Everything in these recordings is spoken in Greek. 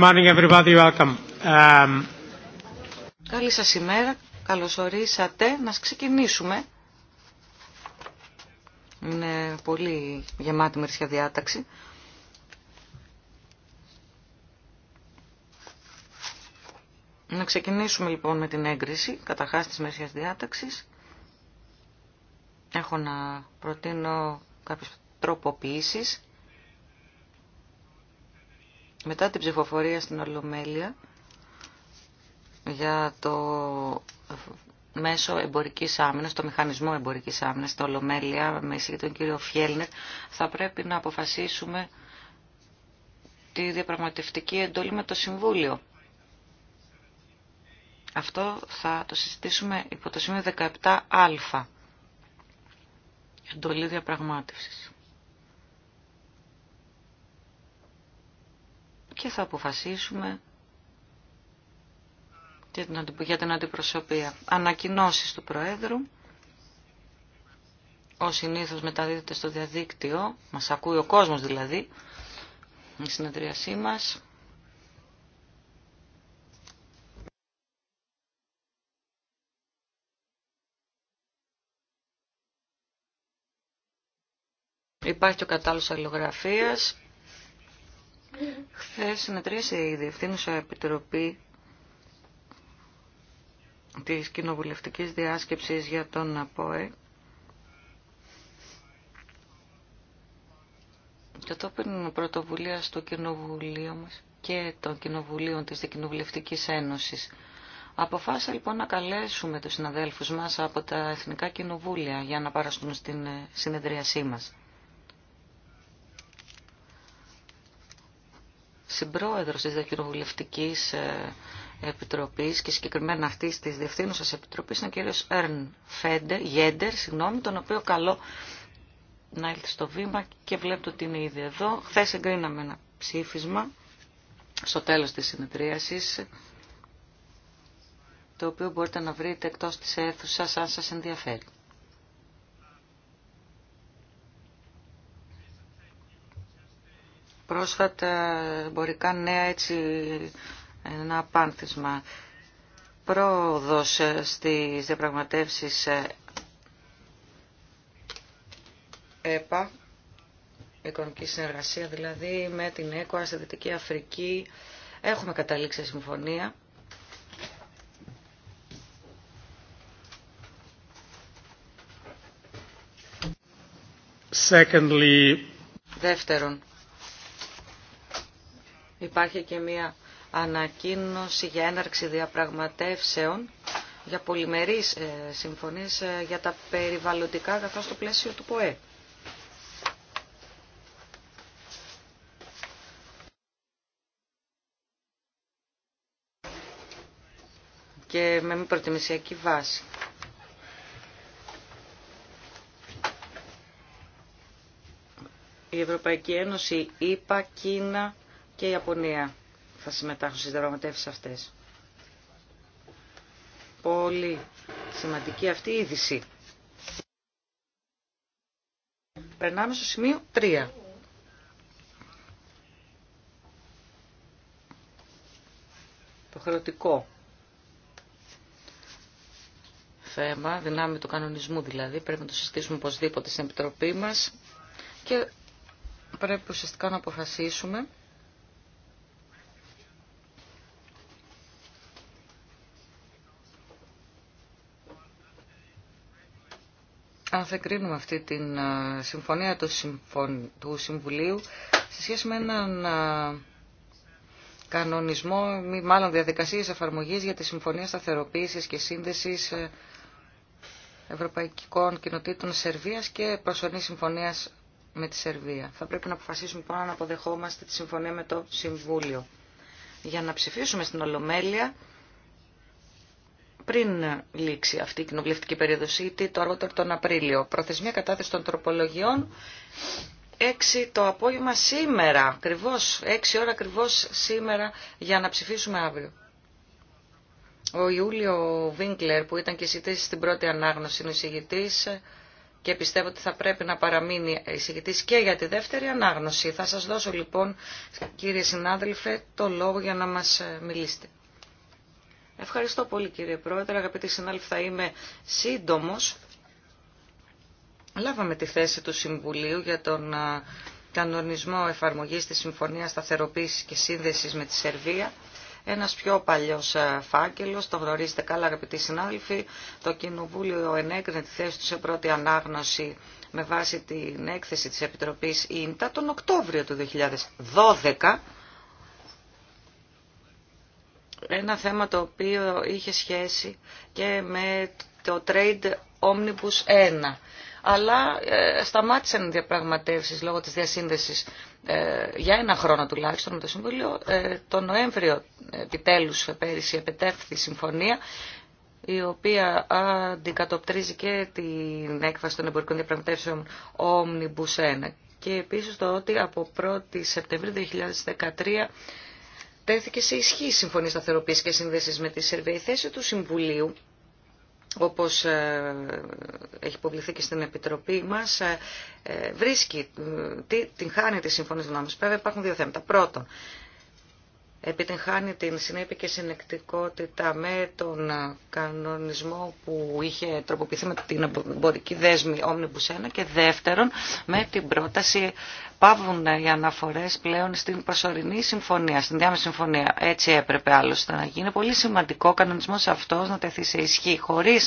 morning everybody, welcome. Um, Καλή σας ημέρα, καλώς ορίσατε. Να ξεκινήσουμε. Είναι πολύ γεμάτη μερσιά διάταξη. Να ξεκινήσουμε λοιπόν με την έγκριση, καταρχάς της μερσιάς Έχω να προτείνω κάποιες τροποποιήσεις μετά την ψηφοφορία στην Ολομέλεια για το μέσο εμπορικής άμυνας, το μηχανισμό εμπορικής άμυνας, το Ολομέλεια, με εσύ τον κύριο Φιέλνερ, θα πρέπει να αποφασίσουμε τη διαπραγματευτική εντολή με το Συμβούλιο. Αυτό θα το συζητήσουμε υπό το σημείο 17α. Εντολή διαπραγμάτευσης. και θα αποφασίσουμε για την αντιπροσωπεία. Ανακοινώσεις του Προέδρου. Ο συνήθως μεταδίδεται στο διαδίκτυο, μας ακούει ο κόσμος δηλαδή, η συνεδρίασή μας. Υπάρχει ο κατάλληλος αλληλογραφια Χθε συνεδρίασε η Διευθύνουσα Επιτροπή της Κοινοβουλευτικής Διάσκεψης για τον ΑΠΟΕ κατόπιν πρωτοβουλία στο κοινοβουλίο μας και των Κοινοβουλίων της Δικοινοβουλευτικής Ένωσης. Αποφάσισα λοιπόν να καλέσουμε τους συναδέλφους μας από τα Εθνικά Κοινοβούλια για να παραστούν στην συνεδρίασή μας. συμπρόεδρος της Διακοινοβουλευτική ε, Επιτροπής και συγκεκριμένα αυτής της Διευθύνουσας Επιτροπής είναι ο κύριος Έρν Γέντερ, τον οποίο καλό να έλθει στο βήμα και βλέπετε ότι είναι ήδη εδώ. Χθε εγκρίναμε ένα ψήφισμα στο τέλος της συνεδρίασης το οποίο μπορείτε να βρείτε εκτός της αίθουσας αν σας ενδιαφέρει. πρόσφατα εμπορικά νέα έτσι ένα απάνθισμα Πρόοδος ε, στις διαπραγματεύσεις ε, ΕΠΑ, οικονομική συνεργασία δηλαδή με την ΕΚΟΑ στη Δυτική Αφρική. Έχουμε καταλήξει συμφωνία. Δεύτερον, υπάρχει και μια ανακοίνωση για έναρξη διαπραγματεύσεων για πολυμερείς ε, συμφωνίες ε, για τα περιβαλλοντικά καθώς στο πλαίσιο του ΠΟΕ. και με μη προτιμησιακή βάση. Η Ευρωπαϊκή Ένωση, είπα, Κίνα, και η Ιαπωνία θα συμμετάχουν στις δραματεύσεις αυτές. Πολύ σημαντική αυτή η είδηση. Περνάμε στο σημείο 3. Το χρεωτικό θέμα, δυνάμει του κανονισμού δηλαδή, πρέπει να το συστήσουμε οπωσδήποτε στην Επιτροπή μας και πρέπει ουσιαστικά να αποφασίσουμε αν θα κρίνουμε αυτή τη ε, συμφωνία του Συμβουλίου σε σχέση με έναν ε, κανονισμό, μάλλον διαδικασίες εφαρμογής για τη Συμφωνία Σταθεροποίησης και Σύνδεσης ε, Ευρωπαϊκών Κοινοτήτων Σερβίας και προσωρινή συμφωνίας με τη Σερβία. Θα πρέπει να αποφασίσουμε πάνω να αποδεχόμαστε τη συμφωνία με το Συμβούλιο. Για να ψηφίσουμε στην Ολομέλεια πριν λήξει αυτή η κοινοβουλευτική περίοδο, ή το αργότερο τον Απρίλιο. Προθεσμία κατάθεση των τροπολογιών 6 το απόγευμα σήμερα, ακριβώ, 6 ώρα ακριβώ σήμερα για να ψηφίσουμε αύριο. Ο Ιούλιο Βίνκλερ που ήταν και εισηγητής στην πρώτη ανάγνωση είναι εισηγητής και πιστεύω ότι θα πρέπει να παραμείνει εισηγητής και για τη δεύτερη ανάγνωση. Θα σας δώσω λοιπόν κύριε συνάδελφε το λόγο για να μας μιλήσετε. Ευχαριστώ πολύ κύριε Πρόεδρε. Αγαπητοί συνάδελφοι, θα είμαι σύντομος. Λάβαμε τη θέση του Συμβουλίου για τον κανονισμό εφαρμογής της Συμφωνίας Σταθεροποίησης και Σύνδεσης με τη Σερβία. Ένας πιο παλιός φάκελος, το γνωρίζετε καλά αγαπητοί συνάδελφοι, το Κοινοβούλιο ενέκρινε τη θέση του σε πρώτη ανάγνωση με βάση την έκθεση της Επιτροπής ΙΝΤΑ τον Οκτώβριο του 2012 ένα θέμα το οποίο είχε σχέση και με το Trade Omnibus 1 αλλά ε, σταμάτησαν οι διαπραγματεύσει λόγω της διασύνδεσης ε, για ένα χρόνο τουλάχιστον με το Συμβούλιο. Ε, το Νοέμβριο επιτέλου πέρυσι επετέφθη η συμφωνία η οποία αντικατοπτρίζει και την έκφαση των εμπορικών διαπραγματεύσεων Omnibus 1 και επίσης το ότι από 1η Σεπτεμβρίου 2013 τέθηκε σε ισχύ η Συμφωνία Σταθεροποίηση και Σύνδεση με τη Σερβία. Η θέση του Συμβουλίου, όπως ε, έχει υποβληθεί και στην Επιτροπή μας, ε, ε, βρίσκει, την χάνει τη Συμφωνία Δυνάμεις. Βέβαια υπάρχουν δύο θέματα. Πρώτον, επιτυγχάνει την συνέπεια και συνεκτικότητα με τον κανονισμό που είχε τροποποιηθεί με την εμπορική δέσμη Omnibus 1 και δεύτερον με την πρόταση πάβουν οι αναφορέ πλέον στην προσωρινή συμφωνία, στην διάμεση συμφωνία. Έτσι έπρεπε άλλωστε να γίνει. Είναι Πολύ σημαντικό ο κανονισμό αυτό να τεθεί σε ισχύ χωρί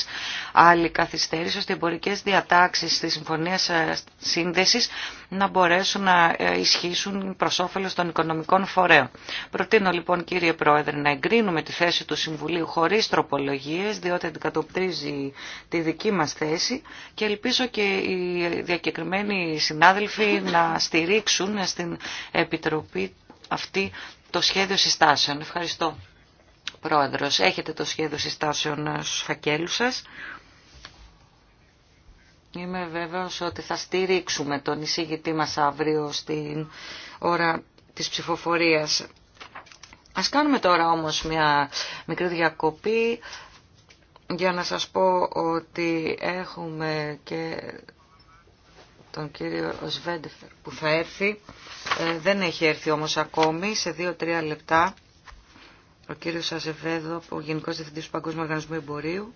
άλλη καθυστέρηση, ώστε οι εμπορικές διατάξεις της συμφωνίας ε, σύνδεσης να μπορέσουν να ε, ισχύσουν προ όφελο των οικονομικών φορέων. Προτείνω λοιπόν κύριε Πρόεδρε να εγκρίνουμε τη θέση του Συμβουλίου χωρί τροπολογίε, διότι αντικατοπτρίζει τη δική μα θέση και ελπίζω και οι διακεκριμένοι συνάδελφοι να στηρίζουν στηρίξουν στην Επιτροπή αυτή το σχέδιο συστάσεων. Ευχαριστώ, Πρόεδρος. Έχετε το σχέδιο συστάσεων στους φακέλους σας. Είμαι βέβαιος ότι θα στηρίξουμε τον εισήγητή μας αύριο στην ώρα της ψηφοφορίας. Ας κάνουμε τώρα όμως μια μικρή διακοπή για να σας πω ότι έχουμε και τον κύριο Σβέντεφερ που θα έρθει. Ε, δεν έχει έρθει όμως ακόμη, σε δύο-τρία λεπτά. Ο κύριος Αζεβέδο, ο Γενικός Διευθυντής του Παγκόσμιου Οργανισμού Εμπορίου.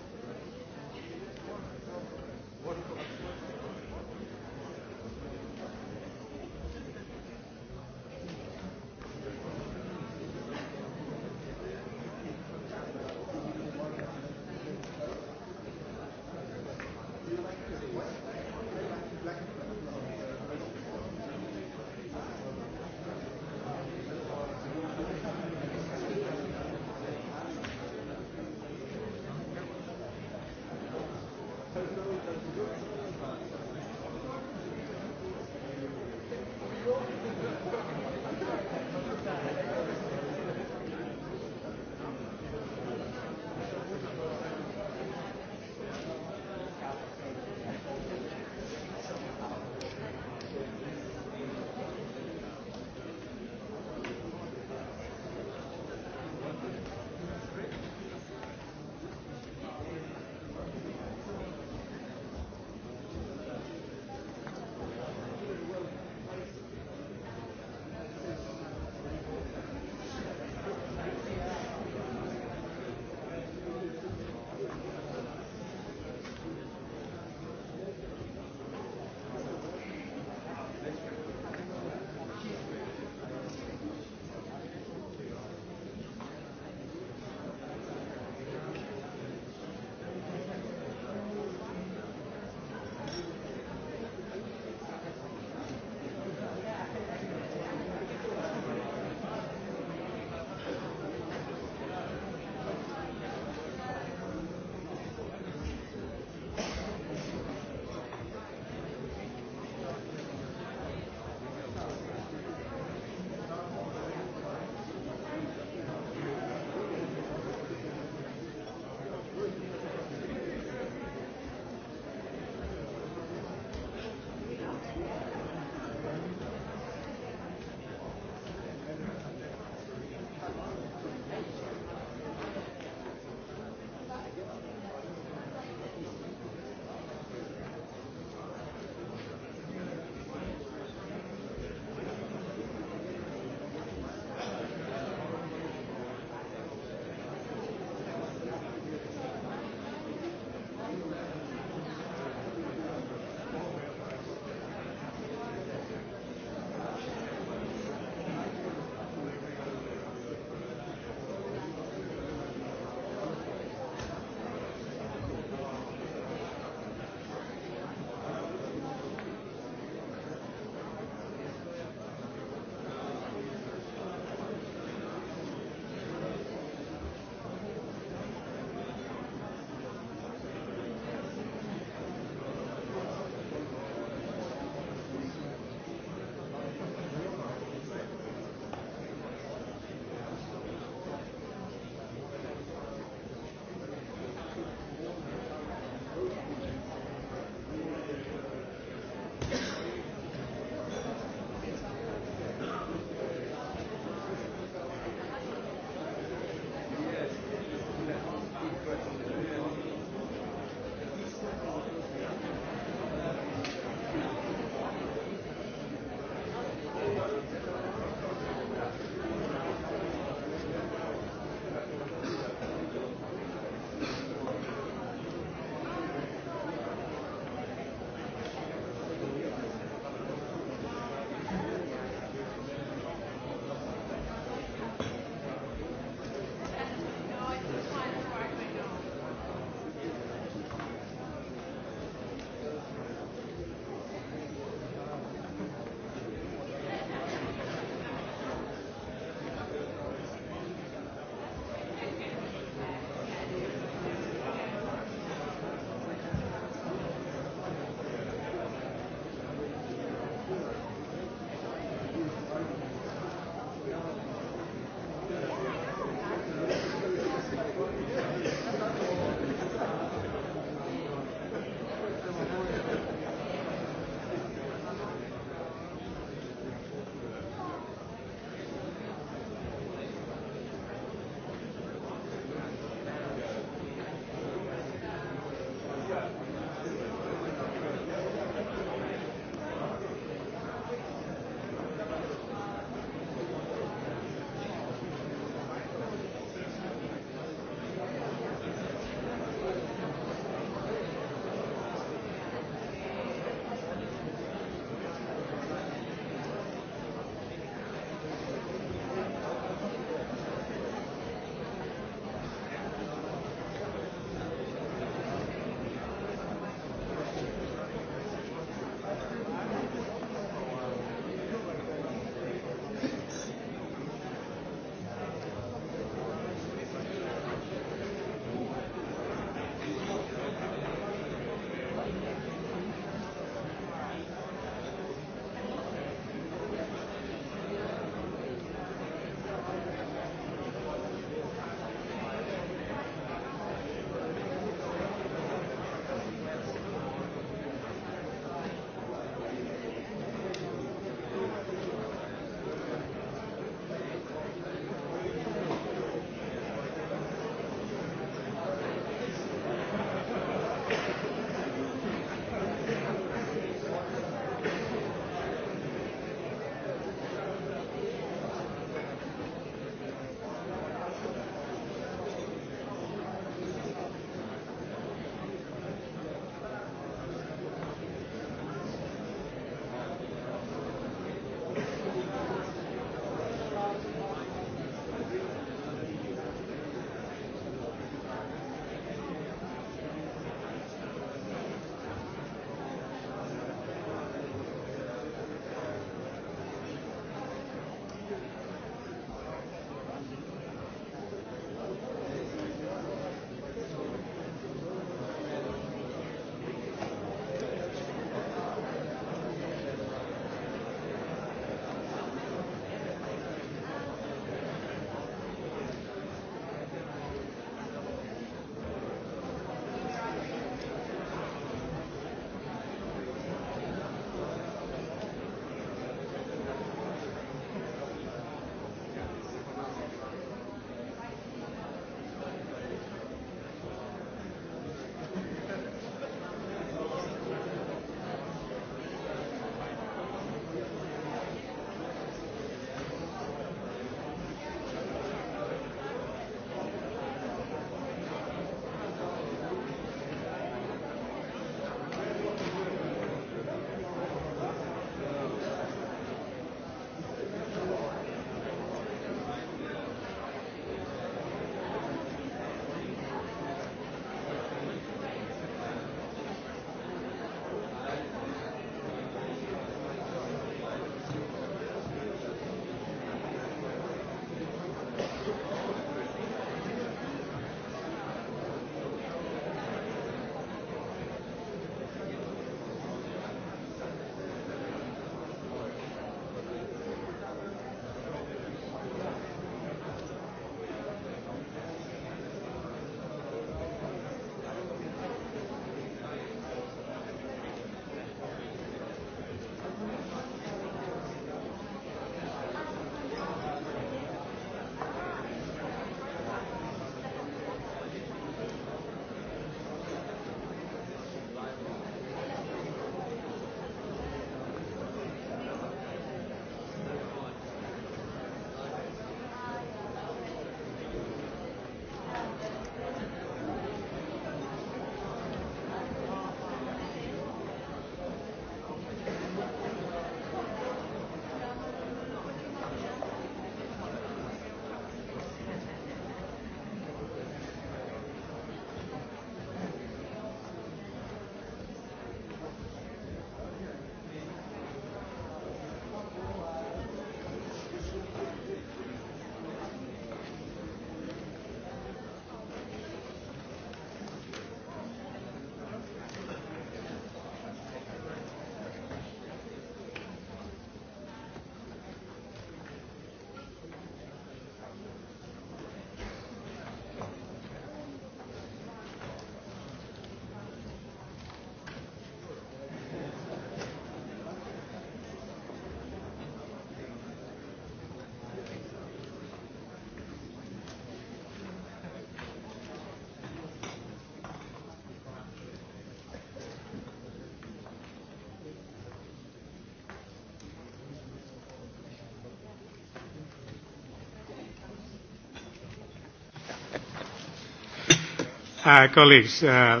Uh, uh,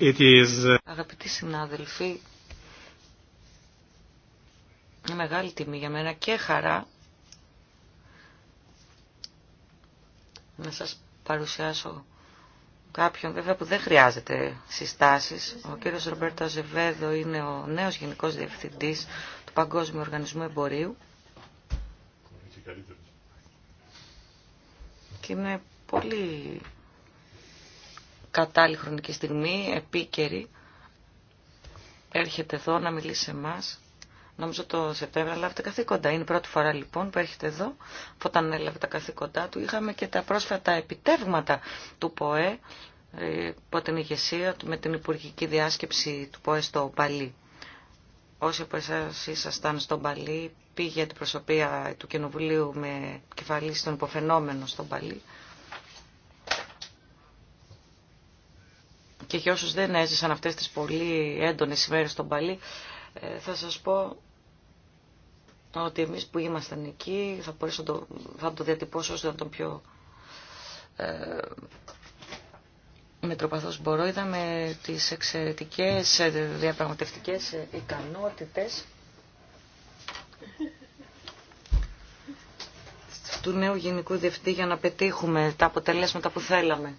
uh, Αγαπητοί συνάδελφοι, είναι μεγάλη τιμή για μένα και χαρά να σας παρουσιάσω κάποιον βέβαια που δεν χρειάζεται συστάσεις. Ο κύριος Ρομπέρτα Ζεβέδο είναι ο νέος Γενικός Διευθυντής του Παγκόσμιου Οργανισμού Εμπορίου. Και είναι κατάλληλη χρονική στιγμή, επίκαιρη, έρχεται εδώ να μιλήσει σε εμάς. Νομίζω το Σεπτέμβριο λάβετε τα καθήκοντα. Είναι η πρώτη φορά λοιπόν που έρχεται εδώ, όταν έλαβε τα καθήκοντά του. Είχαμε και τα πρόσφατα επιτεύγματα του ΠΟΕ, από ε, την ηγεσία του με την υπουργική διάσκεψη του ΠΟΕ στο Παλί. Όσοι από εσά ήσασταν στον Παλί, πήγε την προσωπία του Κοινοβουλίου με κεφαλή στον υποφαινόμενο στον Παλί. και για όσους δεν έζησαν αυτές τις πολύ έντονες ημέρες στον Παλί, ε, θα σας πω ότι εμείς που ήμασταν εκεί θα, μπορέσω να το, θα το διατυπώσω όσο να τον πιο ε, μετροπαθώς μπορώ. Είδαμε τις εξαιρετικές ε, διαπραγματευτικές ε, ικανότητες του νέου Γενικού Διευθυντή για να πετύχουμε τα αποτελέσματα που θέλαμε.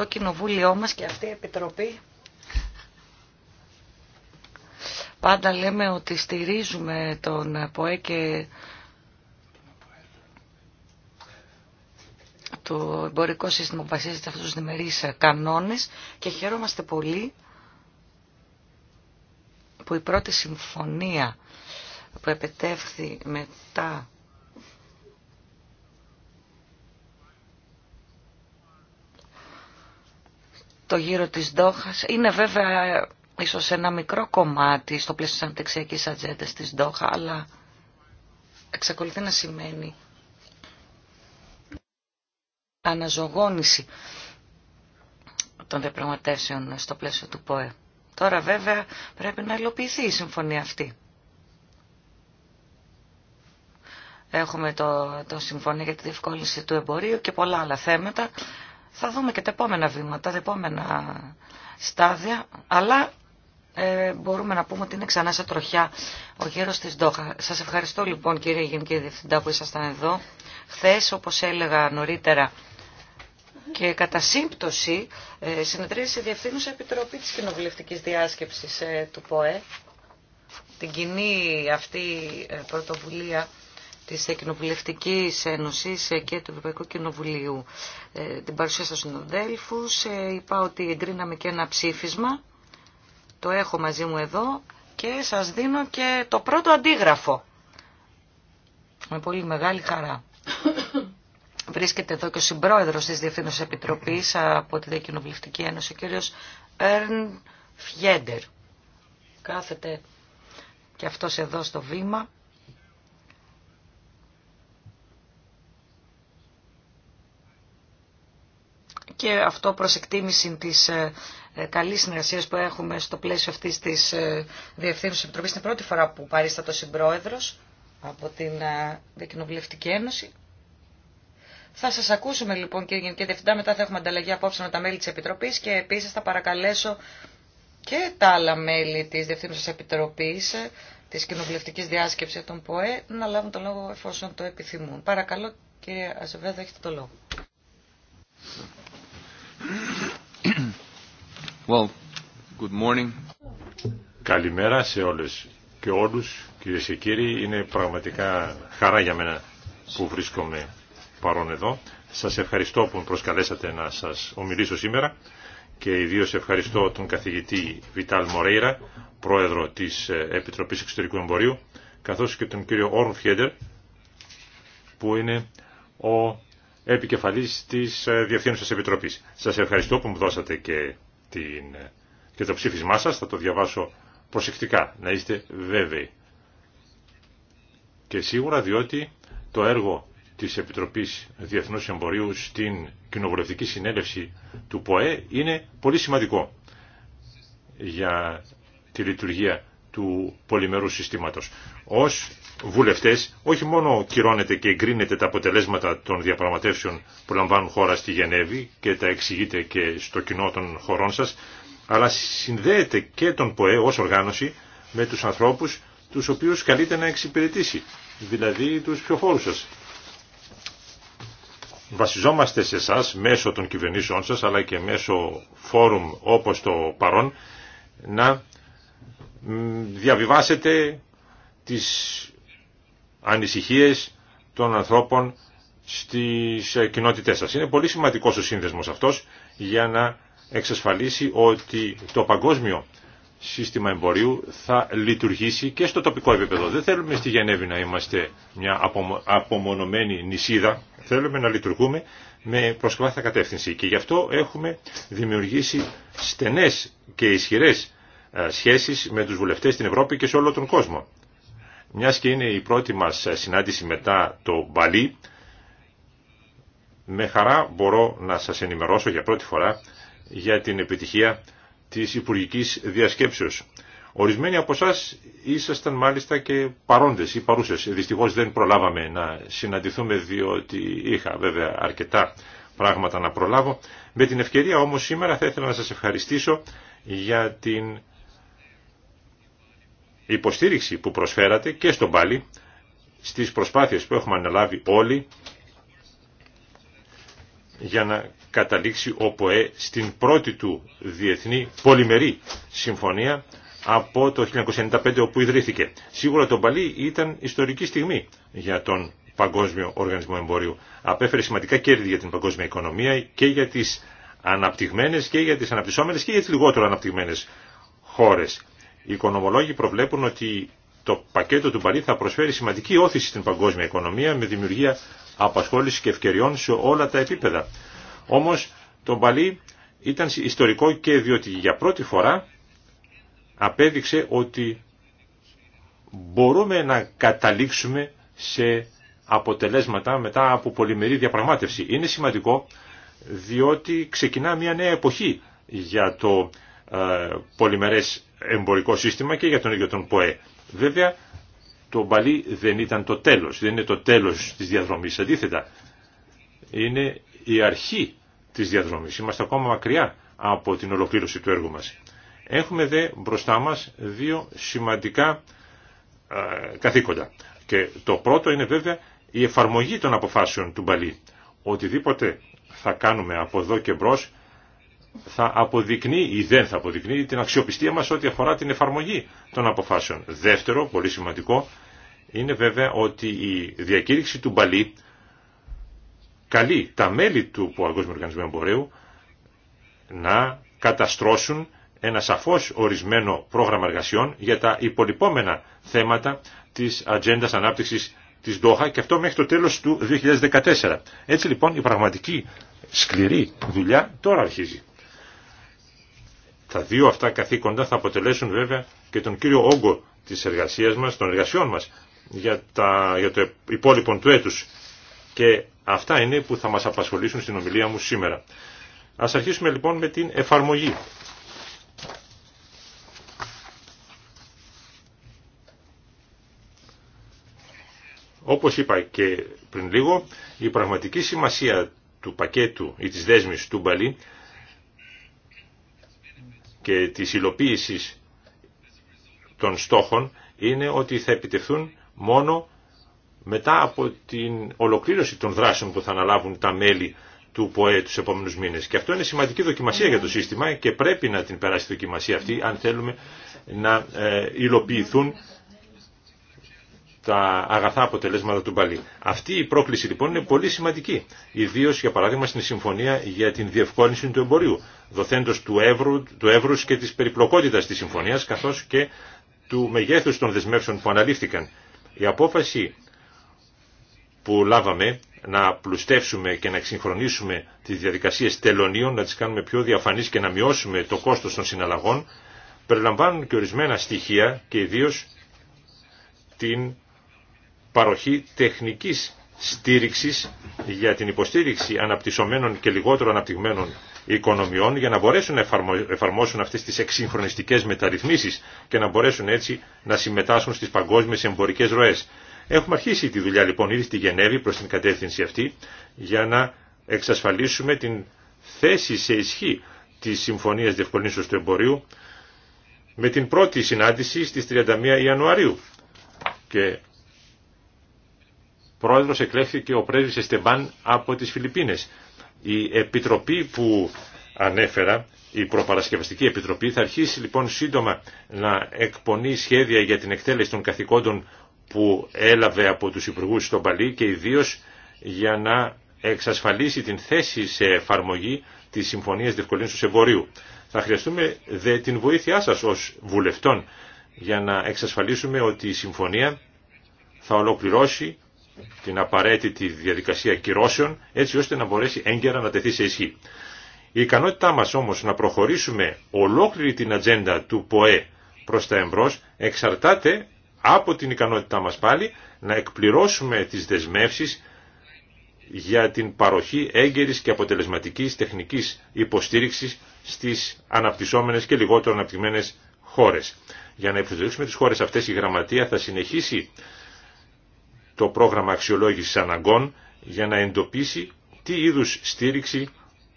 το κοινοβούλιο μας και αυτή η Επιτροπή πάντα λέμε ότι στηρίζουμε τον ΠΟΕ και το εμπορικό σύστημα που βασίζεται σε αυτούς τους διμερείς κανόνες και χαίρομαστε πολύ που η πρώτη συμφωνία που επετεύχθη μετά το γύρο της Ντόχας. Είναι βέβαια ίσως ένα μικρό κομμάτι στο πλαίσιο της αναπτυξιακής ατζέντας της Ντόχα, αλλά εξακολουθεί να σημαίνει αναζωγόνηση των διαπραγματεύσεων στο πλαίσιο του ΠΟΕ. Τώρα βέβαια πρέπει να υλοποιηθεί η συμφωνία αυτή. Έχουμε το, το Συμφωνία για τη Διευκόλυνση του Εμπορίου και πολλά άλλα θέματα θα δούμε και τα επόμενα βήματα, τα επόμενα στάδια, αλλά ε, μπορούμε να πούμε ότι είναι ξανά σε τροχιά ο γέρος της Ντόχα. Σας ευχαριστώ λοιπόν κύριε Γενική Διευθυντά που ήσασταν εδώ. Χθες, όπως έλεγα νωρίτερα, και κατά σύμπτωση ε, συνεδρίασε η Διευθύνουσα Επιτροπή της Κοινοβουλευτικής Διάσκεψης ε, του ΠΟΕ. Την κοινή αυτή ε, πρωτοβουλία της Κοινοβουλευτικής Ένωσης και του Ευρωπαϊκού Κοινοβουλίου. Ε, την παρουσία σας συνοδέλφους ε, είπα ότι εγκρίναμε και ένα ψήφισμα. Το έχω μαζί μου εδώ και σας δίνω και το πρώτο αντίγραφο. Με πολύ μεγάλη χαρά. Βρίσκεται εδώ και ο συμπρόεδρος της Διευθύνωσης Επιτροπής από τη Διακοινοβουλευτική Ένωση, ο κύριος Έρν Φιέντερ. Κάθεται και αυτός εδώ στο βήμα. και αυτό προς εκτίμηση της ε, ε, καλή συνεργασία που έχουμε στο πλαίσιο αυτής της ε, Διευθύνουσης Επιτροπής. Είναι πρώτη φορά που παρίστατο συμπρόεδρος από την Δικοινοβουλευτική Ένωση. Θα σας ακούσουμε λοιπόν κύριε Γενική Διευθυντά, μετά θα έχουμε ανταλλαγή απόψε με τα μέλη της Επιτροπής και επίσης θα παρακαλέσω και τα άλλα μέλη της Διευθύνουσης Επιτροπής της Κοινοβουλευτικής Διάσκεψης των ΠΟΕ να λάβουν το λόγο εφόσον το επιθυμούν. Παρακαλώ κύριε Αζεβέδο, έχετε το λόγο. Καλημέρα σε όλες και όλους, κυρίες και κύριοι. Είναι πραγματικά χαρά για μένα που βρίσκομαι παρόν εδώ. Σας ευχαριστώ που προσκαλέσατε να σας ομιλήσω σήμερα και ιδίως ευχαριστώ τον καθηγητή Βιτάλ Μορέιρα, πρόεδρο της ε, Επιτροπής Εξωτερικού Εμπορίου, καθώς και τον κύριο Όρν Φιέντερ, που είναι ο επικεφαλής της ε, Διευθύνουσας Επιτροπής. Σας ευχαριστώ που μου δώσατε και, την, και το ψήφισμά σας, θα το διαβάσω προσεκτικά, να είστε βέβαιοι. Και σίγουρα διότι το έργο της Επιτροπής Διεθνούς Εμπορίου στην Κοινοβουλευτική Συνέλευση του ΠΟΕ είναι πολύ σημαντικό για τη λειτουργία του πολυμερού συστήματος. Ως βουλευτές όχι μόνο κυρώνεται και εγκρίνεται τα αποτελέσματα των διαπραγματεύσεων που λαμβάνουν χώρα στη Γενέβη και τα εξηγείτε και στο κοινό των χωρών σας, αλλά συνδέεται και τον ΠΟΕ ως οργάνωση με τους ανθρώπους τους οποίους καλείται να εξυπηρετήσει, δηλαδή τους πιο φόρου σας. Βασιζόμαστε σε εσά μέσω των κυβερνήσεών σας αλλά και μέσω φόρουμ όπως το παρόν να διαβιβάσετε τις ανησυχίες των ανθρώπων στις ε, κοινότητές σας. Είναι πολύ σημαντικός ο σύνδεσμος αυτός για να εξασφαλίσει ότι το παγκόσμιο σύστημα εμπορίου θα λειτουργήσει και στο τοπικό επίπεδο. Δεν θέλουμε στη Γενέβη να είμαστε μια απομονωμένη νησίδα. Θέλουμε να λειτουργούμε με προσκλάθα κατεύθυνση. Και γι' αυτό έχουμε δημιουργήσει στενές και ισχυρές ε, σχέσεις με τους βουλευτές στην Ευρώπη και σε όλο τον κόσμο. Μιας και είναι η πρώτη μας ε, συνάντηση μετά το Μπαλί, με χαρά μπορώ να σας ενημερώσω για πρώτη φορά για την επιτυχία της υπουργική Διασκέψεως. Ορισμένοι από εσά ήσασταν μάλιστα και παρόντες ή παρούσες. Δυστυχώς δεν προλάβαμε να συναντηθούμε διότι είχα βέβαια αρκετά πράγματα να προλάβω. Με την ευκαιρία όμως σήμερα θα ήθελα να σας ευχαριστήσω για την η υποστήριξη που προσφέρατε και στον πάλι στις προσπάθειες που έχουμε αναλάβει όλοι για να καταλήξει ο ΠΟΕ στην πρώτη του διεθνή πολυμερή συμφωνία από το 1995 όπου ιδρύθηκε. Σίγουρα το Παλί ήταν ιστορική στιγμή για τον Παγκόσμιο Οργανισμό Εμπορίου. Απέφερε σημαντικά κέρδη για την παγκόσμια οικονομία και για τις αναπτυγμένες και για τις αναπτυσσόμενες και για τις λιγότερο αναπτυγμένες χώρες. Οι οικονομολόγοι προβλέπουν ότι το πακέτο του Μπαλί θα προσφέρει σημαντική όθηση στην παγκόσμια οικονομία με δημιουργία απασχόληση και ευκαιριών σε όλα τα επίπεδα. Όμως το Μπαλή ήταν ιστορικό και διότι για πρώτη φορά απέδειξε ότι μπορούμε να καταλήξουμε σε αποτελέσματα μετά από πολυμερή διαπραγμάτευση. Είναι σημαντικό διότι ξεκινά μια νέα εποχή για το ε, πολυμερές εμπορικό σύστημα και για τον ίδιο τον ΠΟΕ. Βέβαια, το Μπαλί δεν ήταν το τέλος, δεν είναι το τέλος της διαδρομής. Αντίθετα, είναι η αρχή της διαδρομής. Είμαστε ακόμα μακριά από την ολοκλήρωση του έργου μας. Έχουμε δε μπροστά μας δύο σημαντικά ε, καθήκοντα. Και το πρώτο είναι βέβαια η εφαρμογή των αποφάσεων του Μπαλί. Οτιδήποτε θα κάνουμε από εδώ και μπρος θα αποδεικνύει ή δεν θα αποδεικνύει την αξιοπιστία μας ό,τι αφορά την εφαρμογή των αποφάσεων. Δεύτερο, πολύ σημαντικό, είναι βέβαια ότι η διακήρυξη του Μπαλί καλεί τα μέλη του Παγκόσμιου Οργανισμού Εμπορίου να καταστρώσουν ένα σαφώς ορισμένο πρόγραμμα εργασιών για τα υπολοιπόμενα θέματα της ατζέντα ανάπτυξης της Ντόχα και αυτό μέχρι το τέλος του 2014. Έτσι λοιπόν η πραγματική σκληρή δουλειά τώρα αρχίζει. Τα δύο αυτά καθήκοντα θα αποτελέσουν βέβαια και τον κύριο όγκο της εργασίας μας, των εργασιών μας για, τα, για το υπόλοιπο του έτους. Και αυτά είναι που θα μας απασχολήσουν στην ομιλία μου σήμερα. Ας αρχίσουμε λοιπόν με την εφαρμογή. Όπως είπα και πριν λίγο, η πραγματική σημασία του πακέτου ή της δέσμης του Μπαλί και της υλοποίηση των στόχων είναι ότι θα επιτευθούν μόνο μετά από την ολοκλήρωση των δράσεων που θα αναλάβουν τα μέλη του ΠΟΕ τους επόμενους μήνες. Και αυτό είναι σημαντική δοκιμασία για το σύστημα και πρέπει να την περάσει η δοκιμασία αυτή αν θέλουμε να ε, υλοποιηθούν τα αγαθά αποτελέσματα του Μπαλί. Αυτή η πρόκληση λοιπόν είναι πολύ σημαντική, ιδίω για παράδειγμα στην Συμφωνία για την Διευκόλυνση του Εμπορίου, δοθέντος του, εύρου, του εύρους και της περιπλοκότητας της Συμφωνίας, καθώς και του μεγέθους των δεσμεύσεων που αναλήφθηκαν. Η απόφαση που λάβαμε να πλουστεύσουμε και να εξυγχρονίσουμε τις διαδικασίες τελωνίων, να τις κάνουμε πιο διαφανείς και να μειώσουμε το κόστος των συναλλαγών, περιλαμβάνουν και ορισμένα στοιχεία και ιδίω την παροχή τεχνικής στήριξης για την υποστήριξη αναπτυσσομένων και λιγότερο αναπτυγμένων οικονομιών για να μπορέσουν να εφαρμόσουν αυτές τις εξυγχρονιστικές μεταρρυθμίσεις και να μπορέσουν έτσι να συμμετάσχουν στις παγκόσμιες εμπορικές ροές. Έχουμε αρχίσει τη δουλειά λοιπόν ήδη στη Γενέβη προς την κατεύθυνση αυτή για να εξασφαλίσουμε την θέση σε ισχύ της Συμφωνίας Διευκολύνσεως του Εμπορίου με την πρώτη συνάντηση στις 31 Ιανουαρίου πρόεδρος εκλέχθηκε ο πρέσβης Εστεμπάν από τις Φιλιππίνες. Η επιτροπή που ανέφερα, η προπαρασκευαστική επιτροπή, θα αρχίσει λοιπόν σύντομα να εκπονεί σχέδια για την εκτέλεση των καθηκόντων που έλαβε από τους υπουργούς στον Παλί και ιδίως για να εξασφαλίσει την θέση σε εφαρμογή της Συμφωνίας του Εμπορίου. Θα χρειαστούμε την βοήθειά σας ως βουλευτών για να εξασφαλίσουμε ότι η Συμφωνία θα ολοκληρώσει την απαραίτητη διαδικασία κυρώσεων έτσι ώστε να μπορέσει έγκαιρα να τεθεί σε ισχύ. Η ικανότητά μα όμω να προχωρήσουμε ολόκληρη την ατζέντα του ΠΟΕ προ τα Εμπρό, εξαρτάται από την ικανότητά μα πάλι να εκπληρώσουμε τι δεσμεύσει για την παροχή έγκαιρης και αποτελεσματικής τεχνικής υποστήριξης στις αναπτυσσόμενες και λιγότερο αναπτυγμένες χώρες. Για να υποστηρίξουμε τις χώρες αυτές η Γραμματεία θα συνεχίσει το πρόγραμμα αξιολόγησης αναγκών για να εντοπίσει τι είδους στήριξη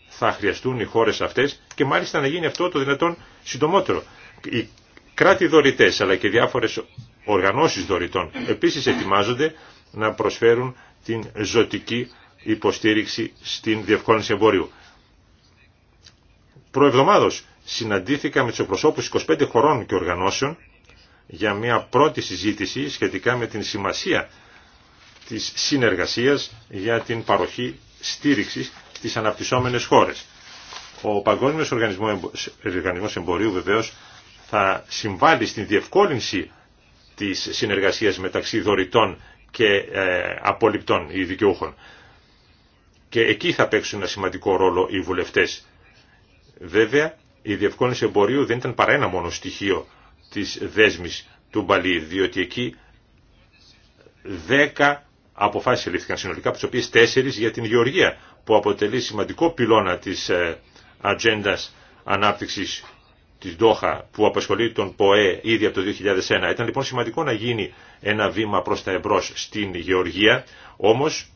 θα χρειαστούν οι χώρες αυτές και μάλιστα να γίνει αυτό το δυνατόν συντομότερο. Οι κράτη δωρητές αλλά και διάφορες οργανώσεις δωρητών επίσης ετοιμάζονται να προσφέρουν την ζωτική υποστήριξη στην διευκόλυνση εμπορίου. Προεβδομάδος συναντήθηκα με τους προσώπους 25 χωρών και οργανώσεων για μια πρώτη συζήτηση σχετικά με την σημασία της συνεργασίας για την παροχή στήριξης στις αναπτυσσόμενες χώρες. Ο Παγκόσμιος Οργανισμός Εμπορίου βεβαίως θα συμβάλλει στην διευκόλυνση της συνεργασίας μεταξύ δωρητών και ε, απολυπτών ή δικαιούχων. Και εκεί θα παίξουν ένα σημαντικό ρόλο οι βουλευτές. Βέβαια, η διευκόλυνση εμπορίου δεν ήταν παρά ένα μόνο στοιχείο της δέσμης του Μπαλί, διότι εκεί δέκα αποφάσεις ελήφθηκαν συνολικά, από τις οποίες τέσσερις για την γεωργία, που αποτελεί σημαντικό πυλώνα της ε, ατζέντα ανάπτυξης της ΔΟΧΑ... που απασχολεί τον ΠΟΕ ήδη από το 2001. Ήταν λοιπόν σημαντικό να γίνει ένα βήμα προς τα εμπρός στην γεωργία, όμως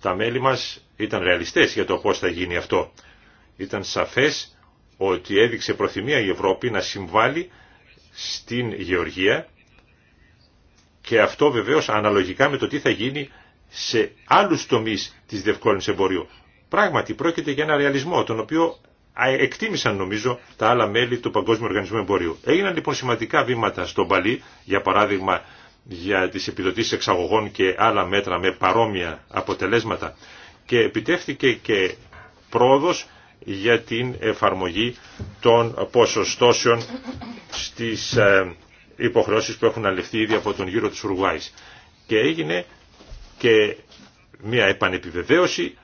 τα μέλη μας ήταν ρεαλιστές για το πώς θα γίνει αυτό. Ήταν σαφές ότι έδειξε προθυμία η Ευρώπη να συμβάλλει στην γεωργία και αυτό βεβαίω αναλογικά με το τι θα γίνει σε άλλου τομεί τη διευκόλυνση εμπορίου. Πράγματι πρόκειται για ένα ρεαλισμό, τον οποίο εκτίμησαν νομίζω τα άλλα μέλη του Παγκόσμιου Οργανισμού Εμπορίου. Έγιναν λοιπόν σημαντικά βήματα στον Παλί, για παράδειγμα για τι επιδοτήσει εξαγωγών και άλλα μέτρα με παρόμοια αποτελέσματα και επιτεύχθηκε και πρόοδο για την εφαρμογή των ποσοστώσεων στις ε, υποχρεώσεις που έχουν αληφθεί ήδη από τον γύρο της Ουρουάης. Και έγινε και μια επανεπιβεβαίωση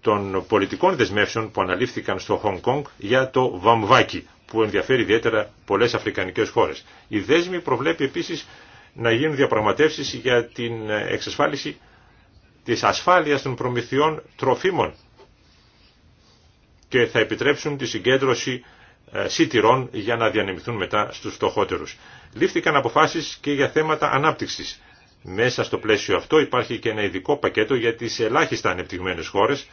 των πολιτικών δεσμεύσεων που αναλήφθηκαν στο Χονγκ Κονγκ για το Βαμβάκι, που ενδιαφέρει ιδιαίτερα πολλές αφρικανικές χώρες. Η δέσμη προβλέπει επίσης να γίνουν διαπραγματεύσεις για την εξασφάλιση της ασφάλειας των προμηθειών τροφίμων και θα επιτρέψουν τη συγκέντρωση ε, σιτηρών για να διανεμηθούν μετά στους φτωχότερους. Λήφθηκαν αποφάσεις και για θέματα ανάπτυξης. Μέσα στο πλαίσιο αυτό υπάρχει και ένα ειδικό πακέτο για τις ελάχιστα ανεπτυγμένες χώρες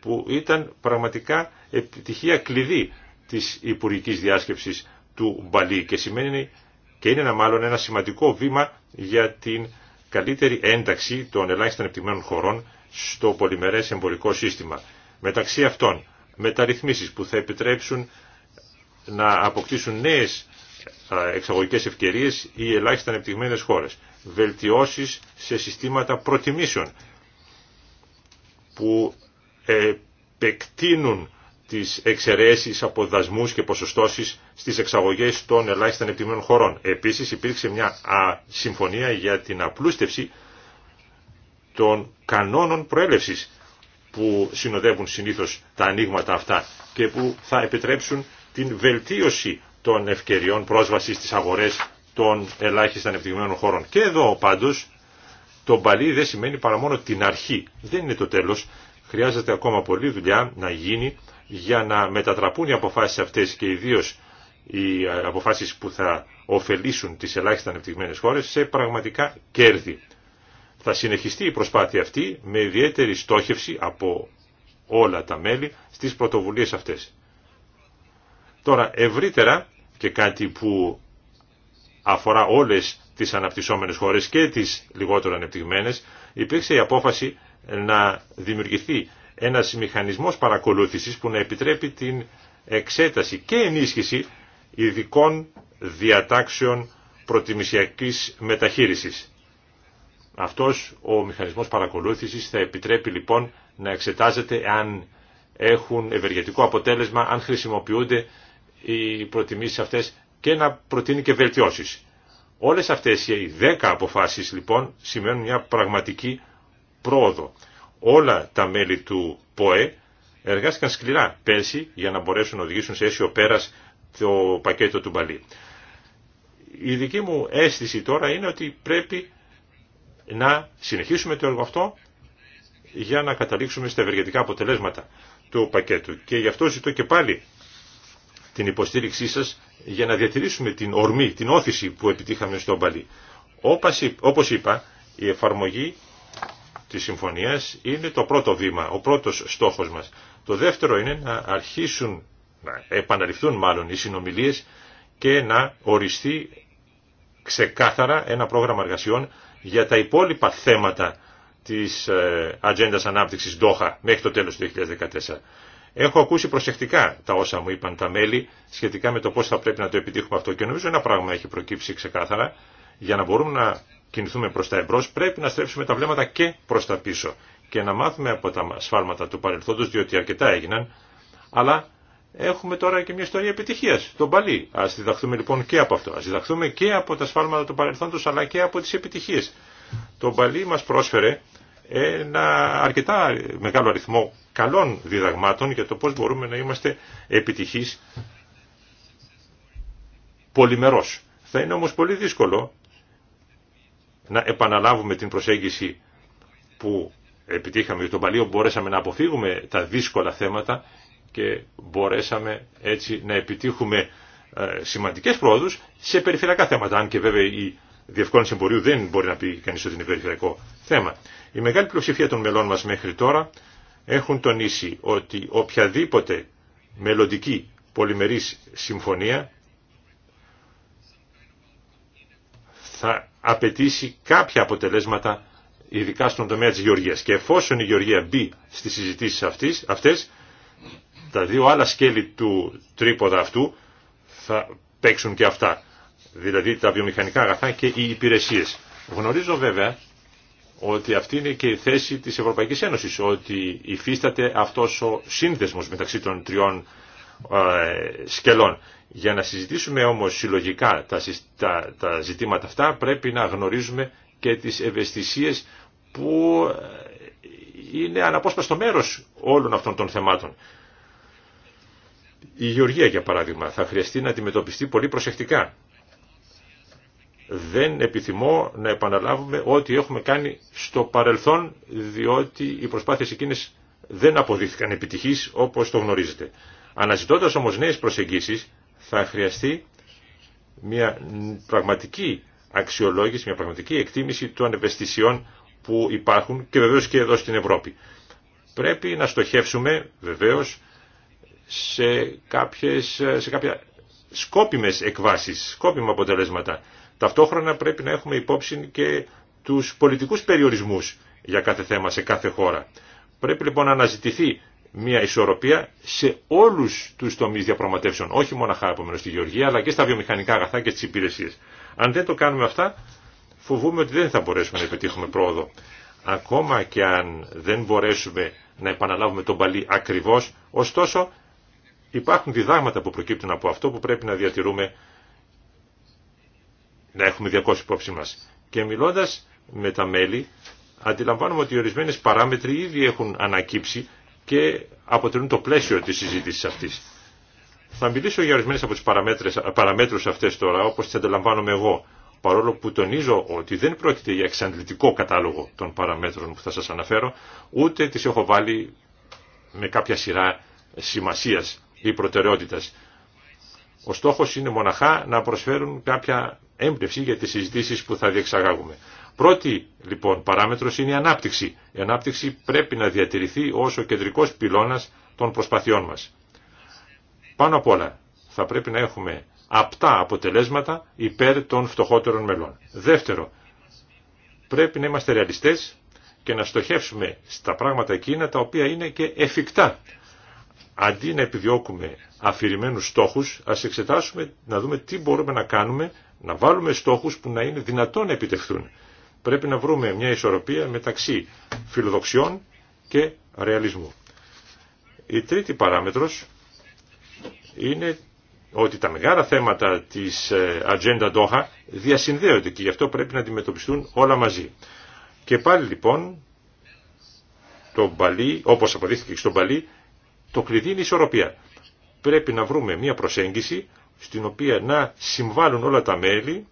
που ήταν πραγματικά επιτυχία κλειδί της Υπουργικής Διάσκεψης του Μπαλί και σημαίνει και είναι ένα μάλλον ένα σημαντικό βήμα για την καλύτερη ένταξη των ελάχιστα ανεπτυγμένων χωρών στο πολυμερές εμπορικό σύστημα. Μεταξύ αυτών, μεταρρυθμίσεις που θα επιτρέψουν να αποκτήσουν νέες εξαγωγικές ευκαιρίες οι ελάχιστα ανεπτυγμένες χώρες. Βελτιώσεις σε συστήματα προτιμήσεων που επεκτείνουν τις εξαιρέσεις από δασμούς και ποσοστώσεις στις εξαγωγές των ελάχιστα ανεπτυγμένων χωρών. Επίσης υπήρξε μια συμφωνία για την απλούστευση των κανόνων προέλευσης που συνοδεύουν συνήθως τα ανοίγματα αυτά και που θα επιτρέψουν την βελτίωση των ευκαιριών πρόσβασης στις αγορές των ελάχιστα ανεπτυγμένων χωρών. Και εδώ πάντως το μπαλί δεν σημαίνει παρά μόνο την αρχή. Δεν είναι το τέλος. Χρειάζεται ακόμα πολλή δουλειά να γίνει για να μετατραπούν οι αποφάσεις αυτές και ιδίω οι ε, αποφάσεις που θα ωφελήσουν τις ελάχιστα ανεπτυγμένες χώρες σε πραγματικά κέρδη. Θα συνεχιστεί η προσπάθεια αυτή με ιδιαίτερη στόχευση από όλα τα μέλη στις πρωτοβουλίες αυτές. Τώρα ευρύτερα και κάτι που αφορά όλες τις αναπτυσσόμενες χώρες και τις λιγότερο ανεπτυγμένες, υπήρξε η απόφαση να δημιουργηθεί ένας μηχανισμός παρακολούθησης που να επιτρέπει την εξέταση και ενίσχυση ειδικών διατάξεων προτιμησιακής μεταχείρισης. Αυτός ο μηχανισμός παρακολούθησης θα επιτρέπει λοιπόν να εξετάζεται αν έχουν ευεργετικό αποτέλεσμα, αν χρησιμοποιούνται οι προτιμήσεις αυτές και να προτείνει και βελτιώσεις. Όλες αυτές οι δέκα αποφάσεις λοιπόν σημαίνουν μια πραγματική πρόοδο. Όλα τα μέλη του ΠΟΕ εργάστηκαν σκληρά πέρσι για να μπορέσουν να οδηγήσουν σε αίσιο πέρας το πακέτο του Μπαλί. Η δική μου αίσθηση τώρα είναι ότι πρέπει να συνεχίσουμε το έργο αυτό για να καταλήξουμε στα ευεργετικά αποτελέσματα του πακέτου. Και γι' αυτό ζητώ και πάλι την υποστήριξή σας για να διατηρήσουμε την ορμή, την όθηση που επιτύχαμε στο Μπαλί. Όπως είπα, η εφαρμογή της συμφωνίας είναι το πρώτο βήμα, ο πρώτος στόχος μας. Το δεύτερο είναι να αρχίσουν, να επαναληφθούν μάλλον οι συνομιλίες και να οριστεί ξεκάθαρα ένα πρόγραμμα εργασιών για τα υπόλοιπα θέματα της Ατζέντα ε, Ανάπτυξης Ντόχα μέχρι το τέλος του 2014. Έχω ακούσει προσεκτικά τα όσα μου είπαν τα μέλη σχετικά με το πώς θα πρέπει να το επιτύχουμε αυτό και νομίζω ένα πράγμα έχει προκύψει ξεκάθαρα. Για να μπορούμε να κινηθούμε προς τα εμπρός πρέπει να στρέψουμε τα βλέμματα και προς τα πίσω και να μάθουμε από τα σφάλματα του παρελθόντος διότι αρκετά έγιναν αλλά έχουμε τώρα και μια ιστορία επιτυχίας, τον Παλί. Ας διδαχθούμε λοιπόν και από αυτό. Ας διδαχθούμε και από τα σφάλματα του παρελθόντος αλλά και από τις επιτυχίες. Το Παλί μας πρόσφερε ένα αρκετά μεγάλο αριθμό καλών διδαγμάτων για το πώς μπορούμε να είμαστε επιτυχείς πολυμερός. Θα είναι όμως πολύ δύσκολο να επαναλάβουμε την προσέγγιση που επιτύχαμε για τον Παλίο, μπορέσαμε να αποφύγουμε τα δύσκολα θέματα και μπορέσαμε έτσι να επιτύχουμε ε, σημαντικές πρόοδους σε περιφερειακά θέματα, αν και βέβαια η διευκόλυνση εμπορίου δεν μπορεί να πει κανείς ότι είναι περιφερειακό θέμα. Η μεγάλη πλειοψηφία των μελών μας μέχρι τώρα έχουν τονίσει ότι οποιαδήποτε μελλοντική πολυμερής συμφωνία θα απαιτήσει κάποια αποτελέσματα ειδικά στον τομέα της γεωργίας. Και εφόσον η γεωργία μπει στις συζητήσεις αυτής, αυτές, τα δύο άλλα σκέλη του τρίποδα αυτού θα παίξουν και αυτά. Δηλαδή τα βιομηχανικά αγαθά και οι υπηρεσίες. Γνωρίζω βέβαια ότι αυτή είναι και η θέση της Ευρωπαϊκής Ένωσης, ότι υφίσταται αυτός ο σύνδεσμος μεταξύ των τριών ε, σκελών. Για να συζητήσουμε όμως συλλογικά τα, τα, τα ζητήματα αυτά πρέπει να γνωρίζουμε και τις ευαισθησίες που ε, είναι αναπόσπαστο μέρος όλων αυτών των θεμάτων. Η Γεωργία για παράδειγμα θα χρειαστεί να αντιμετωπιστεί πολύ προσεκτικά δεν επιθυμώ να επαναλάβουμε ό,τι έχουμε κάνει στο παρελθόν, διότι οι προσπάθειες εκείνες δεν αποδείχθηκαν επιτυχείς όπως το γνωρίζετε. Αναζητώντας όμως νέες προσεγγίσεις θα χρειαστεί μια πραγματική αξιολόγηση, μια πραγματική εκτίμηση των ευαισθησιών που υπάρχουν και βεβαίως και εδώ στην Ευρώπη. Πρέπει να στοχεύσουμε βεβαίως σε, κάποιες, σε κάποια σκόπιμες εκβάσεις, σκόπιμα αποτελέσματα. Ταυτόχρονα πρέπει να έχουμε υπόψη και τους πολιτικούς περιορισμούς για κάθε θέμα σε κάθε χώρα. Πρέπει λοιπόν να αναζητηθεί μια ισορροπία σε όλους τους τομείς διαπραγματεύσεων, όχι μόνο επομένως στη γεωργία, αλλά και στα βιομηχανικά αγαθά και στις υπηρεσίες. Αν δεν το κάνουμε αυτά, φοβούμε ότι δεν θα μπορέσουμε να επιτύχουμε πρόοδο. Ακόμα και αν δεν μπορέσουμε να επαναλάβουμε τον παλί ακριβώς, ωστόσο υπάρχουν διδάγματα που προκύπτουν από αυτό που πρέπει να διατηρούμε να έχουμε 200 υπόψη μας. Και μιλώντας με τα μέλη, αντιλαμβάνομαι ότι ορισμένε ορισμένες παράμετροι ήδη έχουν ανακύψει και αποτελούν το πλαίσιο τη συζήτηση αυτή. Θα μιλήσω για ορισμένες από τις παραμέτρου αυτές τώρα, όπως τις αντιλαμβάνομαι εγώ, παρόλο που τονίζω ότι δεν πρόκειται για εξαντλητικό κατάλογο των παραμέτρων που θα σα αναφέρω, ούτε τι έχω βάλει με κάποια σειρά σημασία ή προτεραιότητα. Ο στόχος είναι μοναχά να προσφέρουν κάποια έμπνευση για τις συζητήσεις που θα διεξαγάγουμε. Πρώτη λοιπόν παράμετρος είναι η ανάπτυξη. Η ανάπτυξη πρέπει να διατηρηθεί ως ο κεντρικός πυλώνας των προσπαθειών μας. Πάνω απ' όλα θα πρέπει να έχουμε απτά αποτελέσματα υπέρ των φτωχότερων μελών. Δεύτερο, πρέπει να είμαστε ρεαλιστές και να στοχεύσουμε στα πράγματα εκείνα τα οποία είναι και εφικτά αντί να επιδιώκουμε αφηρημένους στόχους, ας εξετάσουμε να δούμε τι μπορούμε να κάνουμε, να βάλουμε στόχους που να είναι δυνατόν να επιτευχθούν. Πρέπει να βρούμε μια ισορροπία μεταξύ φιλοδοξιών και ρεαλισμού. Η τρίτη παράμετρος είναι ότι τα μεγάλα θέματα της ε, Agenda Doha διασυνδέονται και γι' αυτό πρέπει να αντιμετωπιστούν όλα μαζί. Και πάλι λοιπόν, το Μπαλί, όπως αποδείχθηκε και στον Παλί, το κλειδί είναι η ισορροπία. Πρέπει να βρούμε μια προσέγγιση στην οποία να συμβάλλουν όλα τα μέλη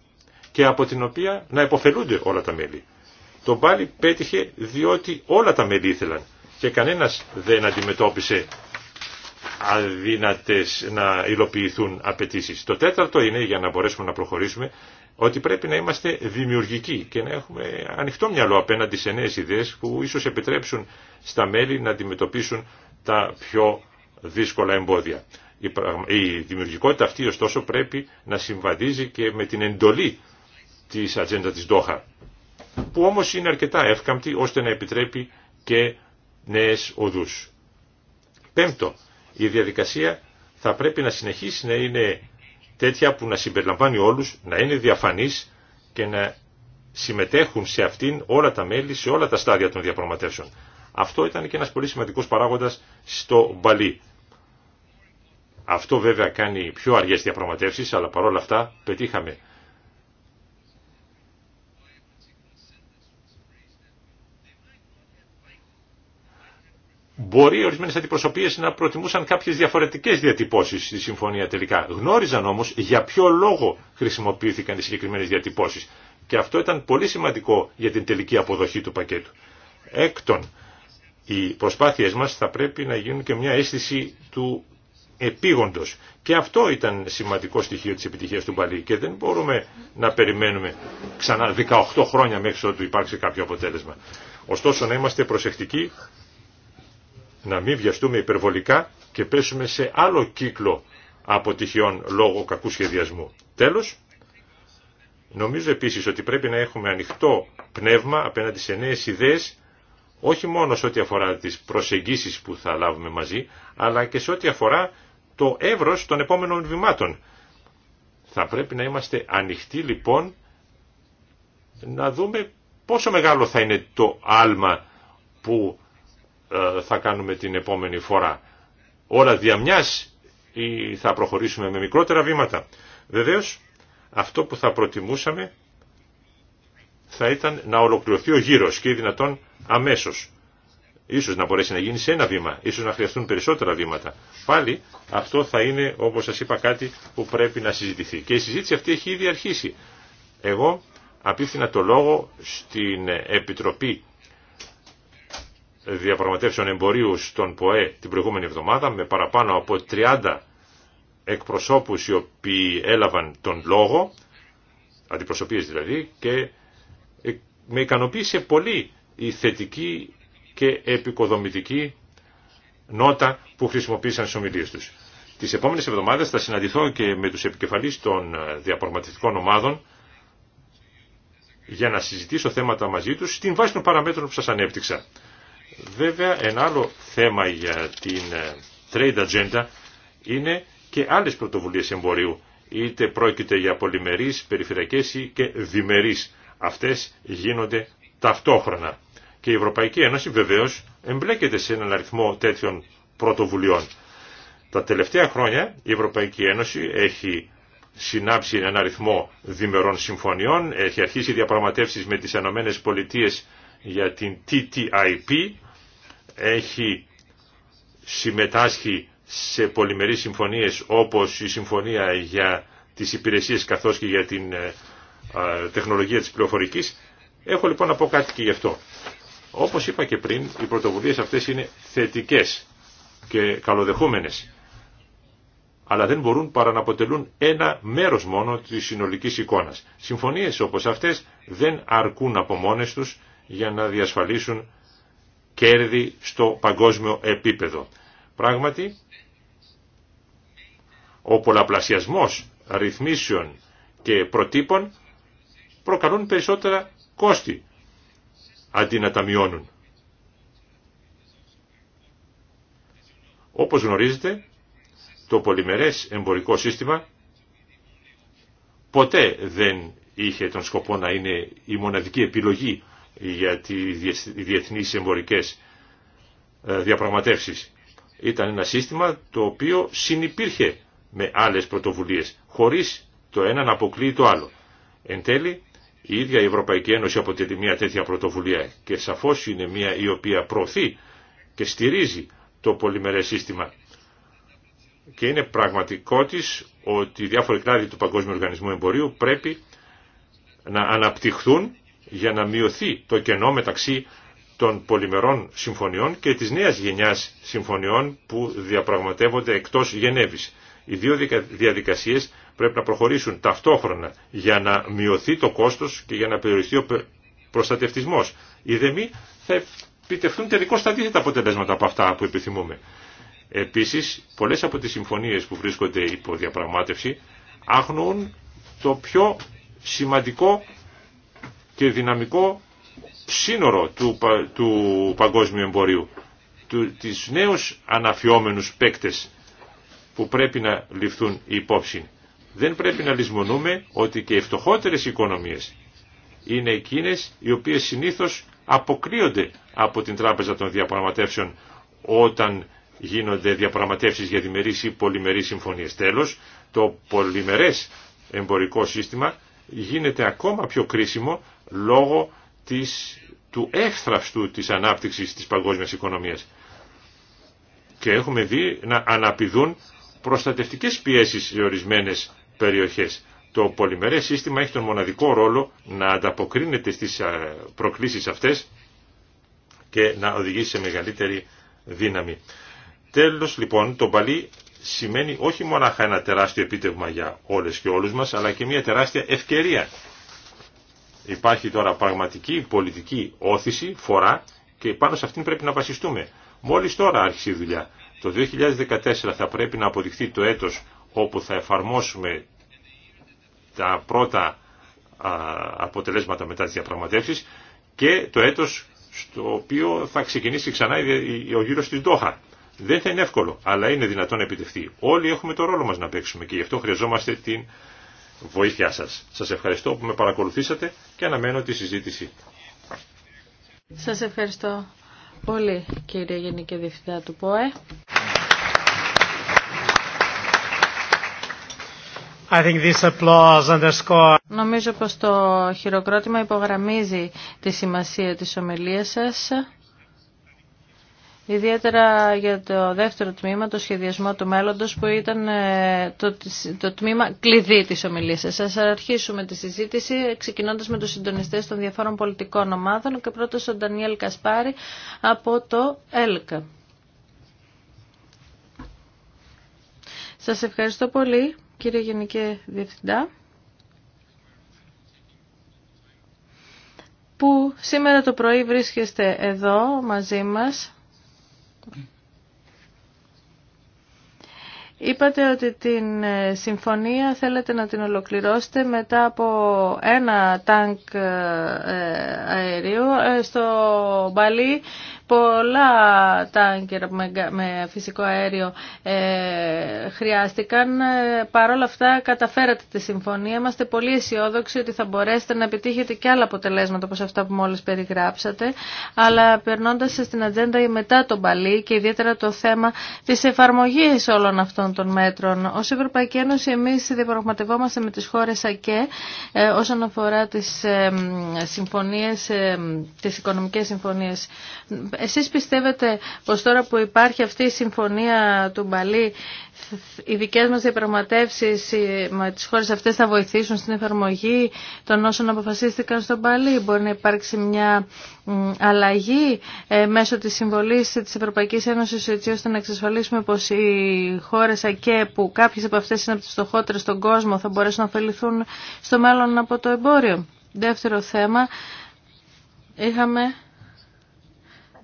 και από την οποία να υποφελούνται όλα τα μέλη. Το πάλι πέτυχε διότι όλα τα μέλη ήθελαν και κανένας δεν αντιμετώπισε αδύνατες να υλοποιηθούν απαιτήσει. Το τέταρτο είναι, για να μπορέσουμε να προχωρήσουμε, ότι πρέπει να είμαστε δημιουργικοί και να έχουμε ανοιχτό μυαλό απέναντι σε νέες ιδέες που ίσως επιτρέψουν στα μέλη να αντιμετωπίσουν τα πιο δύσκολα εμπόδια. Η δημιουργικότητα αυτή ωστόσο πρέπει να συμβαδίζει και με την εντολή της ατζέντα της Ντόχα που όμως είναι αρκετά εύκαμπτη ώστε να επιτρέπει και νέες οδούς. Πέμπτο, η διαδικασία θα πρέπει να συνεχίσει να είναι τέτοια που να συμπεριλαμβάνει όλους, να είναι διαφανής και να συμμετέχουν σε αυτήν όλα τα μέλη σε όλα τα στάδια των διαπραγματεύσεων. Αυτό ήταν και ένας πολύ σημαντικός παράγοντας στο Μπαλί. Αυτό βέβαια κάνει πιο αργές διαπραγματεύσεις, αλλά παρόλα αυτά πετύχαμε. Μπορεί ορισμένε αντιπροσωπείε να προτιμούσαν κάποιε διαφορετικέ διατυπώσεις στη συμφωνία τελικά. Γνώριζαν όμω για ποιο λόγο χρησιμοποιήθηκαν οι συγκεκριμένε διατυπώσει. Και αυτό ήταν πολύ σημαντικό για την τελική αποδοχή του πακέτου. Έκτον, οι προσπάθειες μας θα πρέπει να γίνουν και μια αίσθηση του επίγοντος. Και αυτό ήταν σημαντικό στοιχείο της επιτυχίας του Μπαλί και δεν μπορούμε να περιμένουμε ξανά 18 χρόνια μέχρι ότου υπάρξει κάποιο αποτέλεσμα. Ωστόσο να είμαστε προσεκτικοί, να μην βιαστούμε υπερβολικά και πέσουμε σε άλλο κύκλο αποτυχιών λόγω κακού σχεδιασμού. Τέλος, νομίζω επίσης ότι πρέπει να έχουμε ανοιχτό πνεύμα απέναντι σε νέες ιδέες όχι μόνο σε ό,τι αφορά τις προσεγγίσεις που θα λάβουμε μαζί, αλλά και σε ό,τι αφορά το εύρος των επόμενων βημάτων. Θα πρέπει να είμαστε ανοιχτοί λοιπόν να δούμε πόσο μεγάλο θα είναι το άλμα που ε, θα κάνουμε την επόμενη φορά. Όλα διαμιάς ή θα προχωρήσουμε με μικρότερα βήματα. Βεβαίως αυτό που θα προτιμούσαμε θα ήταν να ολοκληρωθεί ο γύρος και δυνατόν αμέσως. Ίσως να μπορέσει να γίνει σε ένα βήμα, ίσως να χρειαστούν περισσότερα βήματα. Πάλι αυτό θα είναι, όπως σας είπα, κάτι που πρέπει να συζητηθεί. Και η συζήτηση αυτή έχει ήδη αρχίσει. Εγώ απίθυνα το λόγο στην Επιτροπή Διαπραγματεύσεων Εμπορίου στον ΠΟΕ την προηγούμενη εβδομάδα με παραπάνω από 30 εκπροσώπους οι οποίοι έλαβαν τον λόγο, αντιπροσωπείες δηλαδή, και με ικανοποίησε πολύ η θετική και επικοδομητική νότα που χρησιμοποίησαν στις ομιλίες τους. Τις επόμενες εβδομάδες θα συναντηθώ και με τους επικεφαλείς των διαπραγματευτικών ομάδων για να συζητήσω θέματα μαζί τους στην βάση των παραμέτρων που σας ανέπτυξα. Βέβαια, ένα άλλο θέμα για την ε, trade agenda είναι και άλλες πρωτοβουλίες εμπορίου, είτε πρόκειται για πολυμερείς, περιφερειακές ή και διμερείς Αυτές γίνονται ταυτόχρονα. Και η Ευρωπαϊκή Ένωση βεβαίως εμπλέκεται σε έναν αριθμό τέτοιων πρωτοβουλειών. Τα τελευταία χρόνια η Ευρωπαϊκή Ένωση έχει συνάψει έναν αριθμό διμερών συμφωνιών, έχει αρχίσει διαπραγματεύσεις με τις Ενωμένες Πολιτείες για την TTIP, έχει συμμετάσχει σε πολυμερείς συμφωνίες όπως η Συμφωνία για τις Υπηρεσίες καθώς και για την ε, τεχνολογία της πληροφορικής. Έχω λοιπόν να πω κάτι και γι' αυτό. Όπως είπα και πριν, οι πρωτοβουλίες αυτές είναι θετικές και καλοδεχούμενες, αλλά δεν μπορούν παρά να αποτελούν ένα μέρος μόνο της συνολικής εικόνας. Συμφωνίες όπως αυτές δεν αρκούν από μόνες τους για να διασφαλίσουν κέρδη στο παγκόσμιο επίπεδο. Πράγματι, ο πολλαπλασιασμός ρυθμίσεων και προτύπων προκαλούν περισσότερα κόστη αντί να τα μειώνουν. Όπως γνωρίζετε, το πολυμερές εμπορικό σύστημα ποτέ δεν είχε τον σκοπό να είναι η μοναδική επιλογή για τις διεθνείς εμπορικές ε, διαπραγματεύσεις. Ήταν ένα σύστημα το οποίο συνυπήρχε με άλλες πρωτοβουλίες, χωρίς το ένα να αποκλείει το άλλο. Εν τέλει, η ίδια η Ευρωπαϊκή Ένωση αποτελεί μια τέτοια πρωτοβουλία και σαφώς είναι μια η οποία προωθεί και στηρίζει το πολυμερές σύστημα. Και είναι πραγματικό ότι οι διάφοροι κλάδοι του Παγκόσμιου Οργανισμού Εμπορίου πρέπει να αναπτυχθούν για να μειωθεί το κενό μεταξύ των πολυμερών συμφωνιών και της νέας γενιάς συμφωνιών που διαπραγματεύονται εκτός Γενέβης. Οι δύο διαδικασίες πρέπει να προχωρήσουν ταυτόχρονα για να μειωθεί το κόστος και για να περιοριστεί ο προστατευτισμός. Οι δεμοί θα επιτευχθούν τελικώ τα αντίθετα αποτελέσματα από αυτά που επιθυμούμε. Επίσης, πολλές από τις συμφωνίες που βρίσκονται υπό διαπραγμάτευση άγνοουν το πιο σημαντικό και δυναμικό σύνορο του, του παγκόσμιου εμπορίου, του, τις νέους αναφιόμενους παίκτες που πρέπει να ληφθούν υπόψη δεν πρέπει να λησμονούμε ότι και οι φτωχότερες οικονομίες είναι εκείνες οι οποίες συνήθως αποκλείονται από την Τράπεζα των Διαπραγματεύσεων όταν γίνονται διαπραγματεύσεις για διμερείς ή πολυμερείς συμφωνίες. Τέλος, το πολυμερές εμπορικό σύστημα γίνεται ακόμα πιο κρίσιμο λόγω της, του εύθραυστου της ανάπτυξης της παγκόσμιας οικονομίας. Και έχουμε δει να αναπηδούν προστατευτικές πιέσεις σε ορισμένες περιοχές. Το πολυμερές σύστημα έχει τον μοναδικό ρόλο να ανταποκρίνεται στις ε, προκλήσεις αυτές και να οδηγήσει σε μεγαλύτερη δύναμη. Τέλος λοιπόν, το παλί σημαίνει όχι μόνο ένα τεράστιο επίτευγμα για όλες και όλους μας, αλλά και μια τεράστια ευκαιρία. Υπάρχει τώρα πραγματική πολιτική όθηση, φορά και πάνω σε αυτήν πρέπει να βασιστούμε. Μόλις τώρα άρχισε η δουλειά. Το 2014 θα πρέπει να αποδειχθεί το έτος όπου θα εφαρμόσουμε τα πρώτα αποτελέσματα μετά τις διαπραγματεύσεις και το έτος στο οποίο θα ξεκινήσει ξανά ο γύρος της Ντόχα. Δεν θα είναι εύκολο, αλλά είναι δυνατόν να επιτευχθεί. Όλοι έχουμε το ρόλο μας να παίξουμε και γι' αυτό χρειαζόμαστε την βοήθειά σας. Σας ευχαριστώ που με παρακολουθήσατε και αναμένω τη συζήτηση. Σας ευχαριστώ πολύ κύριε Γενική Διευθυντά του ΠΟΕ. I think this Νομίζω πως το χειροκρότημα υπογραμμίζει τη σημασία της ομιλίας σας, ιδιαίτερα για το δεύτερο τμήμα, το σχεδιασμό του μέλλοντος, που ήταν ε, το, το τμήμα κλειδί της ομιλίας σας. Ας αρχίσουμε τη συζήτηση, ξεκινώντας με τους συντονιστές των διαφόρων πολιτικών ομάδων και πρώτος ο Ντανιέλ Κασπάρη από το ΕΛΚΑ. Σας ευχαριστώ πολύ. Κύριε Γενική Διευθυντά, που σήμερα το πρωί βρίσκεστε εδώ μαζί μας. Είπατε ότι την ε, συμφωνία θέλετε να την ολοκληρώσετε μετά από ένα τάγκ ε, ε, αερίου στο Μπαλί πολλά τάγκερ με φυσικό αέριο ε, χρειάστηκαν. Ε, παρόλα αυτά καταφέρατε τη συμφωνία. Είμαστε πολύ αισιόδοξοι ότι θα μπορέσετε να επιτύχετε και άλλα αποτελέσματα όπως αυτά που μόλις περιγράψατε. Αλλά περνώντας στην ατζέντα η μετά τον Παλί και ιδιαίτερα το θέμα της εφαρμογής όλων αυτών των μέτρων. Ως Ευρωπαϊκή Ένωση εμείς διαπραγματευόμαστε με τις χώρες ΑΚΕ ε, όσον αφορά τις συμφωνίες, τις οικονομικές συμφωνίες. Εσείς πιστεύετε πως τώρα που υπάρχει αυτή η συμφωνία του Μπαλί, οι δικές μας διαπραγματεύσεις ε, με τις χώρες αυτές θα βοηθήσουν στην εφαρμογή των όσων αποφασίστηκαν στον Μπαλή. Μπορεί να υπάρξει μια αλλαγή ε, μέσω της συμβολής της Ευρωπαϊκής Ένωσης έτσι ώστε να εξασφαλίσουμε πως οι χώρες ΑΚΕ που κάποιες από αυτές είναι από τις φτωχότερες στον κόσμο θα μπορέσουν να ωφεληθούν στο μέλλον από το εμπόριο. Δεύτερο θέμα, είχαμε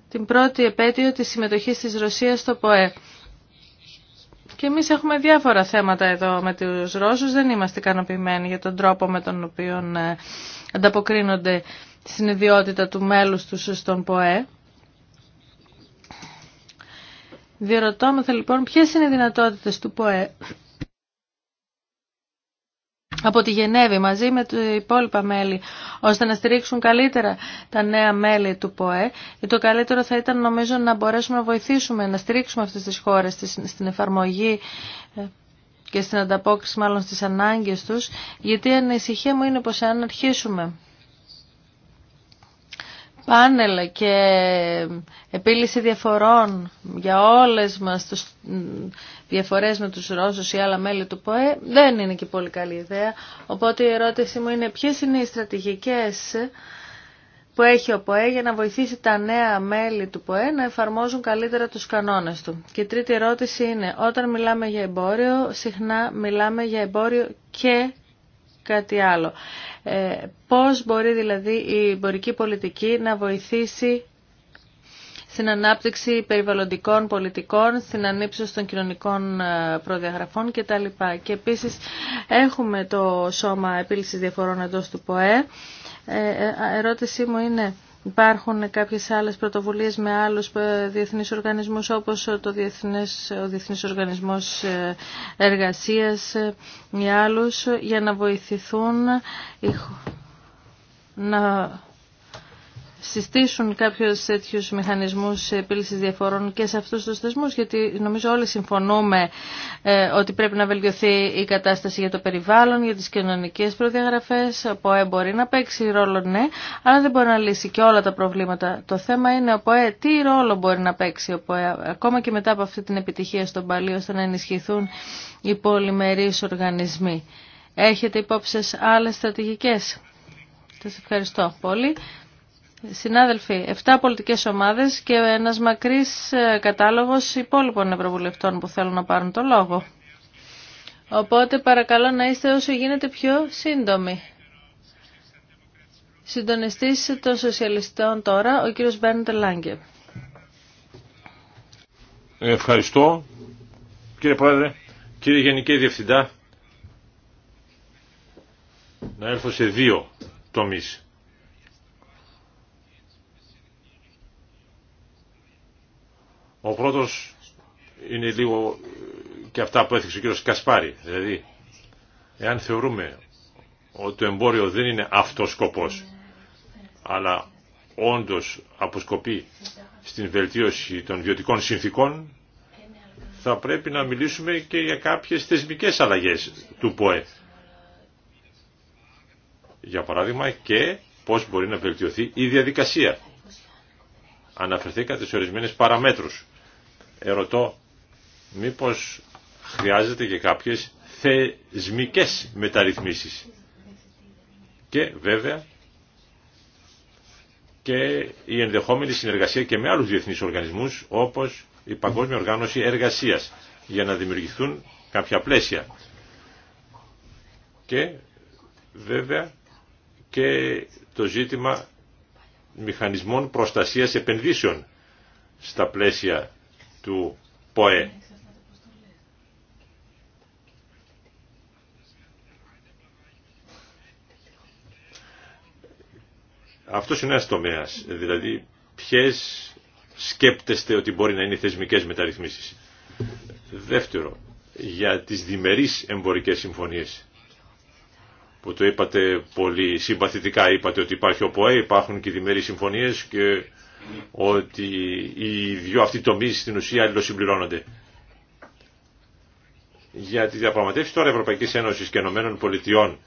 την πρώτη επέτειο της συμμετοχής της Ρωσίας στο ΠΟΕ. Και εμείς έχουμε διάφορα θέματα εδώ με τους Ρώσους, δεν είμαστε ικανοποιημένοι για τον τρόπο με τον οποίο ε, ανταποκρίνονται στην ιδιότητα του μέλους τους στον ΠΟΕ. Διερωτώμεθα λοιπόν ποιες είναι οι δυνατότητες του ΠΟΕ από τη Γενέβη μαζί με τα υπόλοιπα μέλη ώστε να στηρίξουν καλύτερα τα νέα μέλη του ΠΟΕ το καλύτερο θα ήταν νομίζω να μπορέσουμε να βοηθήσουμε να στηρίξουμε αυτές τις χώρες στην εφαρμογή ε, και στην ανταπόκριση μάλλον στις ανάγκες τους γιατί η ανησυχία μου είναι πως αν αρχίσουμε πάνελ και επίλυση διαφορών για όλες μας τους διαφορές με τους Ρώσους ή άλλα μέλη του ΠΟΕ δεν είναι και πολύ καλή ιδέα. Οπότε η ερώτηση μου είναι ποιες είναι οι στρατηγικές που έχει ο ΠΟΕ για να βοηθήσει τα νέα μέλη του ΠΟΕ να εφαρμόζουν καλύτερα τους κανόνες του. Και η τρίτη ερώτηση είναι, όταν μιλάμε για εμπόριο, συχνά μιλάμε για εμπόριο και κάτι άλλο. Ε, πώς μπορεί δηλαδή η εμπορική πολιτική να βοηθήσει στην ανάπτυξη περιβαλλοντικών πολιτικών, στην ανύψωση των κοινωνικών ε, προδιαγραφών κτλ. Και επίσης έχουμε το Σώμα Επίλυσης Διαφορών εντός του ΠΟΕ. Ε, ε, ερώτησή μου είναι... Υπάρχουν κάποιες άλλες πρωτοβουλίες με άλλους διεθνείς οργανισμούς όπως το διεθνές, ο Διεθνής Οργανισμός Εργασίας ή άλλους για να βοηθηθούν να συστήσουν κάποιους τέτοιου μηχανισμούς επίλυσης διαφορών και σε αυτούς τους θεσμούς, γιατί νομίζω όλοι συμφωνούμε ε, ότι πρέπει να βελτιωθεί η κατάσταση για το περιβάλλον, για τις κοινωνικές προδιαγραφές, ο ΠΟΕ μπορεί να παίξει ρόλο, ναι, αλλά δεν μπορεί να λύσει και όλα τα προβλήματα. Το θέμα είναι ο ΠΟΕ, τι ρόλο μπορεί να παίξει ακόμα και μετά από αυτή την επιτυχία στον Παλί, ώστε να ενισχυθούν οι πολυμερείς οργανισμοί. Έχετε υπόψη άλλες στρατηγικές. Σας ευχαριστώ πολύ. Συνάδελφοι, 7 πολιτικές ομάδες και ένας μακρύς ε, κατάλογος υπόλοιπων ευρωβουλευτών που θέλουν να πάρουν το λόγο. Οπότε παρακαλώ να είστε όσο γίνεται πιο σύντομοι. Συντονιστής των Σοσιαλιστών τώρα, ο κύριος Μπέρντε Λάγκε. Ευχαριστώ, κύριε Πρόεδρε, κύριε Γενική Διευθυντά. Να έρθω σε δύο τομείς. Ο πρώτος είναι λίγο και αυτά που έθιξε ο κύριος Κασπάρη. Δηλαδή, εάν θεωρούμε ότι το εμπόριο δεν είναι αυτός σκοπός, αλλά όντως αποσκοπεί στην βελτίωση των βιωτικών συνθήκων, θα πρέπει να μιλήσουμε και για κάποιες θεσμικές αλλαγές του ΠΟΕ. Για παράδειγμα και πώς μπορεί να βελτιωθεί η διαδικασία. Αναφερθήκατε σε ορισμένες παραμέτρους ερωτώ μήπως χρειάζεται και κάποιες θεσμικές μεταρρυθμίσεις. Και βέβαια και η ενδεχόμενη συνεργασία και με άλλους διεθνείς οργανισμούς όπως η Παγκόσμια Οργάνωση Εργασίας για να δημιουργηθούν κάποια πλαίσια. Και βέβαια και το ζήτημα μηχανισμών προστασίας επενδύσεων στα πλαίσια του ΠΟΕ. Αυτό είναι ένα τομέα. Δηλαδή, ποιε σκέπτεστε ότι μπορεί να είναι θεσμικέ μεταρρυθμίσει. Δεύτερο, για τι διμερεί εμπορικέ συμφωνίε. Που το είπατε πολύ συμπαθητικά. Είπατε ότι υπάρχει ο ΠΟΕ, υπάρχουν και διμερεί συμφωνίε και ότι οι δυο αυτοί τομείς στην ουσία αλληλοσυμπληρώνονται. Για τη διαπραγματεύση τώρα Ευρωπαϊκής Ένωσης και Ενωμένων Πολιτειών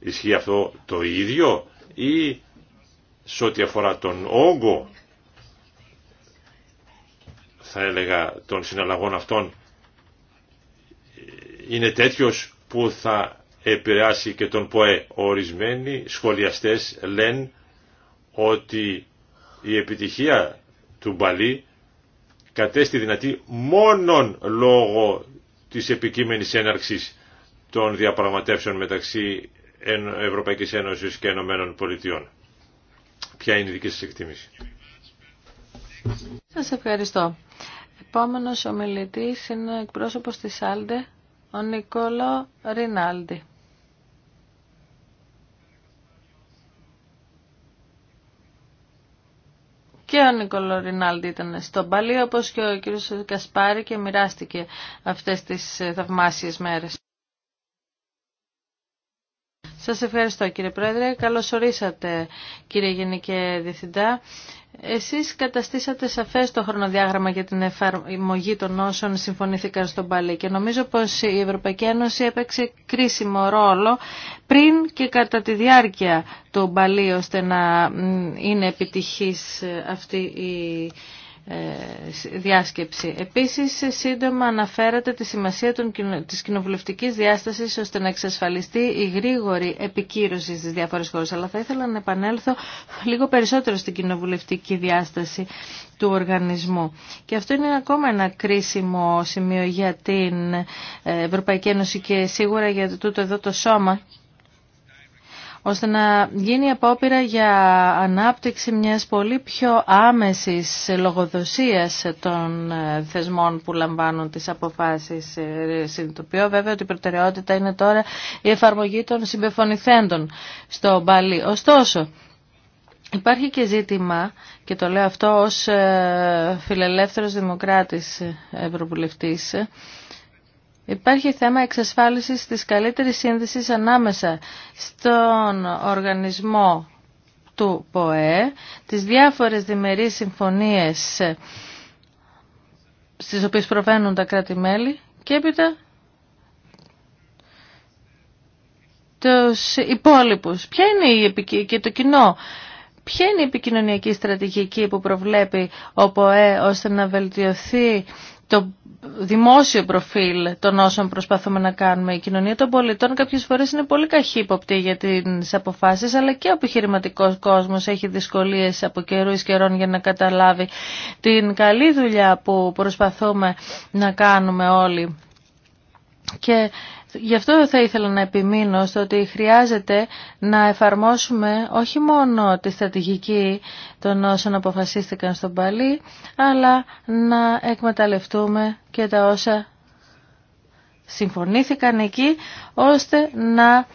ισχύει αυτό το ίδιο ή σε ό,τι αφορά τον όγκο θα έλεγα των συναλλαγών αυτών είναι τέτοιος που θα επηρεάσει και τον ΠΟΕ. Ορισμένοι σχολιαστές λένε ότι η επιτυχία του Μπαλί κατέστη δυνατή μόνον λόγω της επικείμενης έναρξης των διαπραγματεύσεων μεταξύ Ευρωπαϊκής Ένωσης και Ενωμένων Πολιτειών. Ποια είναι η δική σας εκτίμηση. Σας ευχαριστώ. Επόμενος ομιλητής είναι ο εκπρόσωπος της Άλντε, ο Νικόλο Ρινάλντι. και ο Νικολό Ρινάλντι ήταν στον Παλί, όπως και ο κύριος Κασπάρη και μοιράστηκε αυτές τις ε, θαυμάσιες μέρες. Σας ευχαριστώ κύριε Πρόεδρε. Καλώς ορίσατε κύριε Γενική Διευθυντά. Εσείς καταστήσατε σαφές το χρονοδιάγραμμα για την εφαρμογή των όσων συμφωνήθηκαν στον Παλί και νομίζω πως η Ευρωπαϊκή Ένωση έπαιξε κρίσιμο ρόλο πριν και κατά τη διάρκεια του Παλή ώστε να είναι επιτυχής αυτή η ε, διάσκεψη. Επίσης, σύντομα αναφέρατε τη σημασία των, της κοινοβουλευτικής διάστασης ώστε να εξασφαλιστεί η γρήγορη επικύρωση στις διάφορες χώρες. Αλλά θα ήθελα να επανέλθω λίγο περισσότερο στην κοινοβουλευτική διάσταση του οργανισμού. Και αυτό είναι ακόμα ένα κρίσιμο σημείο για την ε, Ευρωπαϊκή Ένωση και σίγουρα για τούτο εδώ το σώμα ώστε να γίνει απόπειρα για ανάπτυξη μιας πολύ πιο άμεσης λογοδοσίας των ε, θεσμών που λαμβάνουν τις αποφάσεις. Ε, συνειδητοποιώ βέβαια ότι η προτεραιότητα είναι τώρα η εφαρμογή των συμπεφωνηθέντων στο Μπαλί. Ωστόσο, Υπάρχει και ζήτημα, και το λέω αυτό ως ε, φιλελεύθερος δημοκράτης ευρωβουλευτής, Υπάρχει θέμα εξασφάλισης της καλύτερης σύνδεσης ανάμεσα στον οργανισμό του ΠΟΕ, τις διάφορες διμερείς συμφωνίες στις οποίες προβαίνουν τα κράτη-μέλη και έπειτα τους υπόλοιπους. Ποια είναι η και το κοινό. Ποια είναι η επικοινωνιακή στρατηγική που προβλέπει ο ΠΟΕ ώστε να βελτιωθεί το δημόσιο προφίλ των όσων προσπαθούμε να κάνουμε. Η κοινωνία των πολιτών κάποιες φορές είναι πολύ καχύποπτη για τι αποφάσεις, αλλά και ο επιχειρηματικό κόσμος έχει δυσκολίες από καιρού εις καιρών για να καταλάβει την καλή δουλειά που προσπαθούμε να κάνουμε όλοι. Και Γι' αυτό θα ήθελα να επιμείνω στο ότι χρειάζεται να εφαρμόσουμε όχι μόνο τη στρατηγική των όσων αποφασίστηκαν στον Παλί, αλλά να εκμεταλλευτούμε και τα όσα συμφωνήθηκαν εκεί, ώστε να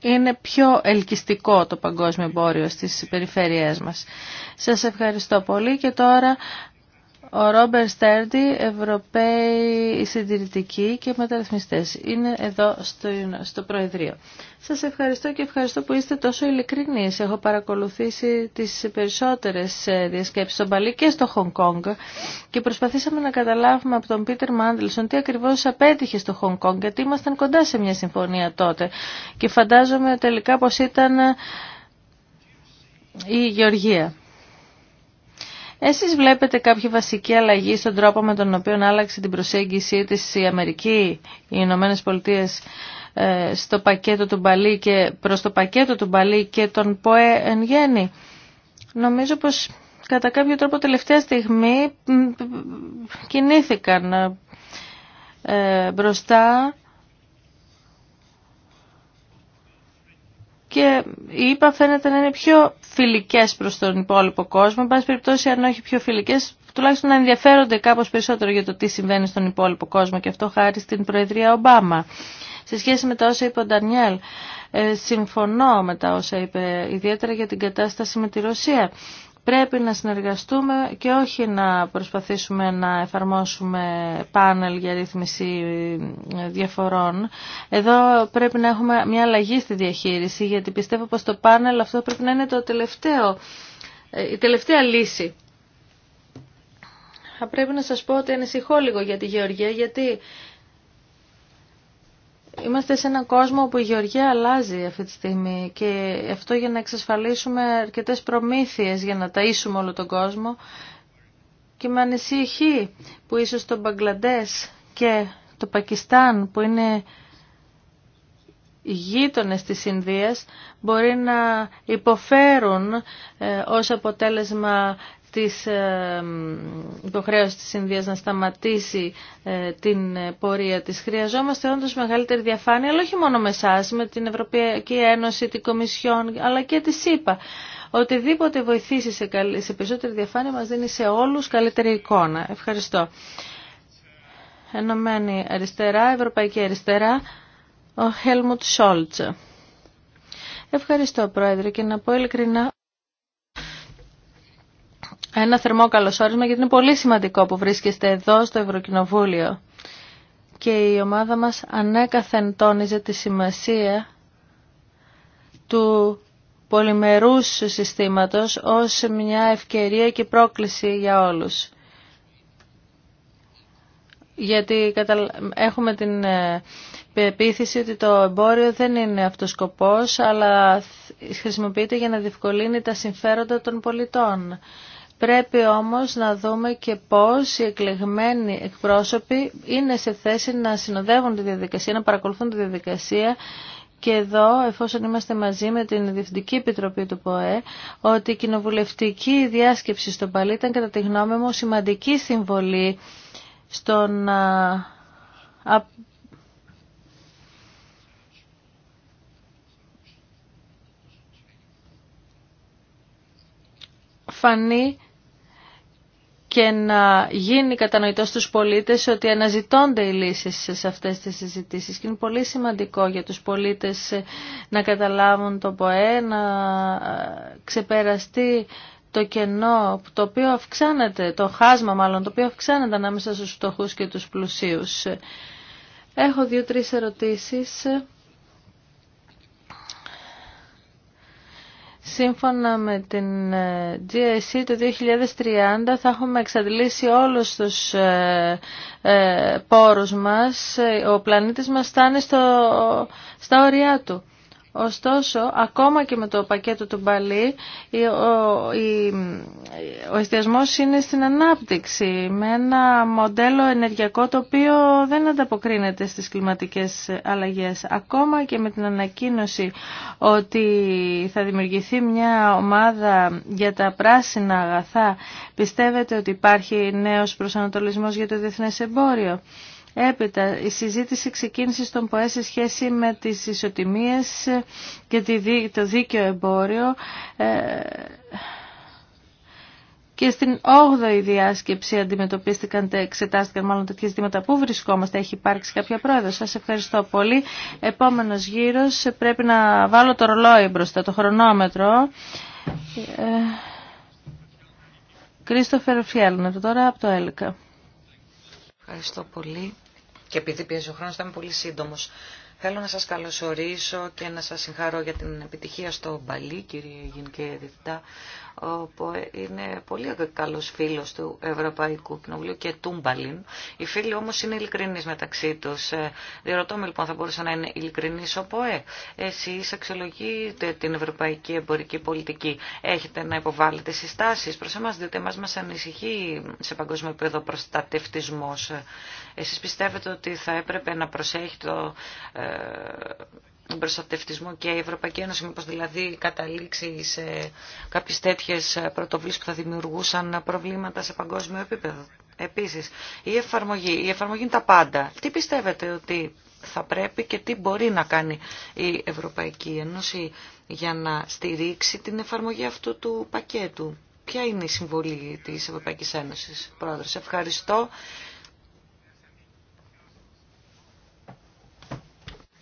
είναι πιο ελκυστικό το παγκόσμιο εμπόριο στις περιφέρειές μας. Σας ευχαριστώ πολύ και τώρα ο Ρόμπερ Στέρντι, Ευρωπαίοι Συντηρητικοί και Μεταρρυθμιστές, είναι εδώ στο, στο Προεδρείο. Σας ευχαριστώ και ευχαριστώ που είστε τόσο ειλικρινείς. Έχω παρακολουθήσει τις περισσότερες ε, διασκέψεις στον Παλί και στο Χονγκ Κόνγκ και προσπαθήσαμε να καταλάβουμε από τον Πίτερ Μάντελσον τι ακριβώς απέτυχε στο Χονγκ γιατί ήμασταν κοντά σε μια συμφωνία τότε και φαντάζομαι τελικά πως ήταν ε, η Γεωργία. Εσείς βλέπετε κάποια βασική αλλαγή στον τρόπο με τον οποίο άλλαξε την προσέγγιση της η Αμερική, οι Ηνωμένε Πολιτείε ε, στο πακέτο του Μπαλί και προς το πακέτο του Μπαλί και τον ΠΟΕ εν γέννη. Νομίζω πως κατά κάποιο τρόπο τελευταία στιγμή κινήθηκαν ε, μπροστά και η φαίνεται να είναι πιο φιλικές προς τον υπόλοιπο κόσμο. Εν πάση περιπτώσει, αν όχι πιο φιλικές, τουλάχιστον να ενδιαφέρονται κάπως περισσότερο για το τι συμβαίνει στον υπόλοιπο κόσμο και αυτό χάρη στην Προεδρία Ομπάμα. Σε σχέση με τα όσα είπε ο Ντανιέλ, ε, συμφωνώ με τα όσα είπε, ιδιαίτερα για την κατάσταση με τη Ρωσία. Πρέπει να συνεργαστούμε και όχι να προσπαθήσουμε να εφαρμόσουμε πάνελ για ρύθμιση ε, διαφορών. Εδώ πρέπει να έχουμε μια αλλαγή στη διαχείριση, γιατί πιστεύω πως το πάνελ αυτό πρέπει να είναι το τελευταίο, ε, η τελευταία λύση. Θα πρέπει να σας πω ότι ανησυχώ λίγο για τη Γεωργία, γιατί Είμαστε σε έναν κόσμο όπου η γεωργία αλλάζει αυτή τη στιγμή και αυτό για να εξασφαλίσουμε αρκετές προμήθειες για να ταΐσουμε όλο τον κόσμο και με ανησυχεί που ίσως το Μπαγκλαντές και το Πακιστάν που είναι γείτονες της Ινδίας μπορεί να υποφέρουν ε, ως αποτέλεσμα της ε, υποχρέωσης της Ινδίας να σταματήσει ε, την ε, πορεία της. Χρειαζόμαστε όντως μεγαλύτερη διαφάνεια, αλλά όχι μόνο με εσά, με την Ευρωπαϊκή Ένωση, την Κομισιόν, αλλά και τη ΣΥΠΑ. Οτιδήποτε βοηθήσει σε, σε περισσότερη διαφάνεια μας δίνει σε όλους καλύτερη εικόνα. Ευχαριστώ. Ενωμένη Αριστερά, Ευρωπαϊκή Αριστερά, ο Χέλμουτ Σόλτς. Ευχαριστώ Πρόεδρε και να πω ειλικρινά ένα θερμό καλωσόρισμα γιατί είναι πολύ σημαντικό που βρίσκεστε εδώ στο Ευρωκοινοβούλιο. Και η ομάδα μας ανέκαθεν τόνιζε τη σημασία του πολυμερούς συστήματος ως μια ευκαιρία και πρόκληση για όλους. Γιατί έχουμε την ε, πεποίθηση ότι το εμπόριο δεν είναι αυτός σκοπός, αλλά χρησιμοποιείται για να διευκολύνει τα συμφέροντα των πολιτών. Πρέπει όμως να δούμε και πώς οι εκλεγμένοι εκπρόσωποι είναι σε θέση να συνοδεύουν τη διαδικασία, να παρακολουθούν τη διαδικασία και εδώ, εφόσον είμαστε μαζί με την Διευθυντική Επιτροπή του ΠΟΕ, ότι η κοινοβουλευτική διάσκεψη στον Παλί ήταν κατά τη γνώμη μου σημαντική συμβολή στο να φανεί και να γίνει κατανοητό στους πολίτες ότι αναζητώνται οι λύσεις σε αυτές τις συζητήσεις. Και είναι πολύ σημαντικό για τους πολίτες να καταλάβουν το ΠΟΕ, να ξεπεραστεί το κενό το οποίο αυξάνεται, το χάσμα μάλλον, το οποίο αυξάνεται ανάμεσα στους φτωχού και τους πλουσίους. Έχω δύο-τρεις ερωτήσεις Σύμφωνα με την ε, GSE το 2030 θα έχουμε εξαντλήσει όλους τους ε, ε, πόρους μας. Ο πλανήτης μας στάνει στο, στα όρια του. Ωστόσο, ακόμα και με το πακέτο του Μπαλί, ο εστιασμός είναι στην ανάπτυξη, με ένα μοντέλο ενεργειακό το οποίο δεν ανταποκρίνεται στις κλιματικές αλλαγές. Ακόμα και με την ανακοίνωση ότι θα δημιουργηθεί μια ομάδα για τα πράσινα αγαθά, πιστεύετε ότι υπάρχει νέος προσανατολισμός για το διεθνές εμπόριο. Έπειτα, η συζήτηση ξεκίνησε στον ΠΟΕ σε σχέση με τις ισοτιμίες και το δίκαιο εμπόριο. Ε, και στην 8η διάσκεψη αντιμετωπίστηκαν, εξετάστηκαν μάλλον τα ζητήματα. Πού βρισκόμαστε, έχει υπάρξει κάποια πρόεδρο. Σα ευχαριστώ πολύ. Επόμενο γύρο, πρέπει να βάλω το ρολόι μπροστά, το χρονόμετρο. Κρίστοφερ Φιέλνερ, τώρα από το ΕΛΚΑ. Ευχαριστώ πολύ. Και επειδή πιέζει ο χρόνο, θα είμαι πολύ σύντομο, Θέλω να σας καλωσορίσω και να σας συγχαρώ για την επιτυχία στο Μπαλί, κύριε Γενική Διευθυντά που είναι πολύ καλός φίλος του Ευρωπαϊκού Κοινοβουλίου και Τούμπαλιν. Οι φίλοι όμως είναι ειλικρινείς μεταξύ τους. Ε, Διερωτώ με λοιπόν θα μπορούσε να είναι ειλικρινής ο ΠΟΕ. Εσείς αξιολογείτε την Ευρωπαϊκή Εμπορική Πολιτική. Έχετε να υποβάλλετε συστάσεις προς εμάς, διότι εμάς μας ανησυχεί σε παγκόσμιο επίπεδο προστατευτισμός. Εσείς πιστεύετε ότι θα έπρεπε να προσέχει το ε, προστατευτισμό και η Ευρωπαϊκή Ένωση μήπως δηλαδή καταλήξει σε κάποιες τέτοιες πρωτοβουλίες που θα δημιουργούσαν προβλήματα σε παγκόσμιο επίπεδο. Επίσης, η εφαρμογή. Η εφαρμογή είναι τα πάντα. Τι πιστεύετε ότι θα πρέπει και τι μπορεί να κάνει η Ευρωπαϊκή Ένωση για να στηρίξει την εφαρμογή αυτού του πακέτου. Ποια είναι η συμβολή της Ευρωπαϊκής Ένωσης, Πρόεδρος. Ευχαριστώ.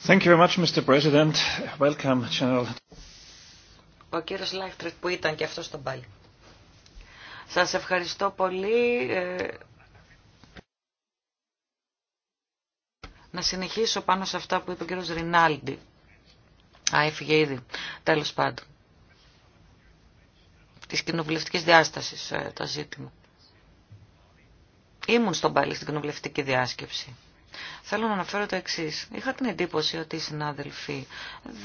Thank you very much, Mr. President. Welcome, General. Ο κύριος Λάχτρετ που ήταν και αυτό στον πάλι. Σας ευχαριστώ πολύ. Ε, να συνεχίσω πάνω σε αυτά που είπε ο κύριος Ρινάλντι. Α, έφυγε ήδη. Τέλος πάντων. Της κοινοβουλευτικής διάστασης ε, το ζήτημα. Ήμουν στον πάλι στην κοινοβουλευτική διάσκεψη. Θέλω να αναφέρω το εξή. Είχα την εντύπωση ότι οι συνάδελφοι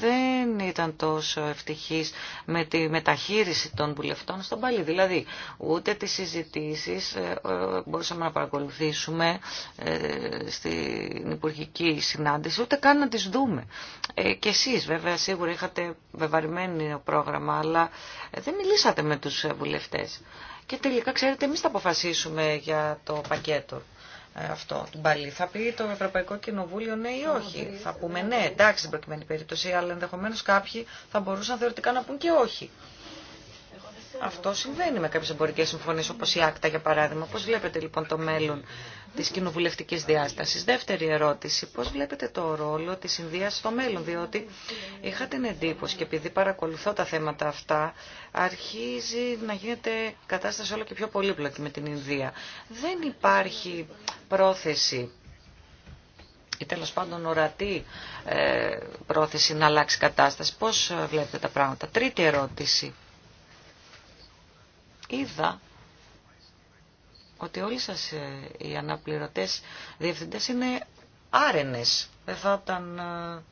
δεν ήταν τόσο ευτυχεί με τη μεταχείριση των βουλευτών στον Παλί. Δηλαδή, ούτε τι συζητήσει ε, ε, μπορούσαμε να παρακολουθήσουμε ε, στην υπουργική συνάντηση, ούτε καν να τι δούμε. Και εσεί, βέβαια, σίγουρα είχατε βεβαρημένο πρόγραμμα, αλλά δεν μιλήσατε με του βουλευτέ. Και τελικά, ξέρετε, εμεί θα αποφασίσουμε για το πακέτο αυτό του Μπαλί. Θα πει το Ευρωπαϊκό Κοινοβούλιο ναι ή όχι. Θα πούμε ναι. ναι, εντάξει στην προκειμένη περίπτωση, αλλά ενδεχομένω κάποιοι θα μπορούσαν θεωρητικά να πούν και όχι. Αυτό συμβαίνει με κάποιε εμπορικέ συμφωνίε, όπω η Άκτα για παράδειγμα. πώ βλέπετε λοιπόν το μέλλον τη κοινοβουλευτική διάσταση, Δεύτερη ερώτηση, Πώ βλέπετε το ρόλο τη Ινδίας στο μέλλον, διότι είχα την εντύπωση και επειδή παρακολουθώ τα θέματα αυτά, αρχίζει να γίνεται κατάσταση όλο και πιο πολύπλοκη με την Ινδία. Δεν υπάρχει πρόθεση ή τέλο πάντων ορατή ε, πρόθεση να αλλάξει κατάσταση. Πώς ε, βλέπετε τα πράγματα. Τρίτη ερώτηση είδα ότι όλοι σας ε, οι αναπληρωτές διευθυντές είναι άρενες. Δεν θα ήταν ε,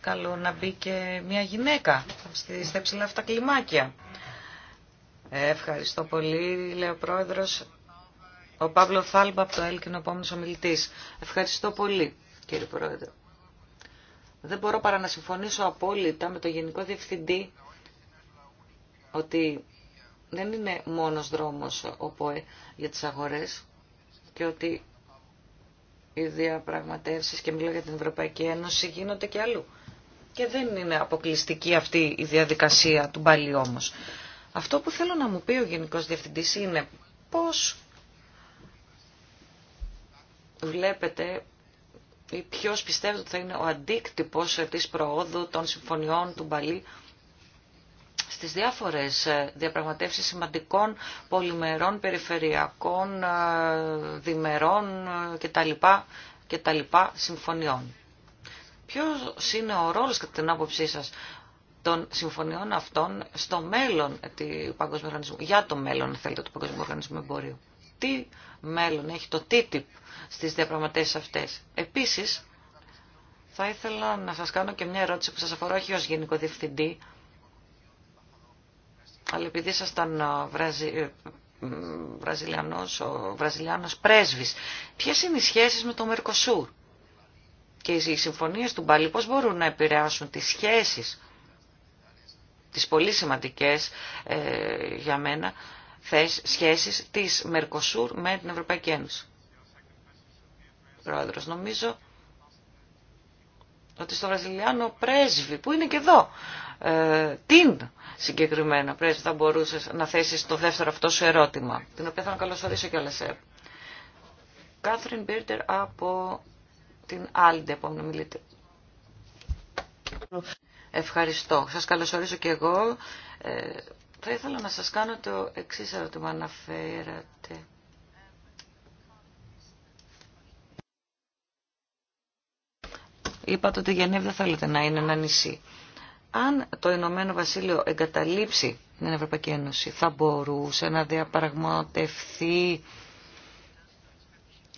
καλό να μπει και μια γυναίκα στα υψηλά αυτά κλιμάκια. Ε, ευχαριστώ πολύ, λέει ο Πρόεδρος. Ο Παύλο Θάλμπα από το ΕΛΚ είναι ο ομιλητής. Ευχαριστώ πολύ, κύριε Πρόεδρο. Δεν μπορώ παρά να συμφωνήσω απόλυτα με το Γενικό Διευθυντή ότι δεν είναι μόνος δρόμος ο ΠΟΕ για τις αγορές και ότι οι διαπραγματεύσεις και μιλάω για την Ευρωπαϊκή Ένωση γίνονται και αλλού. Και δεν είναι αποκλειστική αυτή η διαδικασία του Μπάλι όμως. Αυτό που θέλω να μου πει ο Γενικός Διευθυντής είναι πώς βλέπετε ή ποιος πιστεύετε ότι θα είναι ο αντίκτυπος της προόδου των συμφωνιών του Μπαλί στις διάφορες ε, διαπραγματεύσεις σημαντικών πολυμερών, περιφερειακών, ε, διμερών ε, κτλ. κτλ συμφωνιών. Ποιος είναι ο ρόλος κατά την άποψή σας των συμφωνιών αυτών στο μέλλον του Παγκόσμιου για το μέλλον θέλετε του Παγκόσμιου Οργανισμού Εμπορίου. Τι μέλλον έχει το TTIP στις διαπραγματεύσεις αυτές. Επίσης, θα ήθελα να σας κάνω και μια ερώτηση που σας αφορά όχι ως Γενικό Διευθυντή, αλλά επειδή ήσασταν ε, Βραζι... Ε, βραζιλιανός, ο Βραζιλιάνος πρέσβης, ποιες είναι οι σχέσεις με το Μερκοσούρ και οι συμφωνίες του Μπαλί πώς μπορούν να επηρεάσουν τις σχέσεις, τις πολύ σημαντικές ε, για μένα θες, σχέσεις της Μερκοσούρ με την Ευρωπαϊκή Ένωση. Πρόεδρος, νομίζω ότι στο Βραζιλιάνο πρέσβη που είναι και εδώ ε, την συγκεκριμένα πρέσβη θα μπορούσες να θέσεις το δεύτερο αυτό σου ερώτημα, την οποία θα να καλωσορίσω κιόλα. Ε. Κάθριν Μπίρτερ από την Άλντε, επόμενη Ευχαριστώ. Σας καλωσορίζω κι εγώ. Ε, θα ήθελα να σας κάνω το εξής ερώτημα. Αναφέρατε είπατε ότι η Γενέβη δεν θέλετε να είναι ένα νησί αν το Ηνωμένο Βασίλειο εγκαταλείψει την Ευρωπαϊκή Ένωση, θα μπορούσε να διαπραγματευθεί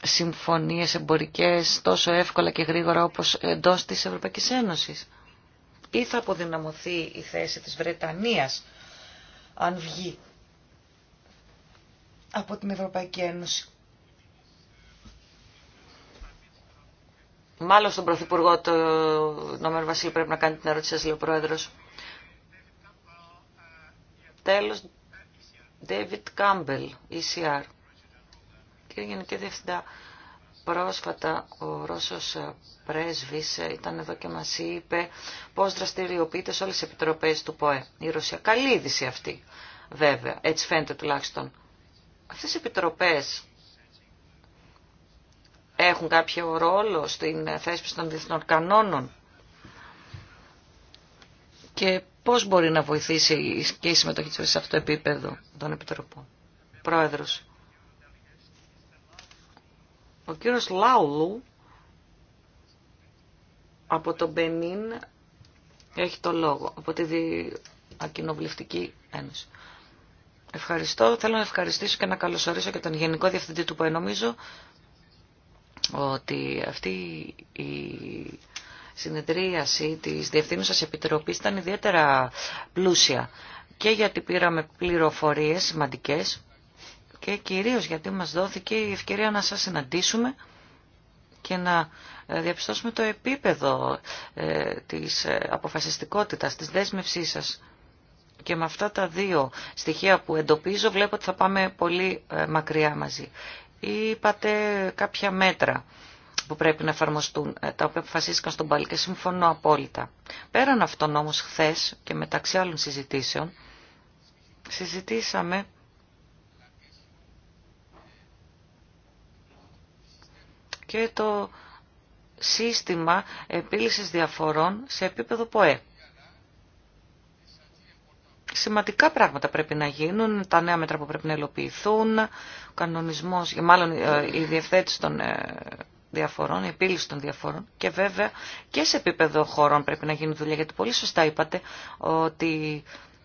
συμφωνίες εμπορικές τόσο εύκολα και γρήγορα όπως εντός της Ευρωπαϊκής Ένωσης. Ή θα αποδυναμωθεί η θέση της Βρετανίας αν βγει από την Ευρωπαϊκή Ένωση. Μάλλον στον Πρωθυπουργό το νόμερο Βασίλη πρέπει να κάνει την ερώτηση σας, λέει ο Πρόεδρος. Τέλος, David Campbell, ECR. Κύριε Γενική Διευθυντά, πρόσφατα ο Ρώσος πρέσβης ήταν εδώ και μας είπε πώς δραστηριοποιείται σε όλες τις επιτροπές του ΠΟΕ. Η Ρωσία. Καλή είδηση αυτή, βέβαια. Έτσι φαίνεται τουλάχιστον. Αυτές οι επιτροπές έχουν κάποιο ρόλο στην θέσπιση των διεθνών κανόνων και πώς μπορεί να βοηθήσει και η συμμετοχή σε αυτό το επίπεδο των επιτροπών. Πρόεδρος. Ο κύριος Λάουλου από τον Μπενίν έχει το λόγο, από τη Διακοινοβουλευτική Ένωση. Ευχαριστώ. Θέλω να ευχαριστήσω και να καλωσορίσω και τον Γενικό Διευθυντή του που νομίζω ότι αυτή η συνεδρίαση της Διευθύνουσας Επιτροπής ήταν ιδιαίτερα πλούσια και γιατί πήραμε πληροφορίες σημαντικές και κυρίως γιατί μας δόθηκε η ευκαιρία να σας συναντήσουμε και να ε, διαπιστώσουμε το επίπεδο ε, της ε, αποφασιστικότητας, της δέσμευσής σας. Και με αυτά τα δύο στοιχεία που εντοπίζω βλέπω ότι θα πάμε πολύ μακριά μαζί. Είπατε κάποια μέτρα που πρέπει να εφαρμοστούν, ε, τα οποία αποφασίστηκαν στον Παλί και συμφωνώ απόλυτα. Πέραν αυτών όμως χθες και μεταξύ άλλων συζητήσεων, συζητήσαμε και το σύστημα επίλυσης διαφορών σε επίπεδο ΠΟΕ σημαντικά πράγματα πρέπει να γίνουν, τα νέα μέτρα που πρέπει να υλοποιηθούν, ο κανονισμός, μάλλον ε, η διευθέτηση των ε, διαφορών, η επίλυση των διαφορών και βέβαια και σε επίπεδο χωρών πρέπει να γίνει δουλειά, γιατί πολύ σωστά είπατε ότι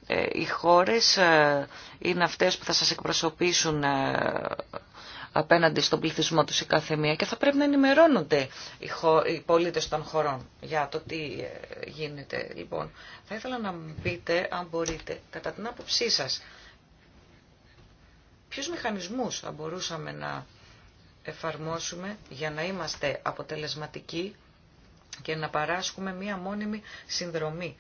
ε, οι χώρες είναι αυτές που θα σας εκπροσωπήσουν απέναντι στον πληθυσμό τους η κάθε μία και θα πρέπει να ενημερώνονται οι πολίτες των χωρών για το τι ε, γίνεται. Λοιπόν, θα ήθελα να μου πείτε, αν μπορείτε, κατά την άποψή σας, ποιους μηχανισμούς θα μπορούσαμε να εφαρμόσουμε για να είμαστε αποτελεσματικοί και να παράσχουμε μία μόνιμη συνδρομή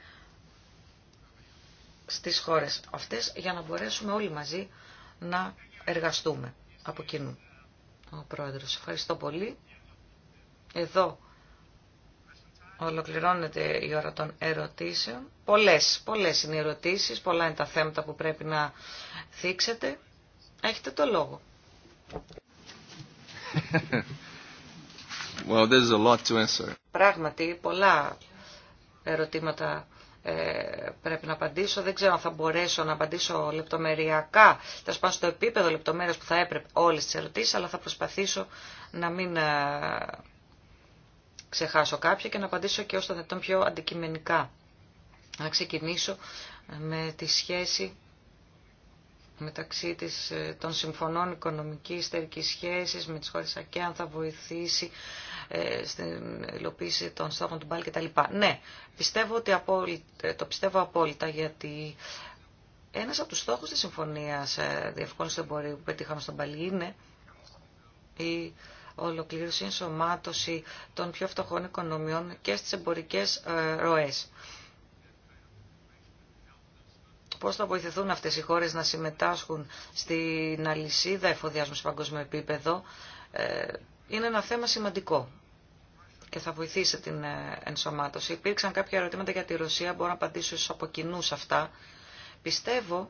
στις χώρες αυτές για να μπορέσουμε όλοι μαζί να εργαστούμε από κοινού. Ο Πρόεδρος, ευχαριστώ πολύ. Εδώ ολοκληρώνεται η ώρα των ερωτήσεων. Πολλές, πολλές είναι οι ερωτήσεις, πολλά είναι τα θέματα που πρέπει να θίξετε. Έχετε το λόγο. well, a lot to answer. Πράγματι, πολλά ερωτήματα ε, πρέπει να απαντήσω. Δεν ξέρω αν θα μπορέσω να απαντήσω λεπτομεριακά, θα πάνω στο επίπεδο λεπτομέρειας που θα έπρεπε όλες τις ερωτήσεις, αλλά θα προσπαθήσω να μην ε, ξεχάσω κάποια και να απαντήσω και όσο δυνατόν πιο αντικειμενικά. Να ξεκινήσω ε, με τη σχέση μεταξύ της, των συμφωνών οικονομικής θερικής σχέσης με τις χώρες ΑΚΕ, αν θα βοηθήσει ε, στην υλοποίηση των στόχων του Μπάλ κτλ. Ναι, πιστεύω ότι το πιστεύω απόλυτα γιατί ένας από τους στόχους της συμφωνίας ε, διευκόλυνση του εμπορίου που πετύχαμε στον Παλί είναι η ολοκλήρωση, η ενσωμάτωση των πιο φτωχών οικονομιών και στις εμπορικές ε, ροές. Πώς θα βοηθηθούν αυτές οι χώρες να συμμετάσχουν στην αλυσίδα εφοδιάσμου σε παγκόσμιο επίπεδο, είναι ένα θέμα σημαντικό και θα βοηθήσει την ε, ενσωμάτωση. Υπήρξαν κάποια ερωτήματα για τη Ρωσία, μπορώ να απαντήσω ίσως από κοινού αυτά. Πιστεύω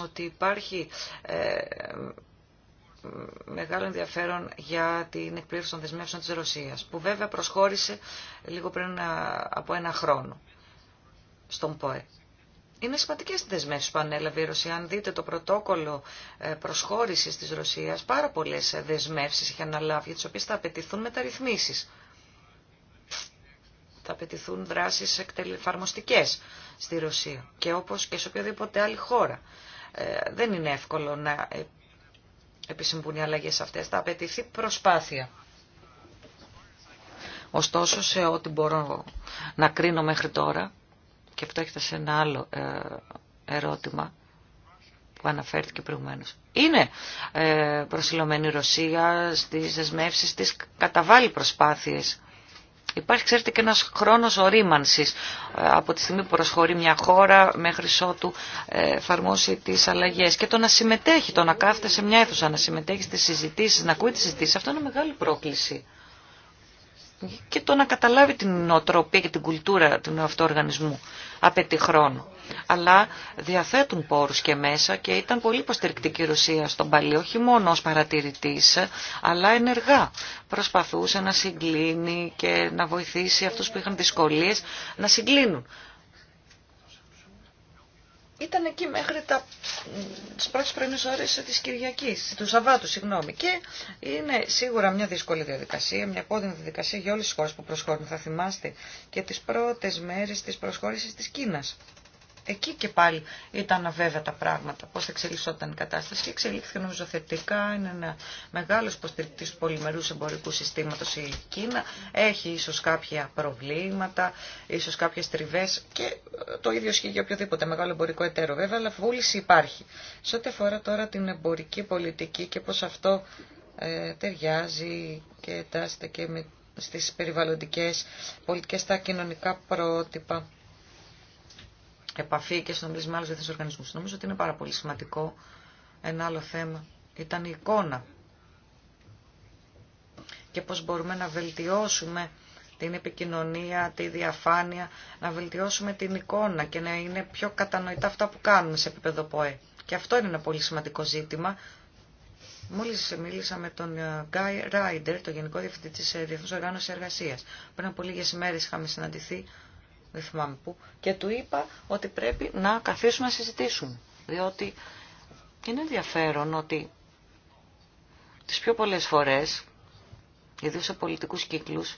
ότι υπάρχει ε, μεγάλο ενδιαφέρον για την εκπλήρωση των δεσμεύσεων της Ρωσίας, που βέβαια προσχώρησε λίγο πριν ε, από ένα χρόνο στον ΠΟΕ. Είναι σημαντικέ οι δεσμεύσει που ανέλαβε η Ρωσία. Αν δείτε το πρωτόκολλο ε, προσχώρηση τη Ρωσία, πάρα πολλέ ε, δεσμεύσει είχε αναλάβει, τι οποίε θα απαιτηθούν μεταρρυθμίσει. Θα απαιτηθούν δράσει εφαρμοστικέ στη Ρωσία και όπω και σε οποιαδήποτε άλλη χώρα. Ε, δεν είναι εύκολο να επισυμβούν οι αλλαγέ αυτέ. Θα απαιτηθεί προσπάθεια. Ωστόσο, σε ό,τι μπορώ να κρίνω μέχρι τώρα, και αυτό έχετε σε ένα άλλο ε, ερώτημα που αναφέρθηκε προηγουμένω. Είναι ε, προσιλωμένη η Ρωσία στι δεσμεύσει τη καταβάλει προσπάθειες. Υπάρχει, ξέρετε, και ένας χρόνος ορίμανσης ε, από τη στιγμή που προσχωρεί μια χώρα μέχρι ότου ε, εφαρμόσει τις αλλαγές. Και το να συμμετέχει, το να κάθεται σε μια αίθουσα, να συμμετέχει στις συζητήσεις, να ακούει τις συζητήσεις, αυτό είναι μεγάλη πρόκληση. Και το να καταλάβει την νοοτροπία και την κουλτούρα του αυτού οργανισμού απαιτεί χρόνο. Αλλά διαθέτουν πόρους και μέσα και ήταν πολύ υποστηρικτική η Ρωσία στον Παλί, όχι μόνο ως παρατηρητής, αλλά ενεργά. Προσπαθούσε να συγκλίνει και να βοηθήσει αυτούς που είχαν δυσκολίες να συγκλίνουν ήταν εκεί μέχρι τα πρώτες πρωινές ώρες της Κυριακής, του Σαββάτου, συγγνώμη. Και είναι σίγουρα μια δύσκολη διαδικασία, μια πόδινη διαδικασία για όλες τις χώρες που προσχώρουν. Θα θυμάστε και τις πρώτες μέρες της προσχώρησης της Κίνας. Εκεί και πάλι ήταν αβέβαια τα πράγματα, πώς θα εξελισσόταν η κατάσταση και εξελίχθηκε νομίζω θετικά. Είναι ένα μεγάλος υποστηρικτή του πολυμερούς εμπορικού συστήματος η Κίνα. Έχει ίσως κάποια προβλήματα, ίσως κάποιες τριβές και ε, το ίδιο ισχύει για οποιοδήποτε μεγάλο εμπορικό εταίρο βέβαια, αλλά βούληση υπάρχει. Σε ό,τι αφορά τώρα την εμπορική πολιτική και πώς αυτό ε, ταιριάζει και εντάσσεται και με στις περιβαλλοντικές πολιτικές, στα κοινωνικά πρότυπα επαφή και συνομιλίες με άλλους διεθνείς οργανισμούς. Νομίζω ότι είναι πάρα πολύ σημαντικό. Ένα άλλο θέμα ήταν η εικόνα και πώς μπορούμε να βελτιώσουμε την επικοινωνία, τη διαφάνεια, να βελτιώσουμε την εικόνα και να είναι πιο κατανοητά αυτά που κάνουμε σε επίπεδο ΠΟΕ. Και αυτό είναι ένα πολύ σημαντικό ζήτημα. Μόλι μίλησα με τον ε, Guy Ryder, τον Γενικό Διευθυντή τη ε, Διεθνού Οργάνωσης Εργασία. Πριν από λίγε ημέρε είχαμε συναντηθεί δεν θυμάμαι πού, και του είπα ότι πρέπει να καθίσουμε να συζητήσουμε. Διότι είναι ενδιαφέρον ότι τις πιο πολλές φορές, ιδίως σε πολιτικούς κύκλους,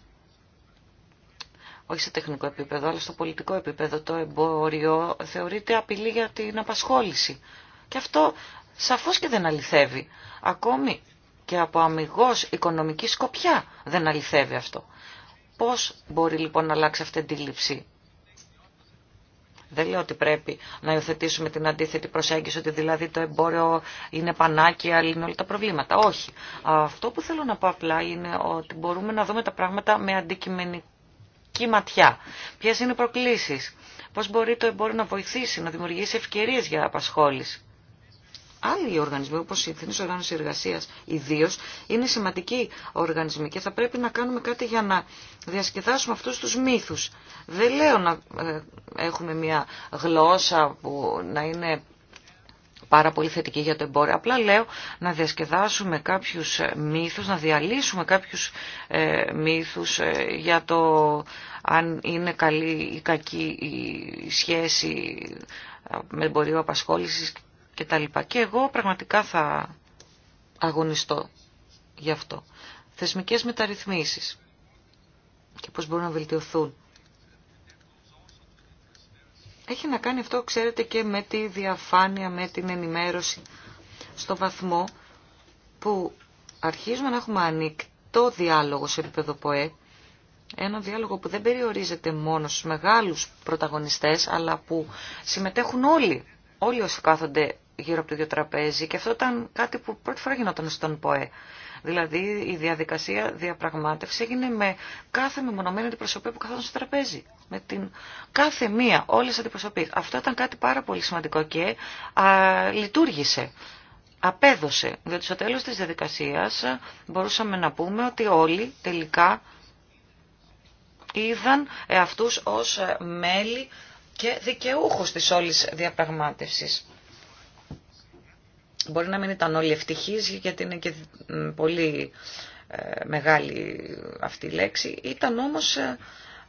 όχι σε τεχνικό επίπεδο, αλλά στο πολιτικό επίπεδο το εμπόριο θεωρείται απειλή για την απασχόληση. Και αυτό σαφώς και δεν αληθεύει. Ακόμη και από αμυγός οικονομική σκοπιά δεν αληθεύει αυτό. Πώς μπορεί λοιπόν να αλλάξει αυτή την αντίληψη. Δεν λέω ότι πρέπει να υιοθετήσουμε την αντίθετη προσέγγιση, ότι δηλαδή το εμπόριο είναι πανάκια, λύνει όλα τα προβλήματα. Όχι. Αυτό που θέλω να πω απλά είναι ότι μπορούμε να δούμε τα πράγματα με αντικειμενική ματιά. Ποιε είναι οι προκλήσει. Πώ μπορεί το εμπόριο να βοηθήσει, να δημιουργήσει ευκαιρίες για απασχόληση άλλοι οργανισμοί, όπως η Διεθνής Οργάνωση εργασία ιδίω, είναι σημαντικοί οργανισμοί και θα πρέπει να κάνουμε κάτι για να διασκεδάσουμε αυτούς τους μύθους. Δεν λέω να ε, έχουμε μια γλώσσα που να είναι πάρα πολύ θετική για το εμπόριο. Απλά λέω να διασκεδάσουμε κάποιους ε, μύθους, να διαλύσουμε κάποιους ε, μύθους ε, για το αν είναι καλή ή κακή η σχέση με εμπορίο απασχόλησης και τα λοιπά. Και εγώ πραγματικά θα αγωνιστώ γι' αυτό. Θεσμικές μεταρρυθμίσεις και πώς μπορούν να βελτιωθούν. Έχει να κάνει αυτό, ξέρετε, και με τη διαφάνεια, με την ενημέρωση στο βαθμό που αρχίζουμε να έχουμε ανοιχτό διάλογο σε επίπεδο ΠΟΕ, ένα διάλογο που δεν περιορίζεται μόνο στους μεγάλους πρωταγωνιστές, αλλά που συμμετέχουν όλοι, όλοι όσοι κάθονται γύρω από το ίδιο τραπέζι και αυτό ήταν κάτι που πρώτη φορά γινόταν στον ΠΟΕ. Δηλαδή η διαδικασία διαπραγμάτευση έγινε με κάθε μεμονωμένη αντιπροσωπεία που καθόταν στο τραπέζι. Με την κάθε μία, όλες τις Αυτό ήταν κάτι πάρα πολύ σημαντικό και α, λειτουργήσε. Απέδωσε, διότι στο τέλος της διαδικασίας μπορούσαμε να πούμε ότι όλοι τελικά είδαν αυτούς ως μέλη και δικαιούχους της όλης διαπραγμάτευσης. Μπορεί να μην ήταν όλοι ευτυχεί, γιατί είναι και πολύ ε, μεγάλη αυτή η λέξη. Ήταν όμως ε,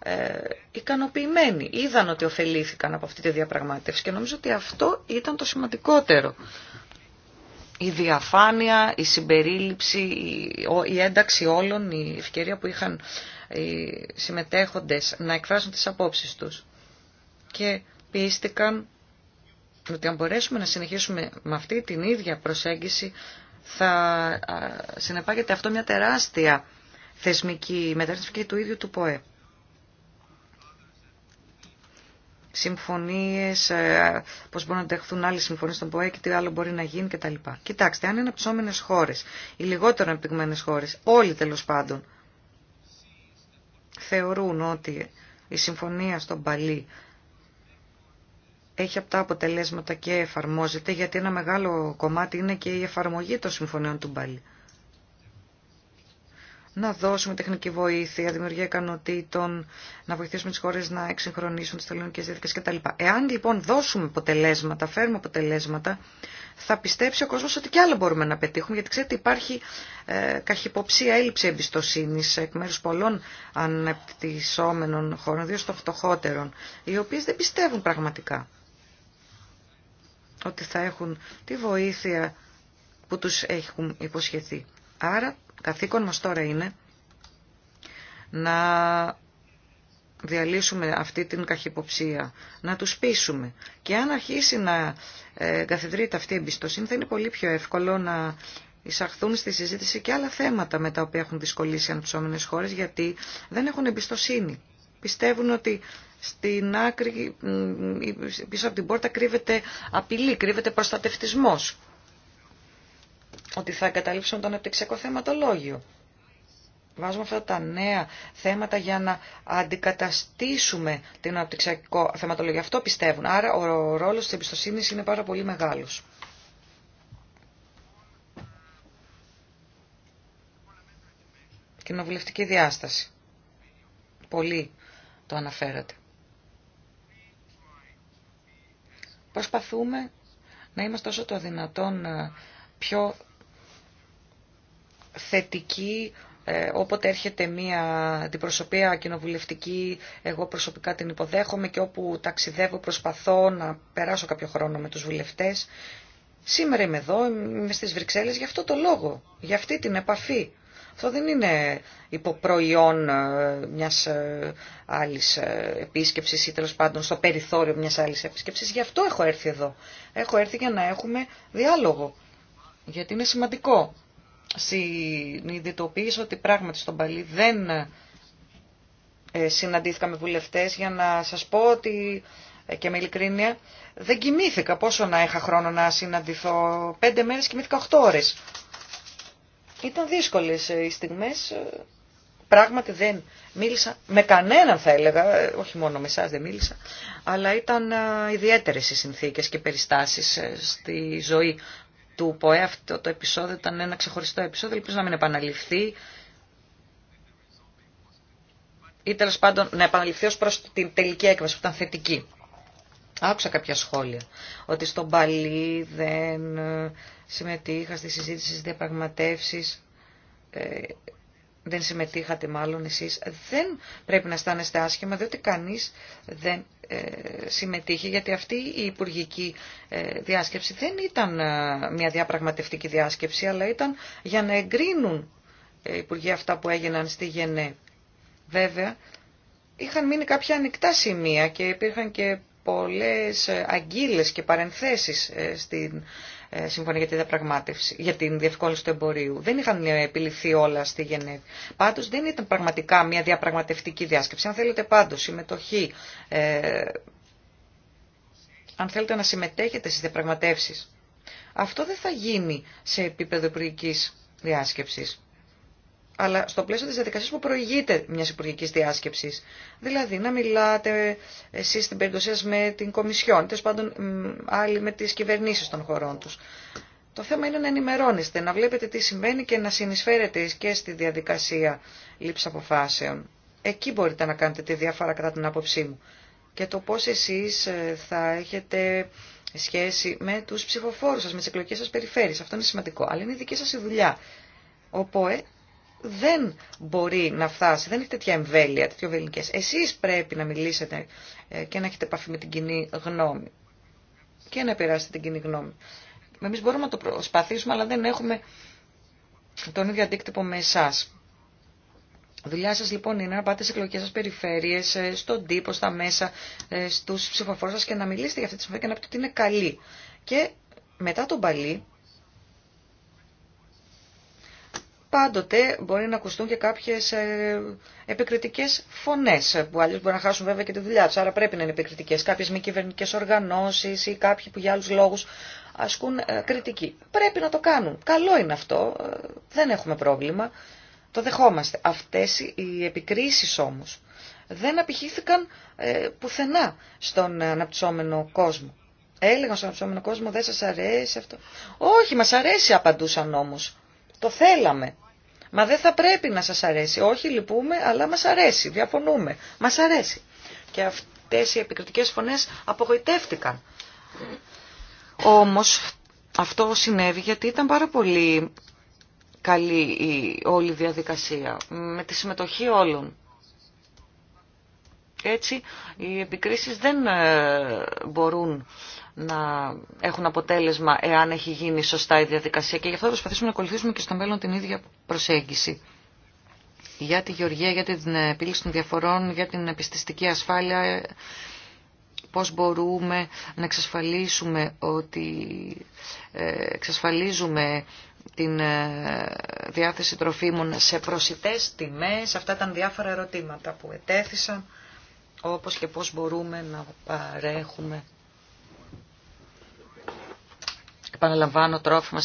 ε, ικανοποιημένοι. Είδαν ότι ωφελήθηκαν από αυτή τη διαπραγμάτευση και νομίζω ότι αυτό ήταν το σημαντικότερο. Η διαφάνεια, η συμπερίληψη, η ένταξη όλων, η ευκαιρία που είχαν οι συμμετέχοντες να εκφράσουν τις απόψεις τους. Και πίστηκαν ότι αν μπορέσουμε να συνεχίσουμε με αυτή την ίδια προσέγγιση θα συνεπάγεται αυτό μια τεράστια θεσμική μεταρρύθμιση του ίδιου του ΠΟΕ. Συμφωνίες, ε, πώς μπορούν να αντεχθούν άλλες συμφωνίες στον ΠΟΕ και τι άλλο μπορεί να γίνει κτλ. Κοιτάξτε, αν είναι αναπτυσσόμενες χώρες, οι λιγότερο ανεπτυγμένε χώρες, όλοι τέλος πάντων, θεωρούν ότι η συμφωνία στον Παλί έχει αυτά αποτελέσματα και εφαρμόζεται, γιατί ένα μεγάλο κομμάτι είναι και η εφαρμογή των συμφωνιών του Μπάλι. Να δώσουμε τεχνική βοήθεια, δημιουργία ικανοτήτων, να βοηθήσουμε τι χώρε να εξυγχρονίσουν τι τελειωνικέ διαδικασίε κτλ. Εάν λοιπόν δώσουμε αποτελέσματα, φέρουμε αποτελέσματα, θα πιστέψει ο κόσμο ότι κι άλλο μπορούμε να πετύχουμε, γιατί ξέρετε υπάρχει ε, καχυποψία έλλειψη εμπιστοσύνη εκ μέρου πολλών ανεπτυσσόμενων χωρών, ιδίω των φτωχότερων, οι οποίε δεν πιστεύουν πραγματικά ότι θα έχουν τη βοήθεια που τους έχουν υποσχεθεί. Άρα, καθήκον μας τώρα είναι να διαλύσουμε αυτή την καχυποψία, να τους πείσουμε. Και αν αρχίσει να ε, καθιδρείται αυτή η εμπιστοσύνη, θα είναι πολύ πιο εύκολο να εισαχθούν στη συζήτηση και άλλα θέματα με τα οποία έχουν δυσκολήσει οι χώρες, γιατί δεν έχουν εμπιστοσύνη. Πιστεύουν ότι στην άκρη, πίσω από την πόρτα κρύβεται απειλή, κρύβεται προστατευτισμός. Ότι θα εγκαταλείψουν το αναπτυξιακό θεματολόγιο. Βάζουμε αυτά τα νέα θέματα για να αντικαταστήσουμε την αναπτυξιακό θεματολογιο. Αυτό πιστεύουν. Άρα ο ρόλος της εμπιστοσύνης είναι πάρα πολύ μεγάλος. Κοινοβουλευτική διάσταση. Πολύ το αναφέρατε. Προσπαθούμε να είμαστε όσο το δυνατόν ε, πιο θετικοί ε, όποτε έρχεται μια αντιπροσωπεία κοινοβουλευτική, εγώ προσωπικά την υποδέχομαι και όπου ταξιδεύω προσπαθώ να περάσω κάποιο χρόνο με τους βουλευτές. Σήμερα είμαι εδώ, είμαι στις Βρυξέλλες για αυτό το λόγο, για αυτή την επαφή. Αυτό δεν είναι υποπροϊόν ε, μιας ε, άλλης ε, επίσκεψης ή τέλο πάντων στο περιθώριο μιας άλλης επίσκεψης. Γι' αυτό έχω έρθει εδώ. Έχω έρθει για να έχουμε διάλογο. Γιατί είναι σημαντικό. Συνειδητοποίησα ότι πράγματι στον Παλί δεν συναντήθηκα με βουλευτές για να σας πω ότι και με ειλικρίνεια δεν κοιμήθηκα πόσο να είχα χρόνο να συναντηθώ. Πέντε μέρες κοιμήθηκα οχτώ ώρες. Ήταν δύσκολες ε, οι στιγμές, ε, πράγματι δεν μίλησα, με κανέναν θα έλεγα, ε, όχι μόνο με εσάς δεν μίλησα, αλλά ήταν ιδιαίτερες οι συνθήκες και περιστάσεις στη ζωή του ΠΟΕ. Αυτό το επεισόδιο ήταν ένα ξεχωριστό επεισόδιο, ελπίζω να μην επαναληφθεί ή τέλο πάντων να επαναληφθεί ω προ την τελική έκβαση που ήταν θετική. Άκουσα κάποια σχόλια ότι στον Παλί δεν ε, συμμετείχα στη συζήτηση, στις διαπραγματεύσεις, ε, δεν συμμετείχατε μάλλον εσείς. Δεν πρέπει να αισθάνεστε άσχημα, διότι κανείς δεν ε, συμμετείχε, γιατί αυτή η υπουργική διάσκεψη δεν ήταν μια διαπραγματευτική διάσκεψη, αλλά ήταν για να εγκρίνουν οι υπουργοί αυτά που έγιναν στη Γενέ. Βέβαια, είχαν μείνει κάποια ανοιχτά σημεία και υπήρχαν και πολλές ε, αγγίλες και παρενθέσεις ε, στην ε, Συμφωνία για τη διαπραγμάτευση, για την διευκόλυνση του εμπορίου. Δεν είχαν επιληθεί όλα στη Γενέβη. Πάντως δεν ήταν πραγματικά μια διαπραγματευτική διάσκεψη. Αν θέλετε πάντως συμμετοχή, αν θέλετε να συμμετέχετε στις διαπραγματεύσεις, αυτό δεν θα γίνει σε επίπεδο υπουργικής διάσκεψης αλλά στο πλαίσιο της διαδικασίας που προηγείται μιας υπουργικής διάσκεψης. Δηλαδή να μιλάτε εσείς στην περίπτωση με την Κομισιόν, τέλος πάντων άλλοι με τις κυβερνήσεις των χωρών τους. Το θέμα είναι να ενημερώνεστε, να βλέπετε τι συμβαίνει και να συνεισφέρετε και στη διαδικασία λήψη αποφάσεων. Εκεί μπορείτε να κάνετε τη διαφορά κατά την άποψή μου. Και το πώς εσείς ε, θα έχετε σχέση με τους ψηφοφόρους σας, με τις εκλογικές σας περιφέρειες. Αυτό είναι σημαντικό. Αλλά είναι η δική σας η δουλειά δεν μπορεί να φτάσει, δεν έχει τέτοια εμβέλεια, τέτοιο ευελικές. Εσεί πρέπει να μιλήσετε ε, και να έχετε επαφή με την κοινή γνώμη και να επηρεάσετε την κοινή γνώμη. Εμεί μπορούμε να το προσπαθήσουμε, αλλά δεν έχουμε τον ίδιο αντίκτυπο με εσά. Δουλειά σα λοιπόν είναι να πάτε σε εκλογικέ σα περιφέρειε, ε, στον τύπο, στα μέσα, ε, στου ψηφοφόρου σα και να μιλήσετε για αυτή τη συμφωνία και να πείτε ότι είναι καλή. Και μετά τον Παλί, πάντοτε μπορεί να ακουστούν και κάποιες ε, επικριτικές φωνές που αλλιώς μπορεί να χάσουν βέβαια και τη δουλειά τους. Άρα πρέπει να είναι επικριτικές κάποιες μη κυβερνητικές οργανώσεις ή κάποιοι που για άλλους λόγους ασκούν ε, κριτική. Πρέπει να το κάνουν. Καλό είναι αυτό. Ε, δεν έχουμε πρόβλημα. Το δεχόμαστε. Αυτές οι επικρίσεις όμως δεν απηχήθηκαν πουθενά στον αναπτυσσόμενο κόσμο. Έλεγαν στον αναπτυσσόμενο κόσμο δεν σας αρέσει αυτό. Όχι, μας αρέσει απαντούσαν όμως. Το θέλαμε. Μα δεν θα πρέπει να σας αρέσει. Όχι, λυπούμε, αλλά μας αρέσει, διαφωνούμε. Μας αρέσει. Και αυτές οι επικριτικές φωνές απογοητεύτηκαν. Όμως αυτό συνέβη γιατί ήταν πάρα πολύ καλή η όλη διαδικασία, με τη συμμετοχή όλων. Έτσι, οι επικρίσεις δεν ε, μπορούν να έχουν αποτέλεσμα εάν έχει γίνει σωστά η διαδικασία και γι' αυτό θα προσπαθήσουμε να ακολουθήσουμε και στο μέλλον την ίδια προσέγγιση. Για τη γεωργία, για την ε, επίλυση των διαφορών, για την επιστηστική ασφάλεια, ε, πώς μπορούμε να εξασφαλίσουμε ότι ε, εξασφαλίζουμε την διάθεση τροφίμων σε προσιτές τιμές. Αυτά ήταν διάφορα ερωτήματα που ετέθησαν, όπως και πώς μπορούμε να παρέχουμε επαναλαμβάνω, τρόφιμα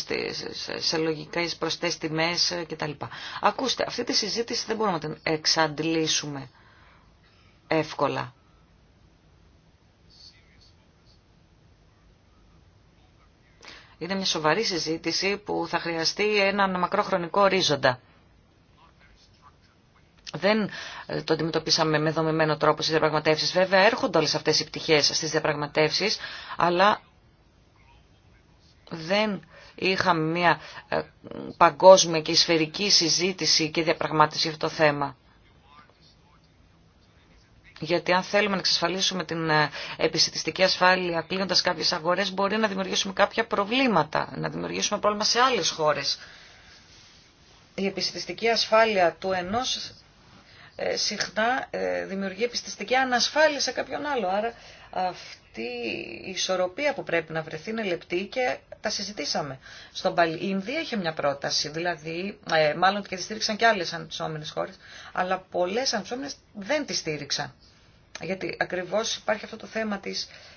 σε λογικές προσθέσεις τιμές κτλ. Ακούστε, αυτή τη συζήτηση δεν μπορούμε να την εξαντλήσουμε εύκολα. Είναι μια σοβαρή συζήτηση που θα χρειαστεί έναν μακρόχρονικό ορίζοντα. Δεν ε, το αντιμετωπίσαμε με δομημένο τρόπο στις διαπραγματεύσεις. Βέβαια έρχονται όλες αυτές οι πτυχές στις διαπραγματεύσεις, αλλά δεν είχαμε μια ε, παγκόσμια και σφαιρική συζήτηση και διαπραγμάτευση για αυτό το θέμα. Γιατί αν θέλουμε να εξασφαλίσουμε την ε, επιστημιστική ασφάλεια κλείνοντα κάποιε αγορέ, μπορεί να δημιουργήσουμε κάποια προβλήματα, να δημιουργήσουμε πρόβλημα σε άλλε χώρε. Η επιστημιστική ασφάλεια του ενό ε, συχνά δημιουργεί επιστημιστική ανασφάλεια σε κάποιον άλλο. Άρα αυτή η ισορροπία που πρέπει να βρεθεί είναι λεπτή και τα συζητήσαμε. Στον Παλ... Η Ινδία είχε μια πρόταση, δηλαδή, ε, μάλλον και τη στήριξαν και άλλε αντισόμενες χώρε, αλλά πολλέ αντισόμενες δεν τη στήριξαν. Γιατί ακριβώ υπάρχει αυτό το θέμα τη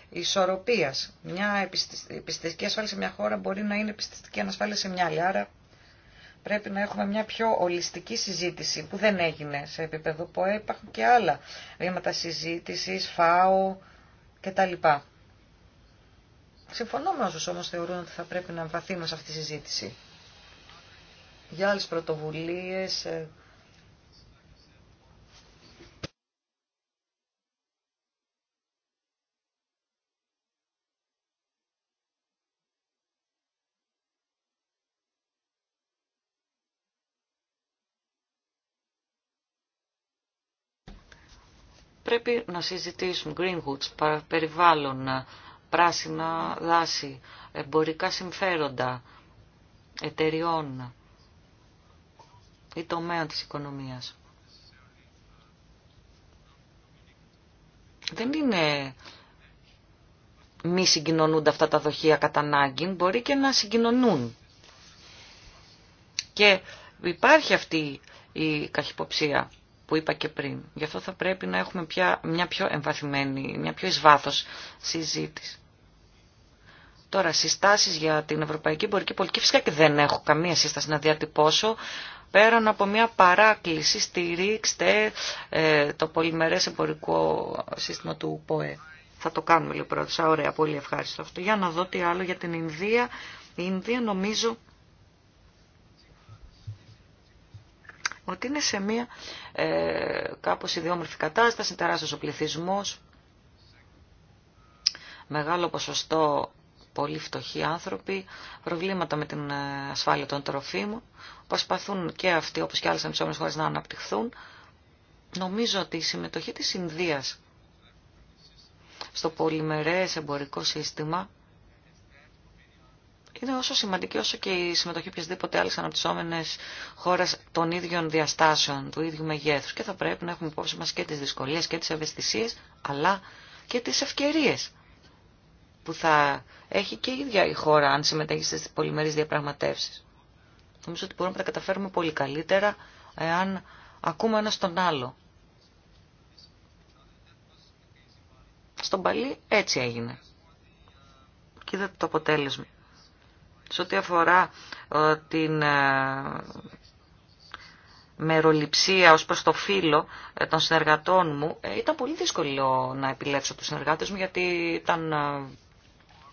ισορροπία. Μια επιστημική ασφάλεια σε μια χώρα μπορεί να είναι επιστημική ανασφάλεια σε μια άλλη. Άρα πρέπει να έχουμε μια πιο ολιστική συζήτηση που δεν έγινε σε επίπεδο ΠΟΕ. Υπάρχουν και άλλα βήματα συζήτηση, ΦΑΟ, κτλ. Συμφωνώ με όσους όμως θεωρούν ότι θα πρέπει να βαθύνουμε σε αυτή τη συζήτηση. Για άλλες πρωτοβουλίες, ε, πρέπει να συζητήσουμε Greenwoods, περιβάλλον, πράσινα δάση, εμπορικά συμφέροντα εταιριών ή τομέα της οικονομίας. Δεν είναι μη συγκοινωνούνται αυτά τα δοχεία κατά ανάγκη, μπορεί και να συγκοινωνούν. Και υπάρχει αυτή η καχυποψία που είπα και πριν. Γι' αυτό θα πρέπει να έχουμε μια πιο εμβαθυμένη, μια πιο εισβάθος συζήτηση. Τώρα, συστάσεις για την ευρωπαϊκή Μπορική πολιτική, φυσικά και δεν έχω καμία σύσταση να διατυπώσω, πέραν από μια παράκληση στηρίξτε ε, το πολυμερές εμπορικό σύστημα του ΠΟΕ. Θα το κάνουμε λοιπόν πρώτα. Ωραία, πολύ ευχάριστο αυτό. Για να δω τι άλλο για την Ινδία. Η Ινδία νομίζω ότι είναι σε μια ε, κάπως ιδιόμορφη κατάσταση, τεράστιος ο πληθυσμός, μεγάλο ποσοστό πολύ φτωχοί άνθρωποι, προβλήματα με την ε, ασφάλεια των τροφίμων, προσπαθούν και αυτοί όπως και άλλες ανεψόμενες χώρες να αναπτυχθούν. Νομίζω ότι η συμμετοχή της Ινδίας στο πολυμερές εμπορικό σύστημα είναι όσο σημαντική όσο και η συμμετοχή οποιασδήποτε άλλη αναπτυσσόμενη χώρα των ίδιων διαστάσεων, του ίδιου μεγέθου. Και θα πρέπει να έχουμε υπόψη μα και τι δυσκολίε και τι ευαισθησίε, αλλά και τι ευκαιρίε που θα έχει και η ίδια η χώρα αν συμμετέχει στι πολυμερεί διαπραγματεύσει. Νομίζω ότι μπορούμε να τα καταφέρουμε πολύ καλύτερα εάν ακούμε ένα τον άλλο. Στον Παλί έτσι έγινε. Και είδατε το αποτέλεσμα. Σε ό,τι αφορά ε, την ε, μεροληψία ως προς το φύλλο ε, των συνεργατών μου, ήταν πολύ δύσκολο να επιλέξω τους συνεργάτες μου γιατί ήταν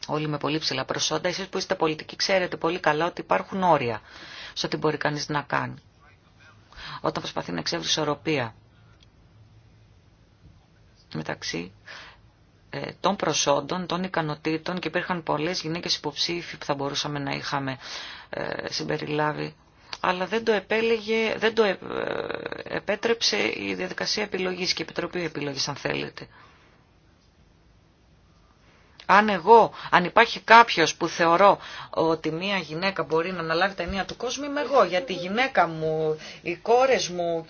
όλοι με πολύ ψηλά προσόντα. Εσείς που είστε πολιτικοί ξέρετε πολύ καλά ότι υπάρχουν όρια σε ό,τι μπορεί κανείς να κάνει. Όταν προσπαθεί να εξεύρει ισορροπία μεταξύ ε, των προσόντων, των ικανοτήτων και υπήρχαν πολλές γυναίκες υποψήφοι που θα μπορούσαμε να είχαμε ε, συμπεριλάβει. Αλλά δεν το, επέλεγε, δεν το ε, επέτρεψε η διαδικασία επιλογής και η Επιτροπή Επιλογής αν θέλετε. Αν εγώ, αν υπάρχει κάποιος που θεωρώ ότι μια γυναίκα μπορεί να αναλάβει τα ενία του κόσμου, είμαι εγώ. Γιατί η γυναίκα μου, οι κόρες μου,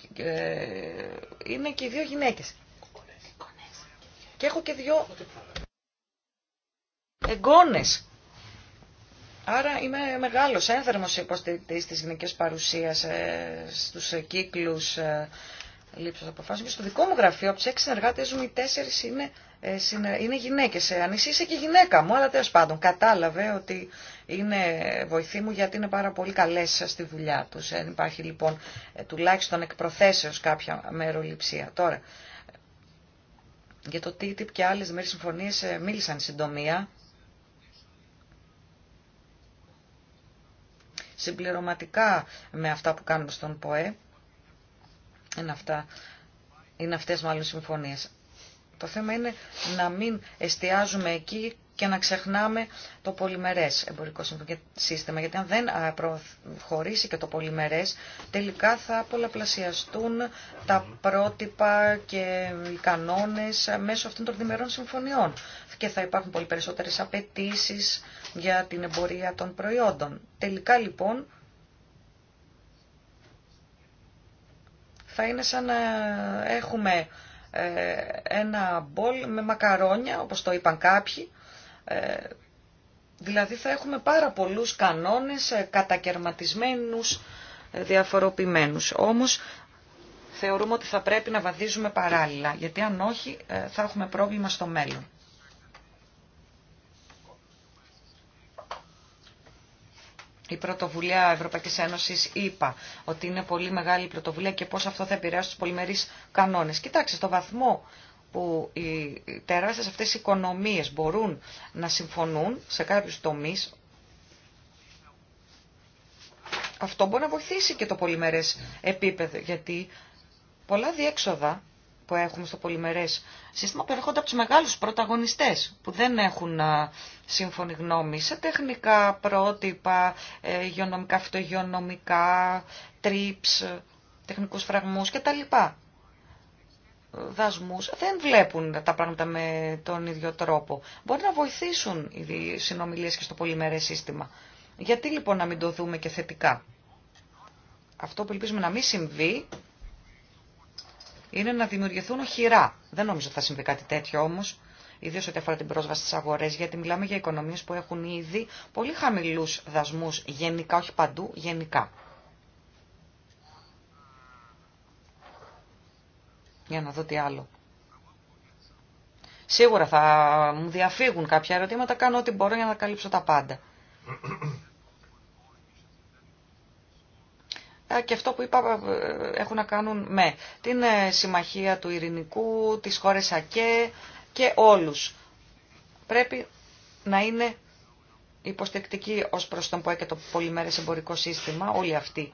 είναι και οι δύο γυναίκες. Και έχω και δύο εγγόνες. Άρα είμαι μεγάλος ένθερμος ε, υποστηρικτής της γυναικής παρουσίας ε, στους κύκλους ε, λήψης αποφάσεων. Και στο δικό μου γραφείο, από τις έξι συνεργάτες μου, οι τέσσερις είναι, είναι γυναίκες. Αν είσαι και γυναίκα μου, αλλά τέλο πάντων κατάλαβε ότι είναι βοηθή μου γιατί είναι πάρα πολύ καλές στη δουλειά τους. Ε, υπάρχει λοιπόν τουλάχιστον εκ κάποια μεροληψία. Τώρα, για το TTIP και άλλες μέρες συμφωνίες ε, μίλησαν συντομία. Συμπληρωματικά με αυτά που κάνουμε στον ΠΟΕ, είναι, αυτά, είναι αυτές μάλλον συμφωνίες. Το θέμα είναι να μην εστιάζουμε εκεί και να ξεχνάμε το πολυμερές εμπορικό σύστημα. Γιατί αν δεν προχωρήσει και το πολυμερές, τελικά θα πολλαπλασιαστούν τα πρότυπα και οι κανόνες μέσω αυτών των διμερών συμφωνιών. Και θα υπάρχουν πολύ περισσότερες απαιτήσει για την εμπορία των προϊόντων. Τελικά λοιπόν... Θα είναι σαν να έχουμε ε, ένα μπολ με μακαρόνια, όπως το είπαν κάποιοι, ε, δηλαδή θα έχουμε πάρα πολλούς κανόνες ε, κατακαιρματισμένους, ε, διαφοροποιημένους. Όμως θεωρούμε ότι θα πρέπει να βαδίζουμε παράλληλα, γιατί αν όχι θα έχουμε πρόβλημα στο μέλλον. Η πρωτοβουλία Ευρωπαϊκής Ένωσης είπα ότι είναι πολύ μεγάλη η πρωτοβουλία και πώς αυτό θα επηρεάσει τους πολυμερείς κανόνες. Κοιτάξτε, στο βαθμό που οι τεράστιες αυτές οι οικονομίες μπορούν να συμφωνούν σε κάποιους τομείς, αυτό μπορεί να βοηθήσει και το πολυμερές επίπεδο, γιατί πολλά διέξοδα που έχουμε στο πολυμερές σύστημα περιέχονται από τους μεγάλους πρωταγωνιστές που δεν έχουν σύμφωνη γνώμη σε τεχνικά πρότυπα, ε, υγειονομικά, φυτογειονομικά, τρίψ, ε, τεχνικούς φραγμούς κτλ δασμούς δεν βλέπουν τα πράγματα με τον ίδιο τρόπο. Μπορεί να βοηθήσουν οι συνομιλίες και στο πολυμερές σύστημα. Γιατί λοιπόν να μην το δούμε και θετικά. Αυτό που ελπίζουμε να μην συμβεί είναι να δημιουργηθούν οχυρά. Δεν νομίζω ότι θα συμβεί κάτι τέτοιο όμως, ιδίως ό,τι αφορά την πρόσβαση στις αγορές, γιατί μιλάμε για οικονομίες που έχουν ήδη πολύ χαμηλούς δασμούς γενικά, όχι παντού, γενικά. Για να δω τι άλλο. Σίγουρα θα μου διαφύγουν κάποια ερωτήματα, κάνω ό,τι μπορώ για να καλύψω τα πάντα. Ε, και αυτό που είπα ε, έχουν να κάνουν με την ε, συμμαχία του ειρηνικού, τις χώρες ΑΚΕ και όλους. Πρέπει να είναι υποστεκτική ως προς τον ΠΟΕ και το πολυμέρες εμπορικό σύστημα, όλοι αυτοί.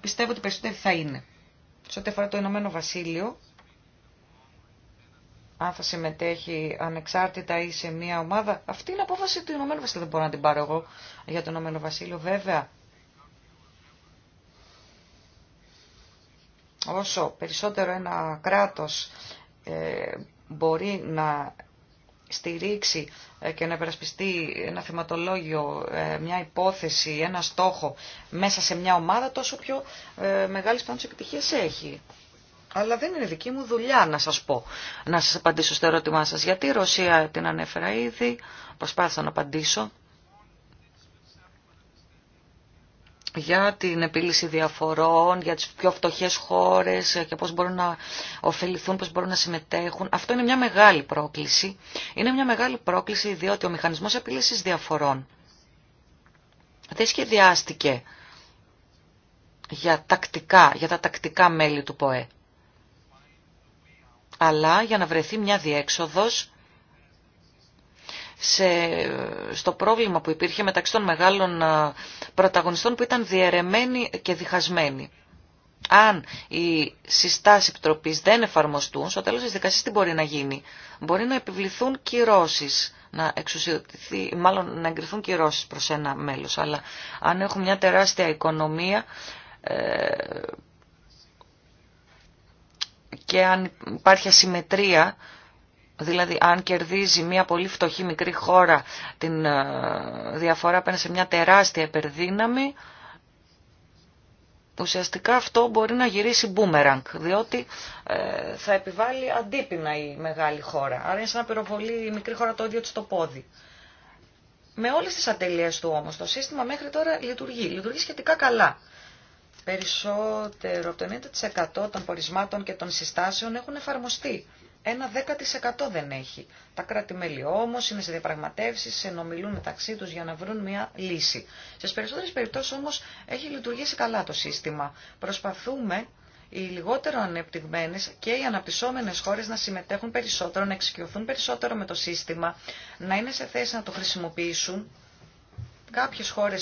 Πιστεύω ότι περισσότεροι θα είναι. Σε ό,τι αφορά το Ηνωμένο Βασίλειο, αν θα συμμετέχει ανεξάρτητα ή σε μια ομάδα. Αυτή είναι απόφαση του Ηνωμένου Βασίλειου. Δεν μπορώ να την πάρω εγώ για το Ηνωμένο Βασίλειο. Βέβαια, όσο περισσότερο ένα κράτος ε, μπορεί να στηρίξει ε, και να επερασπιστεί ένα θεματολόγιο, ε, μια υπόθεση, ένα στόχο μέσα σε μια ομάδα, τόσο πιο μεγάλη μεγάλης πάντως έχει. Αλλά δεν είναι δική μου δουλειά να σας πω, να σας απαντήσω στο ερώτημά σας. Γιατί η Ρωσία την ανέφερα ήδη, προσπάθησα να απαντήσω. για την επίλυση διαφορών, για τις πιο φτωχές χώρες και πώς μπορούν να ωφεληθούν, πώς μπορούν να συμμετέχουν. Αυτό είναι μια μεγάλη πρόκληση. Είναι μια μεγάλη πρόκληση διότι ο μηχανισμός επίλυσης διαφορών δεν σχεδιάστηκε για, τακτικά, για τα τακτικά μέλη του ΠΟΕ αλλά για να βρεθεί μια διέξοδος σε, στο πρόβλημα που υπήρχε μεταξύ των μεγάλων πρωταγωνιστών που ήταν διαιρεμένοι και διχασμένοι. Αν οι συστάσεις επιτροπής δεν εφαρμοστούν, στο τέλο τη δικασία τι μπορεί να γίνει. Μπορεί να επιβληθούν κυρώσεις, να εξουσιοδοτηθεί, μάλλον να εγκριθούν κυρώσεις προ ένα μέλος. Αλλά αν έχουν μια τεράστια οικονομία, ε, και αν υπάρχει ασυμμετρία, δηλαδή αν κερδίζει μια πολύ φτωχή μικρή χώρα την ε, διαφορά απέναντι σε μια τεράστια υπερδύναμη, ουσιαστικά αυτό μπορεί να γυρίσει μπούμεραγκ, διότι ε, θα επιβάλλει αντίπεινα η μεγάλη χώρα. Άρα είναι σαν να πυροβολεί η μικρή χώρα το ίδιο της το πόδι. Με όλες τις ατελείες του όμως το σύστημα μέχρι τώρα λειτουργεί. Λειτουργεί σχετικά καλά. Περισσότερο από το 90% των πορισμάτων και των συστάσεων έχουν εφαρμοστεί. Ένα 10% δεν έχει. Τα κράτη-μέλη όμω είναι σε διαπραγματεύσει, συνομιλούν μεταξύ του για να βρουν μια λύση. Στι περισσότερε περιπτώσει όμω έχει λειτουργήσει καλά το σύστημα. Προσπαθούμε οι λιγότερο ανεπτυγμένε και οι αναπτυσσόμενε χώρε να συμμετέχουν περισσότερο, να εξοικειωθούν περισσότερο με το σύστημα, να είναι σε θέση να το χρησιμοποιήσουν. Κάποιε χώρε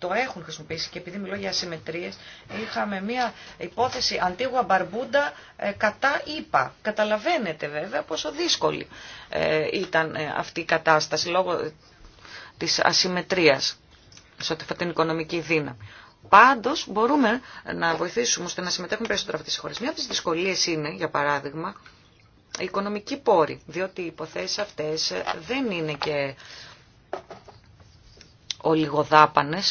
το έχουν χρησιμοποιήσει και επειδή μιλώ για ασυμμετρίες, είχαμε μια υπόθεση αντίγουα μπαρμπούντα ε, κατά ΙΠΑ. Καταλαβαίνετε βέβαια πόσο δύσκολη ε, ήταν ε, αυτή η κατάσταση λόγω της ασυμμετρίας σε ό,τι την οικονομική δύναμη. Πάντω μπορούμε να βοηθήσουμε ώστε να συμμετέχουν περισσότερο αυτέ οι χώρε. Μία από τι δυσκολίε είναι, για παράδειγμα, η οικονομική πόρη. Διότι οι υποθέσει αυτέ δεν είναι και ολιγοδάπανε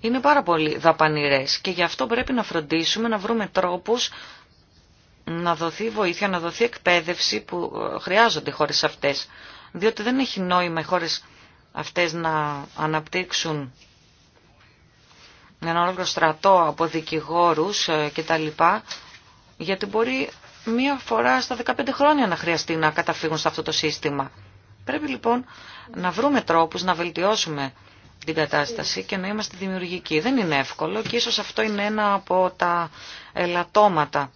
είναι πάρα πολύ δαπανηρές και γι' αυτό πρέπει να φροντίσουμε να βρούμε τρόπους να δοθεί βοήθεια, να δοθεί εκπαίδευση που ε, χρειάζονται οι χώρες αυτές. Διότι δεν έχει νόημα οι χώρες αυτές να αναπτύξουν έναν όλο στρατό από δικηγόρους ε, κτλ. Γιατί μπορεί μία φορά στα 15 χρόνια να χρειαστεί να καταφύγουν σε αυτό το σύστημα. Πρέπει λοιπόν να βρούμε τρόπους να βελτιώσουμε την κατάσταση και να είμαστε δημιουργικοί. Δεν είναι εύκολο και ίσως αυτό είναι ένα από τα ελαττώματα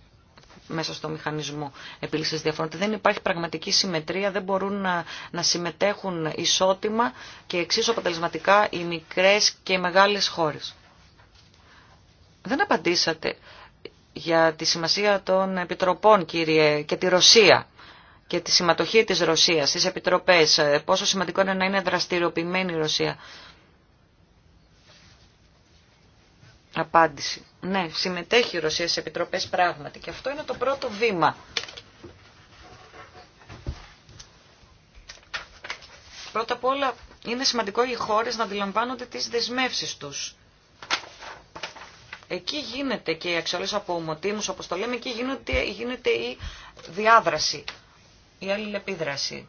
μέσα στο μηχανισμό επίλυσης διαφορών. Δεν υπάρχει πραγματική συμμετρία, δεν μπορούν να, να συμμετέχουν ισότιμα και εξίσου αποτελεσματικά οι μικρές και οι μεγάλε χώρε. Δεν απαντήσατε για τη σημασία των επιτροπών, κύριε, και τη Ρωσία και τη συμμετοχή της Ρωσίας στις επιτροπές, ε, πόσο σημαντικό είναι να είναι δραστηριοποιημένη η Ρωσία Απάντηση. Ναι, συμμετέχει η Ρωσία σε επιτροπές πράγματι και αυτό είναι το πρώτο βήμα. Πρώτα απ' όλα είναι σημαντικό οι χώρες να αντιλαμβάνονται τις δεσμεύσεις τους. Εκεί γίνεται και η αξιόλες από ομοτήμους, όπως το λέμε, εκεί γίνεται η διάδραση, η αλληλεπίδραση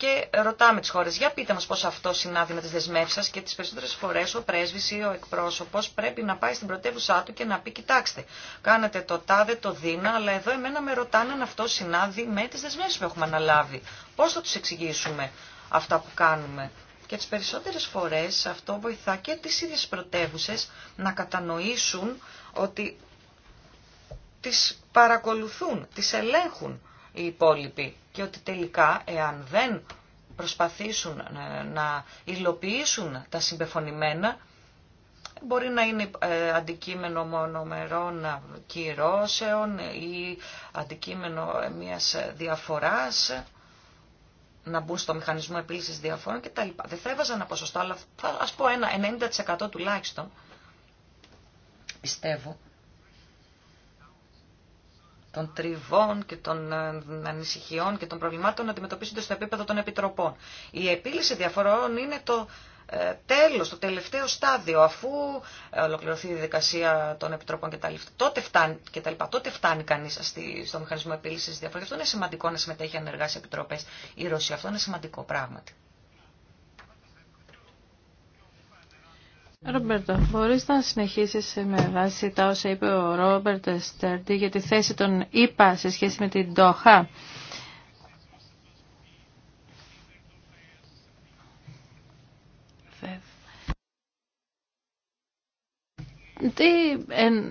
και ρωτάμε τι χώρε, για πείτε μα πώ αυτό συνάδει με τι δεσμεύσει, σα και τι περισσότερε φορέ ο πρέσβη ή ο εκπρόσωπο πρέπει να πάει στην πρωτεύουσά του και να πει κοιτάξτε, κάνετε το τάδε, το δίνα, αλλά εδώ εμένα με ρωτάνε αν αυτό συνάδει με τι δεσμεύσει που έχουμε αναλάβει. Πώ θα του εξηγήσουμε αυτά που κάνουμε. Και τι περισσότερε φορέ, αυτό βοηθά και τι ίδιε πρωτεύουσε να κατανοήσουν ότι τις παρακολουθούν, τις ελέγχουν οι υπόλοιποι και ότι τελικά εάν δεν προσπαθήσουν ε, να υλοποιήσουν τα συμπεφωνημένα μπορεί να είναι ε, αντικείμενο μονομερών κυρώσεων ή αντικείμενο μιας διαφοράς να μπουν στο μηχανισμό επίλυσης διαφόρων κτλ. Δεν θα έβαζα ένα ποσοστό, αλλά θα, ας πω ένα 90% τουλάχιστον. Πιστεύω των τριβών και των ε, ανησυχιών και των προβλημάτων να αντιμετωπίσουν στο επίπεδο των επιτροπών. Η επίλυση διαφορών είναι το ε, τέλος, το τελευταίο στάδιο, αφού ε, ολοκληρωθεί η διαδικασία των επιτροπών κτλ. Τότε φτάνει, Τότε φτάνει κανείς στο μηχανισμό επίλυσης διαφορών. Αυτό είναι σημαντικό να συμμετέχει ανεργά σε επιτροπές η Ρωσία. Αυτό είναι σημαντικό πράγματι. Ρομπέρτο, μπορείς να συνεχίσεις με βάση τα όσα είπε ο Ρόμπερτ Στέρντι για τη θέση των ΙΠΑ σε σχέση με την ΤΟΧΑ. Τι,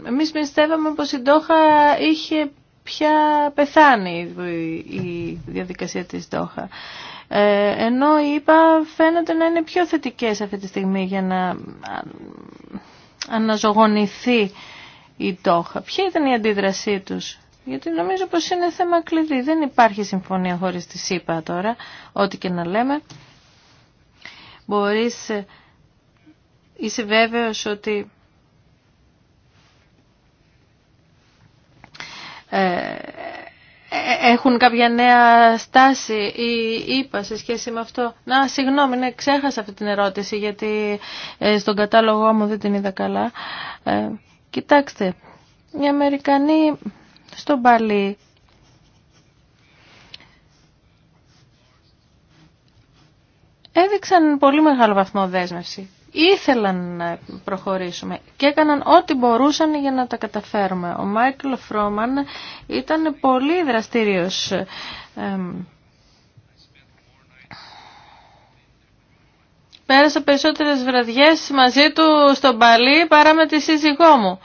εμείς πιστεύαμε πως η Ντόχα είχε πια πεθάνει η διαδικασία της Ντόχα. Ε, ενώ η φαίνεται φαίνεται να είναι πιο θετικές αυτή τη στιγμή για να αναζωογονηθεί η Τόχα. Ποια ήταν η αντίδρασή τους. Γιατί νομίζω πως είναι θέμα κλειδί. Δεν υπάρχει συμφωνία χωρίς τη ΣΥΠΑ τώρα, ό,τι και να λέμε. Μπορείς, είσαι βέβαιος ότι ε, έχουν κάποια νέα στάση ή είπα σε σχέση με αυτό. Να, συγγνώμη, ναι, ξέχασα αυτή την ερώτηση γιατί ε, στον κατάλογό μου δεν την είδα καλά. Ε, κοιτάξτε, οι Αμερικανοί στο Μπαλί έδειξαν πολύ μεγάλο βαθμό δέσμευση ήθελαν να προχωρήσουμε και έκαναν ό,τι μπορούσαν για να τα καταφέρουμε. Ο Μάικλ Φρόμαν ήταν πολύ δραστήριος. Πέρασα περισσότερες βραδιές μαζί του στον Παλί παρά με τη σύζυγό μου.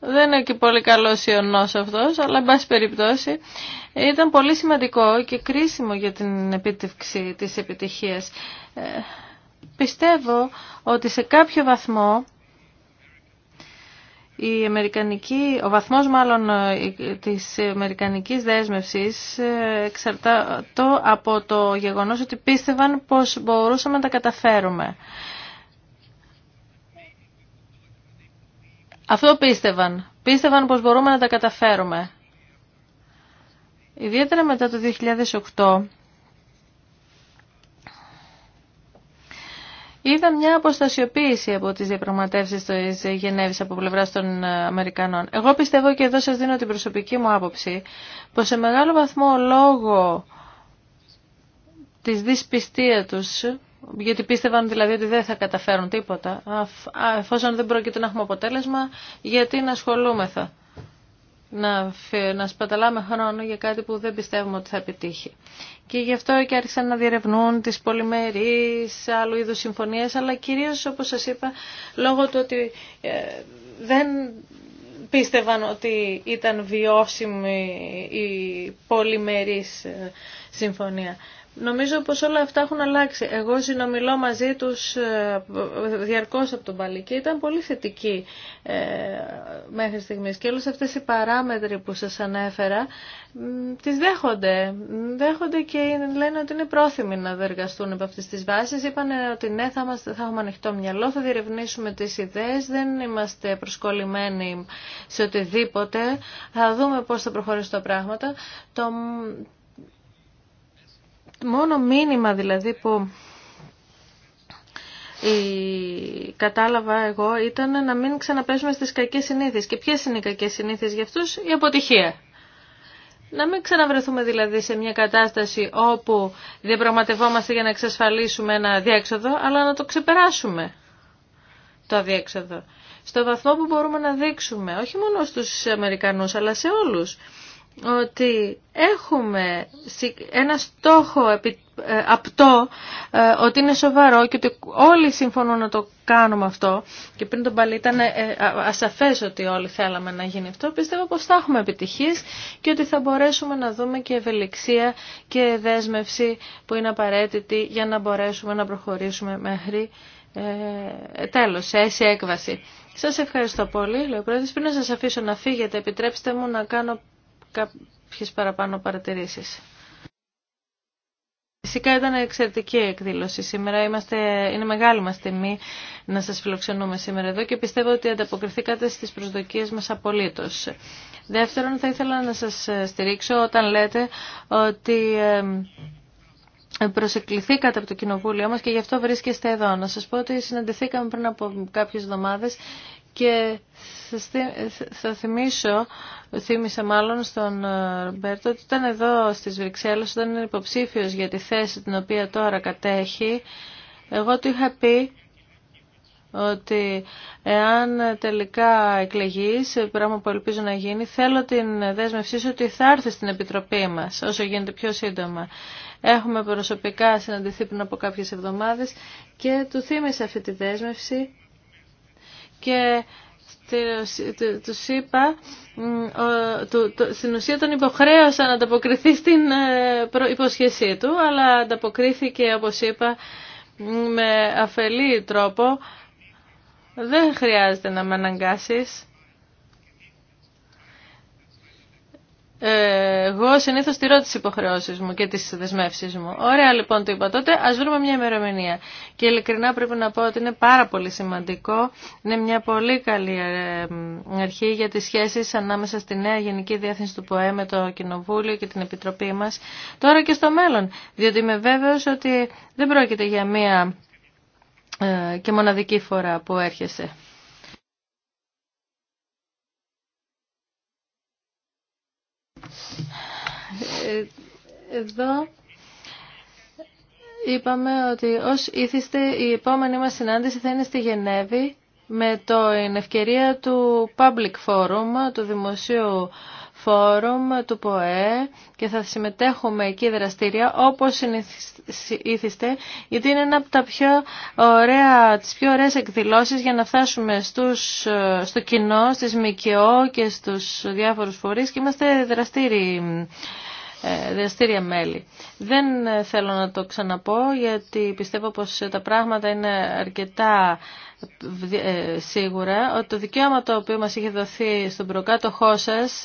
Δεν είναι και πολύ καλός ιονός αυτός, αλλά εν πάση περιπτώσει ήταν πολύ σημαντικό και κρίσιμο για την επίτευξη της επιτυχίας. Ε, Πιστεύω ότι σε κάποιο βαθμό η αμερικανική, ο βαθμός μάλλον ε, της αμερικανικής δέσμευσης ε, εξαρτάται από το γεγονός ότι πίστευαν πως μπορούσαμε να τα καταφέρουμε. Αυτό πίστευαν. Πίστευαν πως μπορούμε να τα καταφέρουμε. Ιδιαίτερα μετά το 2008 Είδα μια αποστασιοποίηση από τις διαπραγματεύσεις της Γενέβης από πλευράς των Αμερικανών. Εγώ πιστεύω και εδώ σας δίνω την προσωπική μου άποψη πως σε μεγάλο βαθμό λόγω της δυσπιστία τους γιατί πίστευαν δηλαδή ότι δεν θα καταφέρουν τίποτα. Εφόσον δεν πρόκειται να έχουμε αποτέλεσμα, γιατί να ασχολούμεθα να, να σπαταλάμε χρόνο για κάτι που δεν πιστεύουμε ότι θα επιτύχει. Και γι' αυτό και άρχισαν να διερευνούν τις πολυμερείς, άλλου είδους συμφωνίες, αλλά κυρίως όπως σας είπα, λόγω του ότι ε, δεν πίστευαν ότι ήταν βιώσιμη η πολυμερής ε, συμφωνία. Νομίζω πως όλα αυτά έχουν αλλάξει. Εγώ συνομιλώ μαζί τους ε, διαρκώς από τον Παλί ήταν πολύ θετική ε, μέχρι στιγμής. Και όλες αυτές οι παράμετροι που σας ανέφερα τις δέχονται. Δέχονται και λένε ότι είναι πρόθυμοι να δεργαστούν από αυτές τις βάσεις. Είπαν ότι ναι, θα, είμαστε, θα έχουμε ανοιχτό μυαλό, θα διερευνήσουμε τις ιδέες, δεν είμαστε προσκολλημένοι σε οτιδήποτε. Θα δούμε πώς θα προχωρήσουν τα πράγματα. Το, μόνο μήνυμα δηλαδή που κατάλαβα εγώ ήταν να μην ξαναπέσουμε στις κακές συνήθειες. Και ποιες είναι οι κακές συνήθειες για αυτούς? Η αποτυχία. Να μην ξαναβρεθούμε δηλαδή σε μια κατάσταση όπου διαπραγματευόμαστε για να εξασφαλίσουμε ένα διέξοδο, αλλά να το ξεπεράσουμε το αδιέξοδο. Στο βαθμό που μπορούμε να δείξουμε, όχι μόνο στους Αμερικανούς, αλλά σε όλους, ότι έχουμε ένα στόχο επί, ε, απτό ε, ότι είναι σοβαρό και ότι όλοι συμφωνούν να το κάνουμε αυτό και πριν τον πάλι ήταν ε, ασαφές ότι όλοι θέλαμε να γίνει αυτό πιστεύω πως θα έχουμε επιτυχίες και ότι θα μπορέσουμε να δούμε και ευελιξία και δέσμευση που είναι απαραίτητη για να μπορέσουμε να προχωρήσουμε μέχρι ε, τέλος, σε έκβαση. Σας ευχαριστώ πολύ, λέω Πριν να σας αφήσω να φύγετε, επιτρέψτε μου να κάνω κάποιες παραπάνω παρατηρήσεις. Φυσικά ήταν εξαιρετική εκδήλωση σήμερα. Είμαστε, είναι μεγάλη μας τιμή να σας φιλοξενούμε σήμερα εδώ και πιστεύω ότι ανταποκριθήκατε στις προσδοκίες μας απολύτως. Δεύτερον, θα ήθελα να σας ε, στηρίξω όταν λέτε ότι προσεκληθήκατε από το κοινοβούλιο μας και γι' αυτό βρίσκεστε εδώ. Να σας πω ότι συναντηθήκαμε πριν από κάποιες εβδομάδες και θα θυμίσω, θύμισα μάλλον στον ε, Ρομπέρτο, ότι ήταν εδώ στις Βρυξέλλες, όταν είναι υποψήφιος για τη θέση την οποία τώρα κατέχει, εγώ του είχα πει ότι εάν τελικά εκλεγείς, πράγμα που ελπίζω να γίνει, θέλω την δέσμευσή σου ότι θα έρθει στην Επιτροπή μας, όσο γίνεται πιο σύντομα. Έχουμε προσωπικά συναντηθεί πριν από κάποιες εβδομάδες και του θύμισα αυτή τη δέσμευση και του είπα, στην ουσία τον υποχρέωσα να ανταποκριθεί στην ε, υποσχεσή του, αλλά ανταποκρίθηκε, όπως είπα, με αφελή τρόπο. Δεν χρειάζεται να με αναγκάσεις. εγώ συνήθω τηρώ τι υποχρεώσει μου και τι δεσμεύσει μου. Ωραία λοιπόν το είπα τότε, α βρούμε μια ημερομηνία. Και ειλικρινά πρέπει να πω ότι είναι πάρα πολύ σημαντικό. Είναι μια πολύ καλή ε, αρχή για τι σχέσει ανάμεσα στη νέα Γενική Διεύθυνση του ΠΟΕ με το Κοινοβούλιο και την Επιτροπή μα τώρα και στο μέλλον. Διότι είμαι βέβαιο ότι δεν πρόκειται για μια ε, και μοναδική φορά που έρχεσαι. Ε, εδώ είπαμε ότι ως ήθιστε η επόμενη μας συνάντηση θα είναι στη Γενέβη με την ευκαιρία του Public Forum, του Δημοσίου φόρουμ του ΠΟΕ και θα συμμετέχουμε εκεί δραστήρια όπως συνηθίστε γιατί είναι ένα από τα πιο ωραία, τις πιο ωραίες εκδηλώσεις για να φτάσουμε στους, στο κοινό, στις ΜΚΟ και στους διάφορους φορείς και είμαστε δραστήριοι ε, δραστήρια μέλη. Δεν θέλω να το ξαναπώ γιατί πιστεύω πως τα πράγματα είναι αρκετά ε, σίγουρα ότι το δικαίωμα το οποίο μας είχε δοθεί στον προκάτοχό σας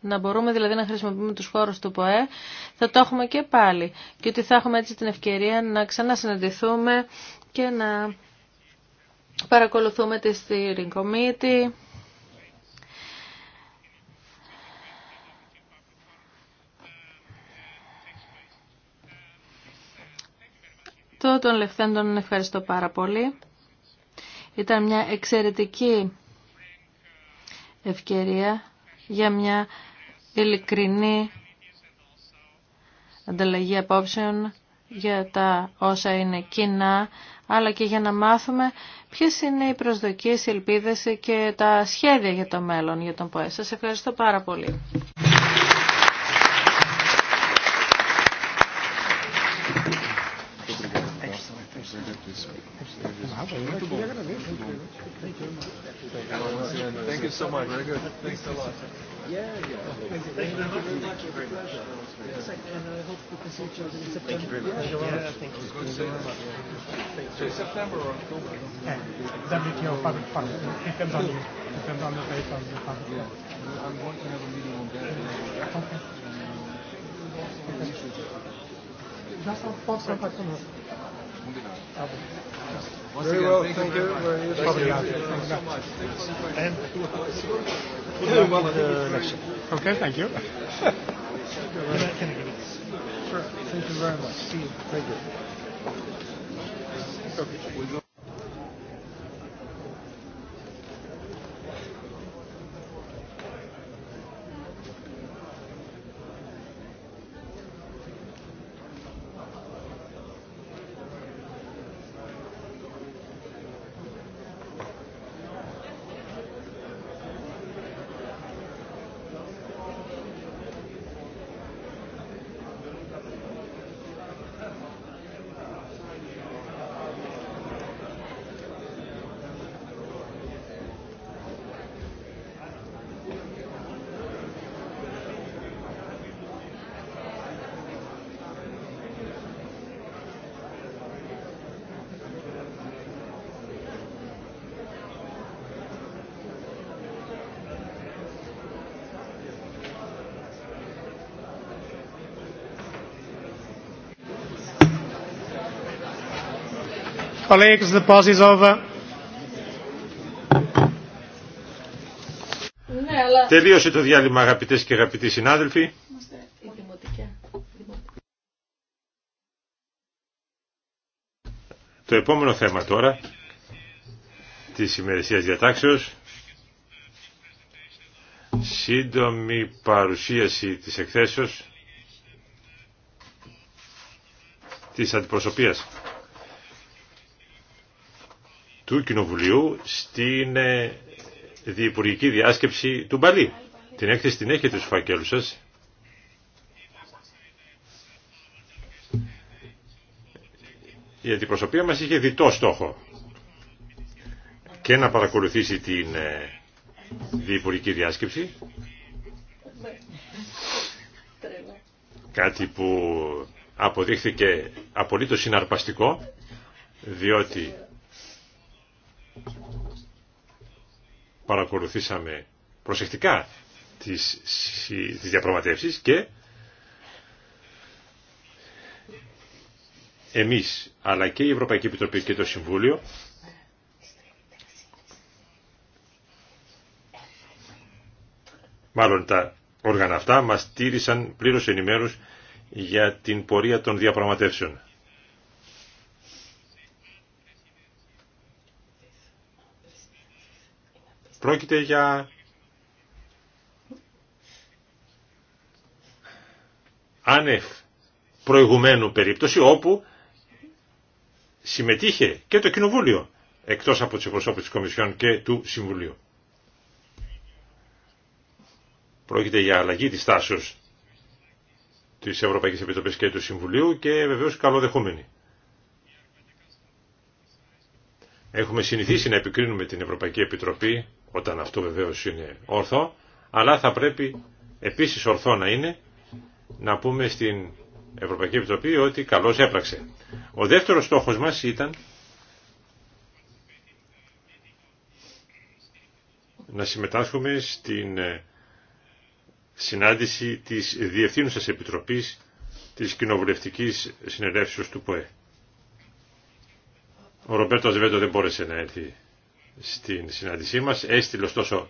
να μπορούμε δηλαδή να χρησιμοποιούμε τους χώρους του ΠΟΕ, θα το έχουμε και πάλι. Και ότι θα έχουμε έτσι την ευκαιρία να ξανασυναντηθούμε και να παρακολουθούμε τη steering committee. Το των Λευθέντων ευχαριστώ πάρα πολύ. Ήταν μια εξαιρετική ευκαιρία για μια ειλικρινή ανταλλαγή απόψεων για τα όσα είναι κοινά, αλλά και για να μάθουμε ποιες είναι οι προσδοκίες, οι ελπίδες και τα σχέδια για το μέλλον για τον ΠΟΕ. Σας ευχαριστώ πάρα πολύ. you so much. Very good. Thanks a lot. Yeah, yeah. Thank you very much. Thank you very And I hope to see each other in September. Thank you very much. Yeah, thank you. Good to see you. September or October? Yeah. WTO public fund. Depends on you. depends on the date of the public fund. I'm going to have a meeting on that. Okay. That's all. Posso continuar? Combinado. Tá bom. Very well, thank you. Thank you so much. And good luck the Okay, thank you. Sure. Thank you very much. See you. Thank you. Colleagues, the ναι, Τελείωσε το διάλειμμα αγαπητές και αγαπητοί συνάδελφοι. Το επόμενο θέμα τώρα της ημερησίας διατάξεως σύντομη παρουσίαση της εκθέσεως της αντιπροσωπείας του Κοινοβουλίου στην ε, Διευπουργική Διάσκεψη του Μπαλί. Την έκθεση την έχετε στους φακέλους σας. Η αντιπροσωπεία μας είχε διτό στόχο και να παρακολουθήσει την ε, Διευπουργική Διάσκεψη κάτι που αποδείχθηκε απολύτως συναρπαστικό διότι παρακολουθήσαμε προσεκτικά τις, τις διαπραγματεύσεις και εμείς αλλά και η Ευρωπαϊκή Επιτροπή και το Συμβούλιο μάλλον τα όργανα αυτά μας τήρησαν πλήρως ενημέρους για την πορεία των διαπραγματεύσεων. Πρόκειται για άνευ προηγουμένου περίπτωση όπου συμμετείχε και το Κοινοβούλιο εκτός από τις εκπροσώπες της Κομισιόν και του Συμβουλίου. Πρόκειται για αλλαγή της τάσεως της Ευρωπαϊκής Επιτροπής και του Συμβουλίου και βεβαίως καλοδεχούμενη. Έχουμε συνηθίσει να επικρίνουμε την Ευρωπαϊκή Επιτροπή, όταν αυτό βεβαίω είναι όρθο, αλλά θα πρέπει επίσης ορθό να είναι να πούμε στην Ευρωπαϊκή Επιτροπή ότι καλώς έπραξε. Ο δεύτερος στόχος μας ήταν να συμμετάσχουμε στην ε, συνάντηση της Διευθύνουσας Επιτροπής της Κοινοβουλευτικής Συνελεύσεως του ΠΟΕ. Ο Ρομπέρτο Βέντο δεν μπόρεσε να έρθει στην συνάντησή μας. Έστειλε ωστόσο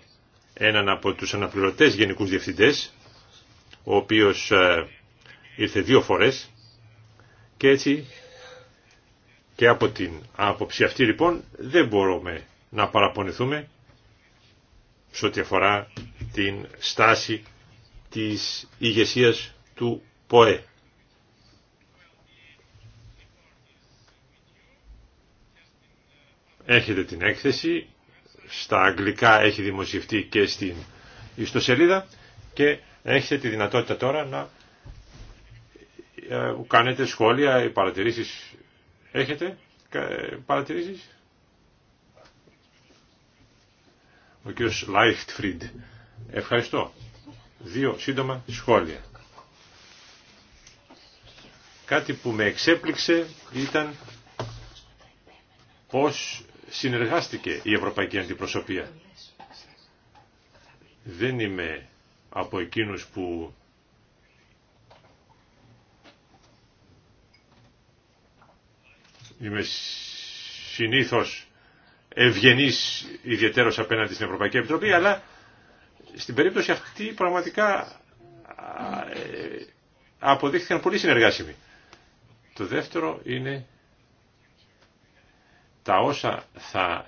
έναν από τους αναπληρωτέ γενικούς διευθυντές, ο οποίος ε, ήρθε δύο φορές και έτσι και από την άποψη αυτή λοιπόν δεν μπορούμε να παραπονηθούμε σε ό,τι αφορά την στάση της ηγεσίας του ΠΟΕ. Έχετε την έκθεση, στα αγγλικά έχει δημοσιευτεί και στην ιστοσελίδα και έχετε τη δυνατότητα τώρα να ε, κάνετε σχόλια, ή παρατηρήσεις έχετε, παρατηρήσεις. Ο κύριος Λάιχτφριντ. Ευχαριστώ. Δύο σύντομα σχόλια. Κάτι που με εξέπληξε ήταν πως συνεργάστηκε η Ευρωπαϊκή Αντιπροσωπεία. Δεν είμαι από εκείνους που είμαι συνήθως ευγενής ιδιαίτερος απέναντι στην Ευρωπαϊκή Επιτροπή, αλλά στην περίπτωση αυτή πραγματικά ε, αποδείχθηκαν πολύ συνεργάσιμοι. Το δεύτερο είναι τα όσα θα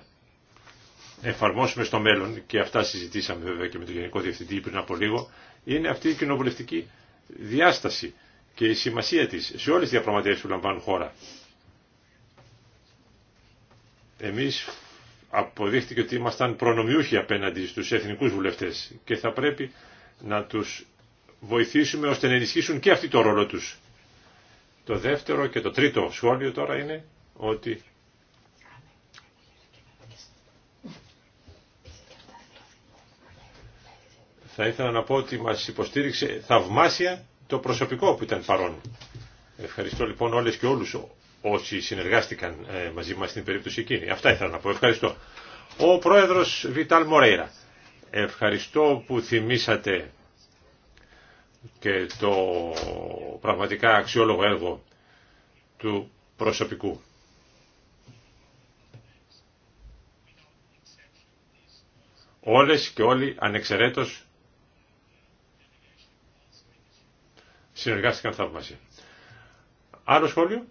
εφαρμόσουμε στο μέλλον, και αυτά συζητήσαμε βέβαια και με τον Γενικό Διευθυντή πριν από λίγο, είναι αυτή η κοινοβουλευτική διάσταση και η σημασία της σε όλες τις διαπραγματεύσεις που λαμβάνουν χώρα. Εμείς αποδείχτηκε ότι ήμασταν προνομιούχοι απέναντι στους εθνικούς βουλευτές και θα πρέπει να τους βοηθήσουμε ώστε να ενισχύσουν και αυτοί το ρόλο τους. Το δεύτερο και το τρίτο σχόλιο τώρα είναι ότι θα ήθελα να πω ότι μας υποστήριξε θαυμάσια το προσωπικό που ήταν παρόν. Ευχαριστώ λοιπόν όλες και όλους όσοι συνεργάστηκαν ε, μαζί μας στην περίπτωση εκείνη. Αυτά ήθελα να πω. Ευχαριστώ. Ο πρόεδρος Βιτάλ Μορέιρα. Ευχαριστώ που θυμήσατε και το πραγματικά αξιόλογο έργο του προσωπικού. Όλες και όλοι ανεξαιρέτως συνεργάστηκαν θαύμασια. Άλλο σχόλιο.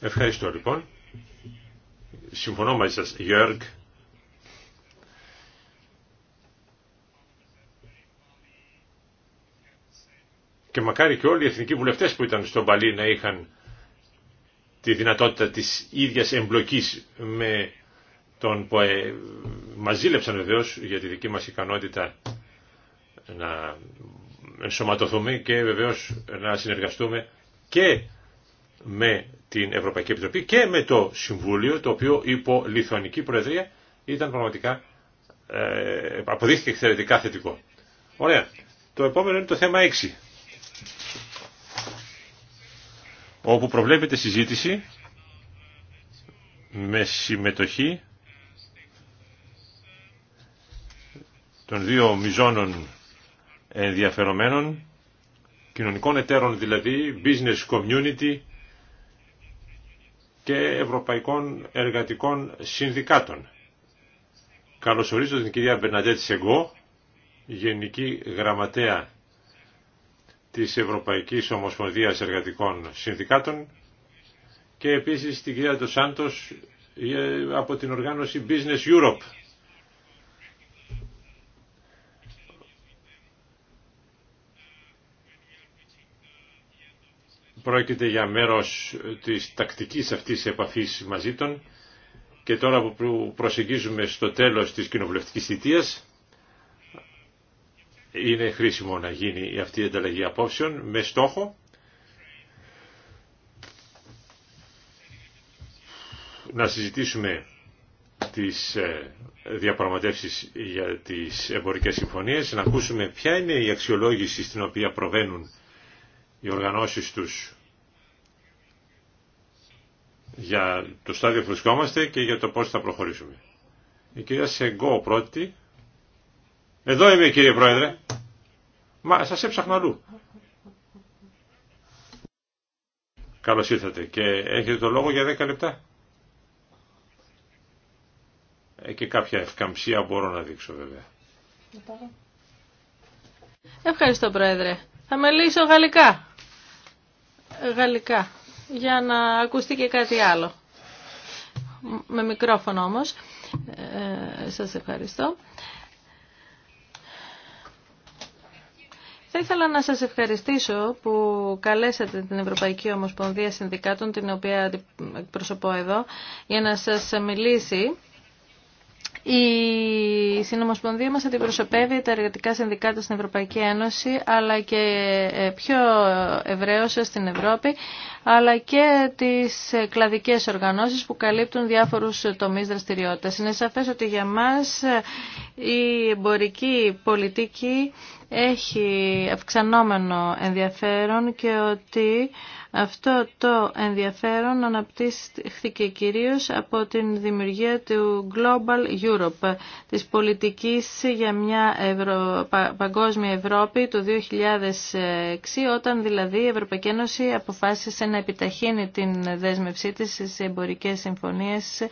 Ευχαριστώ λοιπόν. Συμφωνώ μαζί σας, Γιώργ. Και μακάρι και όλοι οι εθνικοί βουλευτές που ήταν στον Παλί να είχαν τη δυνατότητα της ίδιας εμπλοκής με τον που ε, μας ζήλεψαν βεβαίω για τη δική μας ικανότητα να ενσωματωθούμε και βεβαίως να συνεργαστούμε και με την Ευρωπαϊκή Επιτροπή και με το Συμβούλιο, το οποίο υπό Λιθουανική Προεδρία ήταν πραγματικά, ε, αποδείχθηκε εξαιρετικά θετικό. Ωραία. Το επόμενο είναι το θέμα 6, όπου προβλέπεται συζήτηση με συμμετοχή των δύο μιζώνων ενδιαφερομένων, κοινωνικών εταίρων δηλαδή, business community και ευρωπαϊκών εργατικών συνδικάτων. Καλωσορίζω την κυρία Μπερναντέτ Σεγκό, Γενική Γραμματέα της Ευρωπαϊκής Ομοσπονδίας Εργατικών Συνδικάτων και επίσης την κυρία Ντοσάντος ε, από την οργάνωση Business Europe Πρόκειται για μέρος της τακτικής αυτής επαφής μαζί των και τώρα που προσεγγίζουμε στο τέλος της κοινοβουλευτικής θητείας είναι χρήσιμο να γίνει αυτή η ανταλλαγή απόψεων με στόχο να συζητήσουμε τις ε, διαπραγματεύσεις για τις εμπορικές συμφωνίες, να ακούσουμε ποια είναι η αξιολόγηση στην οποία προβαίνουν οι οργανώσεις τους για το στάδιο που βρισκόμαστε και για το πώς θα προχωρήσουμε. Η κυρία Σεγκό πρώτη. Εδώ είμαι κύριε Πρόεδρε. Μα σας έψαχνα αλλού. Καλώς ήρθατε και έχετε το λόγο για 10 λεπτά. Ε, και κάποια ευκαμψία μπορώ να δείξω βέβαια. Ευχαριστώ Πρόεδρε. Θα μιλήσω γαλλικά. Γαλλικά για να ακουστεί και κάτι άλλο. Με μικρόφωνο όμως. Ε, σας ευχαριστώ. Θα ήθελα να σας ευχαριστήσω που καλέσατε την Ευρωπαϊκή Ομοσπονδία Συνδικάτων, την οποία προσωπώ εδώ, για να σας μιλήσει. Η Συνομοσπονδία μας αντιπροσωπεύει τα εργατικά συνδικάτα στην Ευρωπαϊκή Ένωση αλλά και ε, πιο ευρέως στην Ευρώπη αλλά και τις κλαδικές οργανώσεις που καλύπτουν διάφορους τομείς δραστηριότητας. Είναι σαφές ότι για μας η εμπορική πολιτική έχει αυξανόμενο ενδιαφέρον και ότι αυτό το ενδιαφέρον αναπτύχθηκε κυρίως από την δημιουργία του Global Europe, της πολιτικής για μια παγκόσμια Ευρώπη το 2006, όταν δηλαδή η Ευρωπαϊκή Ένωση αποφάσισε να επιταχύνει την δέσμευσή της σε εμπορικές συμφωνίες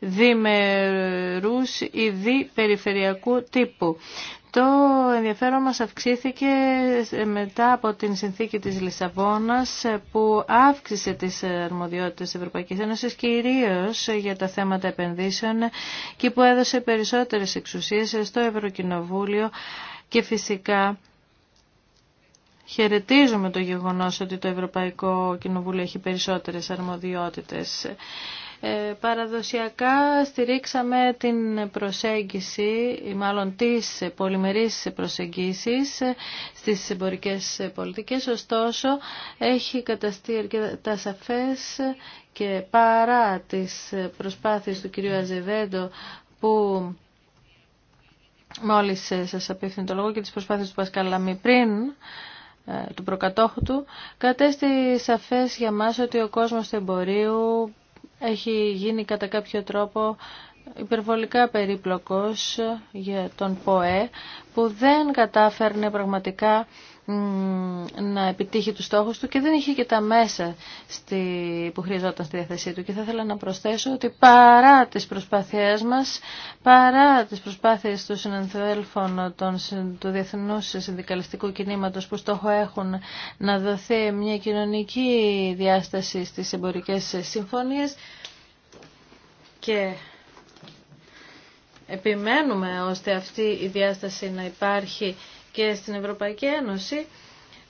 διμερούς ή διπεριφερειακού τύπου. Το ενδιαφέρον μας αυξήθηκε μετά από την συνθήκη της Λισαβόνας που αύξησε τις αρμοδιότητες της Ευρωπαϊκής Ένωσης κυρίως για τα θέματα επενδύσεων και που έδωσε περισσότερες εξουσίες στο Ευρωκοινοβούλιο και φυσικά Χαιρετίζουμε το γεγονός ότι το Ευρωπαϊκό Κοινοβούλιο έχει περισσότερες αρμοδιότητες. Ε, παραδοσιακά στηρίξαμε την προσέγγιση, ή μάλλον τις πολυμερείς προσεγγίσεις ε, στις εμπορικές πολιτικές, ωστόσο έχει καταστεί αρκετά σαφές και παρά τις προσπάθειες του κυρίου Αζεβέντο που μόλις ε, σας απευθύνει το λόγο και τις προσπάθειες του Πασκαλαμή πριν, ε, του προκατόχου του, κατέστη σαφές για μας ότι ο κόσμος του εμπορίου έχει γίνει κατά κάποιο τρόπο υπερβολικά περίπλοκος για τον ΠΟΕ που δεν κατάφερνε πραγματικά να επιτύχει τους στόχους του και δεν είχε και τα μέσα στη, που χρειαζόταν στη διαθεσή του. Και θα ήθελα να προσθέσω ότι παρά τις προσπάθειές μας, παρά τις προσπάθειες των συνανθέλφων του Διεθνούς Συνδικαλιστικού Κινήματος που στόχο έχουν να δοθεί μια κοινωνική διάσταση στις εμπορικές συμφωνίες και επιμένουμε ώστε αυτή η διάσταση να υπάρχει και στην Ευρωπαϊκή Ένωση.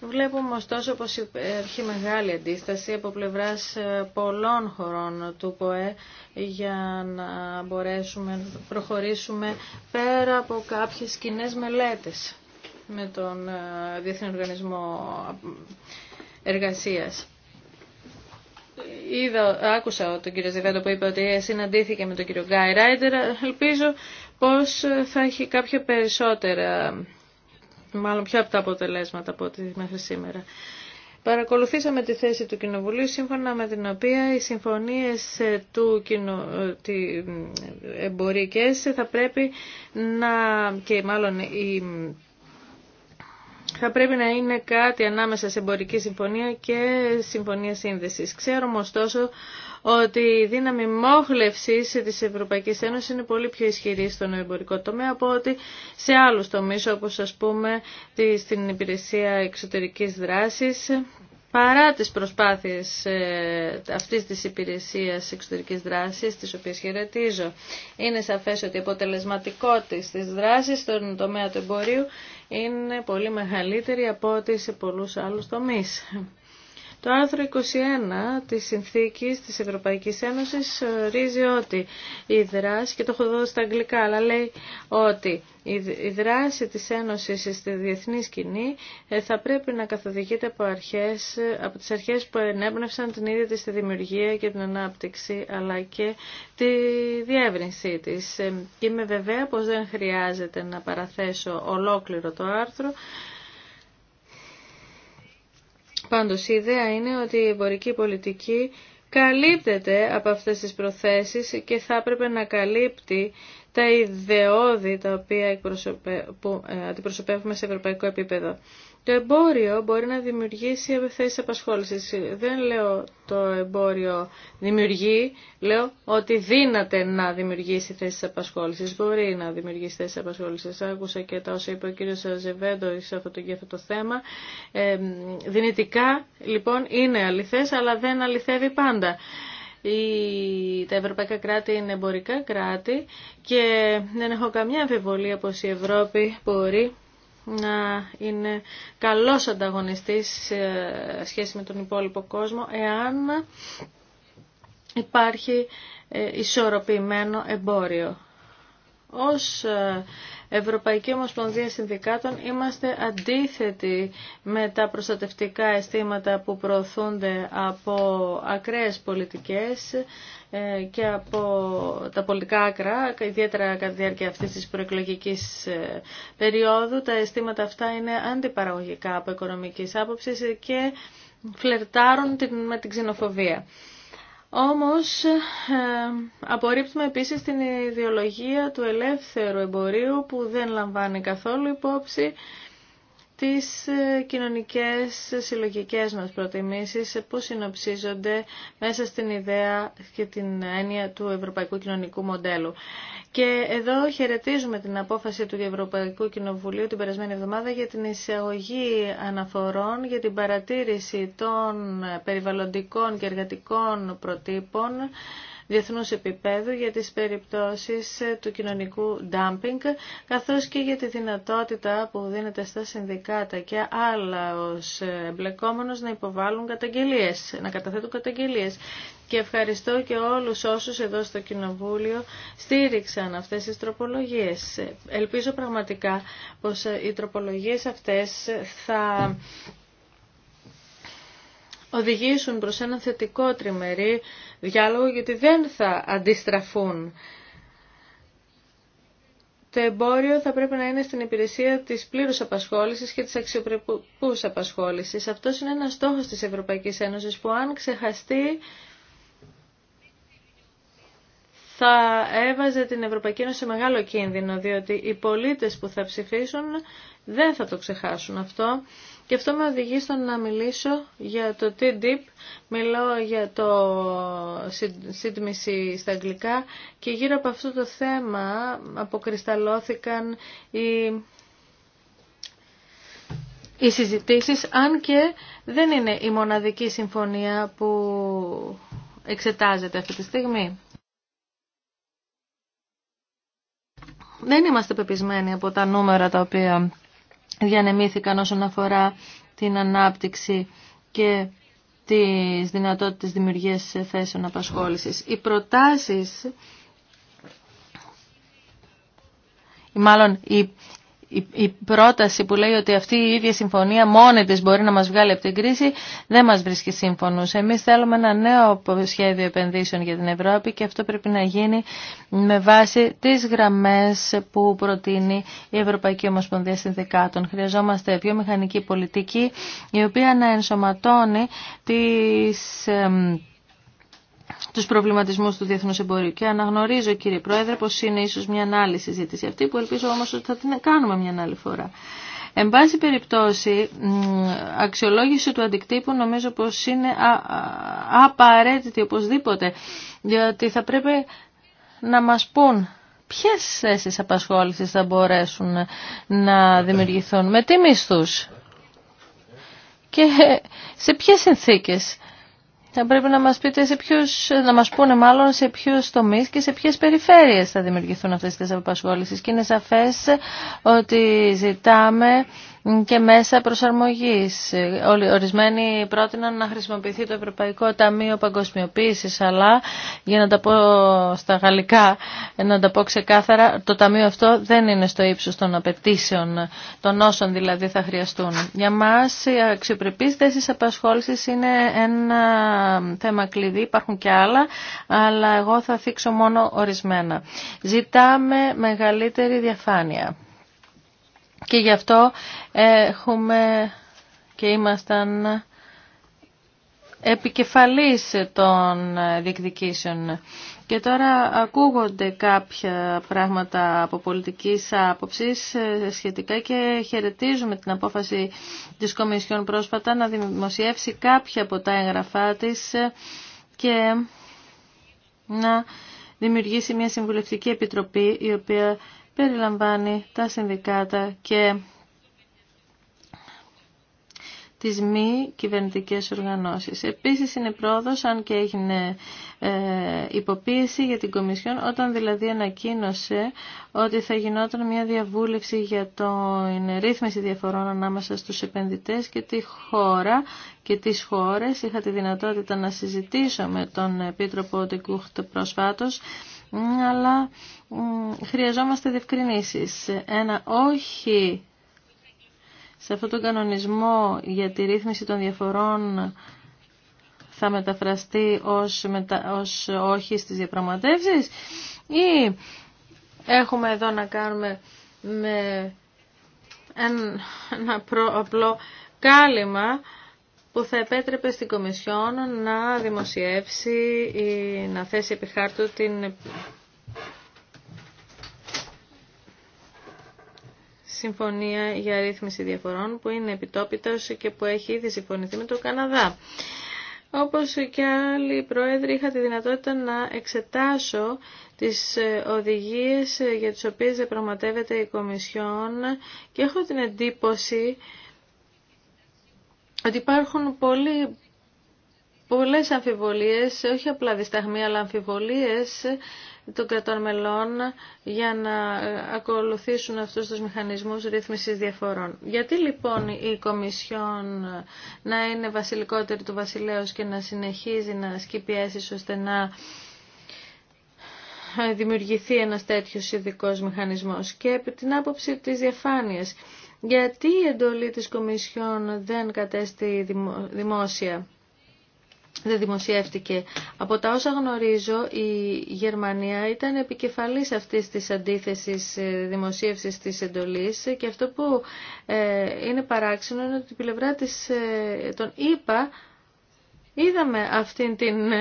Βλέπουμε ωστόσο πως υπάρχει μεγάλη αντίσταση από πλευράς ε, πολλών χωρών του ΠΟΕ για να μπορέσουμε να προχωρήσουμε πέρα από κάποιες κοινέ μελέτες με τον ε, Διεθνή Οργανισμό Εργασίας. άκουσα τον κύριο Ζεβέντο που είπε ότι συναντήθηκε με τον κύριο Γκάι Ράιντερ. Ελπίζω πως θα έχει κάποια περισσότερα μάλλον πιο από τα αποτελέσματα από ό,τι μέχρι σήμερα. Παρακολουθήσαμε τη θέση του Κοινοβουλίου σύμφωνα με την οποία οι συμφωνίες ε, του κοινο... Ε, ε, εμπορικές θα πρέπει να και μάλλον θα πρέπει να είναι κάτι ανάμεσα σε εμπορική συμφωνία και συμφωνία σύνδεσης. Ξέρω ωστόσο ότι η δύναμη μόχλευσης της Ευρωπαϊκής Ένωσης είναι πολύ πιο ισχυρή στον εμπορικό τομέα από ότι σε άλλους τομείς όπω α πούμε στην υπηρεσία εξωτερικής δράσης παρά τις προσπάθειες ε, αυτής της υπηρεσίας εξωτερικής δράσης, τις οποίες χαιρετίζω, είναι σαφές ότι η αποτελεσματικότητα της δράσης στον τομέα του εμπορίου είναι πολύ μεγαλύτερη από ό,τι σε πολλούς άλλους τομείς. Το άρθρο 21 της Συνθήκης της Ευρωπαϊκής Ένωσης ρίζει ότι η δράση, και το έχω στα αγγλικά, αλλά λέει ότι η δράση της Ένωσης στη διεθνή σκηνή ε, θα πρέπει να καθοδηγείται από, αρχές, από τις αρχές που ενέπνευσαν την ίδια της τη δημιουργία και την ανάπτυξη αλλά και τη διεύρυνσή της. Ε, είμαι βεβαία πως δεν χρειάζεται να παραθέσω ολόκληρο το άρθρο Πάντως η ιδέα είναι ότι η εμπορική πολιτική καλύπτεται από αυτές τις προθέσεις και θα έπρεπε να καλύπτει τα ιδεώδη τα οποία που ε, αντιπροσωπεύουμε σε ευρωπαϊκό επίπεδο. Το εμπόριο μπορεί να δημιουργήσει θέσει απασχόληση. Δεν λέω το εμπόριο δημιουργεί, λέω ότι δύναται να δημιουργήσει θέσει απασχόληση. Μπορεί να δημιουργήσει θέσει απασχόληση, Άκουσα και τα όσα είπε ο κύριο Ζεβέντο σε αυτό το, για αυτό το θέμα. Ε, δυνητικά λοιπόν είναι αληθές, αλλά δεν αληθεύει πάντα. Η... τα ευρωπαϊκά κράτη είναι εμπορικά κράτη και δεν έχω καμιά αμφιβολία πως η Ευρώπη μπορεί να είναι καλός ανταγωνιστής σε σχέση με τον υπόλοιπο κόσμο εάν υπάρχει ε, ισορροπημένο εμπόριο. Ως ε, Ευρωπαϊκή Ομοσπονδία Συνδικάτων είμαστε αντίθετοι με τα προστατευτικά αισθήματα που προωθούνται από ακραίες πολιτικές ε, και από τα πολιτικά άκρα, ιδιαίτερα κατά τη διάρκεια αυτής της προεκλογικής ε, περίοδου. Τα αισθήματα αυτά είναι αντιπαραγωγικά από οικονομικής άποψης και φλερτάρουν με την ξενοφοβία. Όμως ε, απορρίπτουμε επίσης την ιδεολογία του ελεύθερου εμπορίου που δεν λαμβάνει καθόλου υπόψη τις ε, κοινωνικές συλλογικές μας προτιμήσεις ε, που συνοψίζονται μέσα στην ιδέα και την έννοια του Ευρωπαϊκού Κοινωνικού Μοντέλου. Και εδώ χαιρετίζουμε την απόφαση του Ευρωπαϊκού Κοινοβουλίου την περασμένη εβδομάδα για την εισαγωγή αναφορών για την παρατήρηση των περιβαλλοντικών και εργατικών προτύπων διεθνούς επίπεδου για τις περιπτώσεις ε, του κοινωνικού ντάμπινγκ, καθώς και για τη δυνατότητα που δίνεται στα συνδικάτα και άλλα ως εμπλεκόμενος να υποβάλουν καταγγελίες, να καταθέτουν καταγγελίες. Και ευχαριστώ και όλους όσους εδώ στο Κοινοβούλιο στήριξαν αυτές τις τροπολογίες. Ελπίζω πραγματικά πως ε, οι τροπολογίες αυτές θα οδηγήσουν προς ένα θετικό τριμερή διάλογο γιατί δεν θα αντιστραφούν. Το εμπόριο θα πρέπει να είναι στην υπηρεσία της πλήρους απασχόλησης και της αξιοπρεπούς απασχόλησης. Αυτός είναι ένας στόχος της Ευρωπαϊκής Ένωσης που αν ξεχαστεί θα έβαζε την Ευρωπαϊκή Ένωση σε μεγάλο κίνδυνο, διότι οι πολίτες που θα ψηφίσουν δεν θα το ξεχάσουν αυτό και αυτό με οδηγεί να μιλήσω για το dip μιλώ για το σύντμηση στα αγγλικά και γύρω από αυτό το θέμα αποκρισταλώθηκαν οι οι συζητήσεις, αν και δεν είναι η μοναδική συμφωνία που εξετάζεται αυτή τη στιγμή. Δεν είμαστε πεπισμένοι από τα νούμερα τα οποία διανεμήθηκαν όσον αφορά την ανάπτυξη και τις δυνατότητες δημιουργίας θέσεων απασχόλησης. Οι προτάσεις, μάλλον οι, η πρόταση που λέει ότι αυτή η ίδια συμφωνία μόνη της μπορεί να μας βγάλει από την κρίση δεν μας βρίσκει σύμφωνος. Εμείς θέλουμε ένα νέο σχέδιο επενδύσεων για την Ευρώπη και αυτό πρέπει να γίνει με βάση τις γραμμές που προτείνει η Ευρωπαϊκή Ομοσπονδία Συνδικάτων. Χρειαζόμαστε βιομηχανική πολιτική η οποία να ενσωματώνει τις τους προβληματισμούς του διεθνούς εμπορίου. Και αναγνωρίζω κύριε Πρόεδρε πως είναι ίσως μια ανάλυση συζήτηση αυτή που ελπίζω όμως ότι θα την κάνουμε μια άλλη φορά. Εν πάση περιπτώσει, αξιολόγηση του αντικτύπου νομίζω πως είναι απαραίτητη οπωσδήποτε, διότι θα πρέπει να μας πούν ποιες θέσεις απασχόλησης θα μπορέσουν να δημιουργηθούν, με τι μισθούς και σε ποιες συνθήκες θα πρέπει να μας, πείτε σε ποιους, να μας πούνε μάλλον σε ποιους τομείς και σε ποιες περιφέρειες θα δημιουργηθούν αυτές τις απασχόλησεις. Και είναι σαφές ότι ζητάμε και μέσα προσαρμογής. Ορισμένοι πρότειναν να χρησιμοποιηθεί το Ευρωπαϊκό Ταμείο Παγκοσμιοποίησης, αλλά για να τα πω στα γαλλικά, να τα πω ξεκάθαρα, το Ταμείο αυτό δεν είναι στο ύψος των απαιτήσεων, των όσων δηλαδή θα χρειαστούν. Για μας οι αξιοπρεπείς θέσεις απασχόλησης είναι ένα θέμα κλειδί, υπάρχουν και άλλα, αλλά εγώ θα θίξω μόνο ορισμένα. Ζητάμε μεγαλύτερη διαφάνεια. Και γι' αυτό έχουμε και ήμασταν επικεφαλής των διεκδικήσεων. Και τώρα ακούγονται κάποια πράγματα από πολιτικής άποψης ε, σχετικά και χαιρετίζουμε την απόφαση της Κομισιόν πρόσφατα να δημοσιεύσει κάποια από τα έγγραφά της και να δημιουργήσει μια συμβουλευτική επιτροπή η οποία περιλαμβάνει τα συνδικάτα και τις μη κυβερνητικές οργανώσεις. Επίσης είναι πρόοδος, αν και έγινε ε, υποποίηση για την Κομισιόν, όταν δηλαδή ανακοίνωσε ότι θα γινόταν μια διαβούλευση για την ρύθμιση διαφορών ανάμεσα στους επενδυτές και τη χώρα και τις χώρες. Είχα τη δυνατότητα να συζητήσω με τον Επίτροπο Τεκούχτ προσφάτως, αλλά χρειαζόμαστε διευκρινήσεις. Ένα όχι σε αυτόν τον κανονισμό για τη ρύθμιση των διαφορών θα μεταφραστεί ως, ως όχι στις διαπραγματεύσεις ή έχουμε εδώ να κάνουμε με ένα απλό κάλυμα που θα επέτρεπε στην Κομισιόν να δημοσιεύσει ή να θέσει επιχάρτου την συμφωνία για ρύθμιση διαφορών που είναι επιτόπιτος και που έχει ήδη συμφωνηθεί με τον Καναδά. Όπως και άλλοι πρόεδροι είχα τη δυνατότητα να εξετάσω τις ε, οδηγίες ε, για τις οποίες διαπραγματεύεται η Κομισιόν και έχω την εντύπωση ότι υπάρχουν πολλοί, πολλές αμφιβολίες, όχι απλά δισταγμοί, αλλά αμφιβολίες των κρατών μελών για να ε, ακολουθήσουν αυτούς τους μηχανισμούς ρύθμισης διαφορών. Γιατί λοιπόν η Κομισιόν να είναι βασιλικότερη του βασιλέως και να συνεχίζει να ασκεί ώστε να ε, δημιουργηθεί ένας τέτοιος ειδικό μηχανισμός και επί την άποψη της διαφάνειας. Γιατί η εντολή της Κομισιόν δεν κατέστη δημόσια δεν δημοσιεύτηκε. Από τα όσα γνωρίζω, η Γερμανία ήταν επικεφαλής αυτής της αντίθεσης ε, δημοσίευσης της εντολής και αυτό που ε, είναι παράξενο είναι ότι την πλευρά της, ε, των ΗΠΑ είδαμε αυτήν την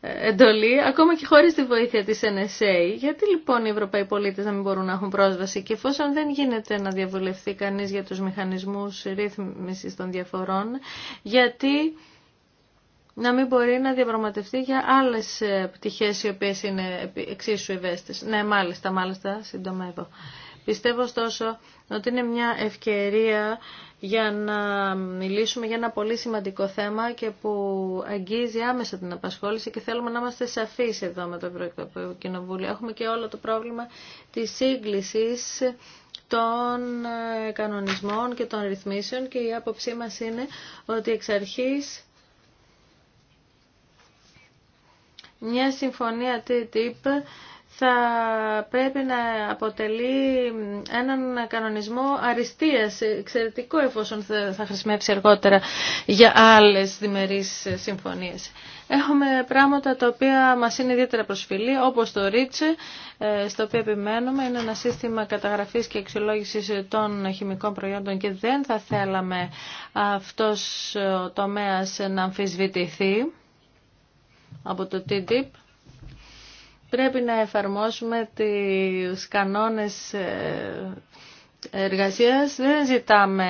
εντολή, ακόμα και χωρίς τη βοήθεια της NSA. Γιατί λοιπόν οι Ευρωπαίοι πολίτες να μην μπορούν να έχουν πρόσβαση και εφόσον δεν γίνεται να διαβουλευτεί κανείς για τους μηχανισμούς ρύθμισης των διαφορών, γιατί να μην μπορεί να διαπραγματευτεί για άλλες ε, πτυχές οι οποίες είναι εξίσου ευαίσθητες. Ναι, μάλιστα, μάλιστα, συντομεύω. Πιστεύω ωστόσο ότι είναι μια ευκαιρία για να μιλήσουμε για ένα πολύ σημαντικό θέμα και που αγγίζει άμεσα την απασχόληση και θέλουμε να είμαστε σαφείς εδώ με το Ευρωπαϊκό Κοινοβούλιο. Έχουμε και όλο το πρόβλημα της σύγκλησης των ε, κανονισμών και των ρυθμίσεων και η άποψή μας είναι ότι εξ αρχής Μια συμφωνία TTIP θα πρέπει να αποτελεί έναν κανονισμό αριστείας, εξαιρετικό εφόσον θα χρησιμεύσει αργότερα για άλλες διμερείς συμφωνίες. Έχουμε πράγματα τα οποία μας είναι ιδιαίτερα προσφυλή, όπως το REACH, ε, στο οποίο επιμένουμε, είναι ένα σύστημα καταγραφής και αξιολόγησης των χημικών προϊόντων και δεν θα θέλαμε αυτός ο τομέας να αμφισβητηθεί από το TTIP πρέπει να εφαρμόσουμε τις κανόνες ε, εργασίας. Δεν ζητάμε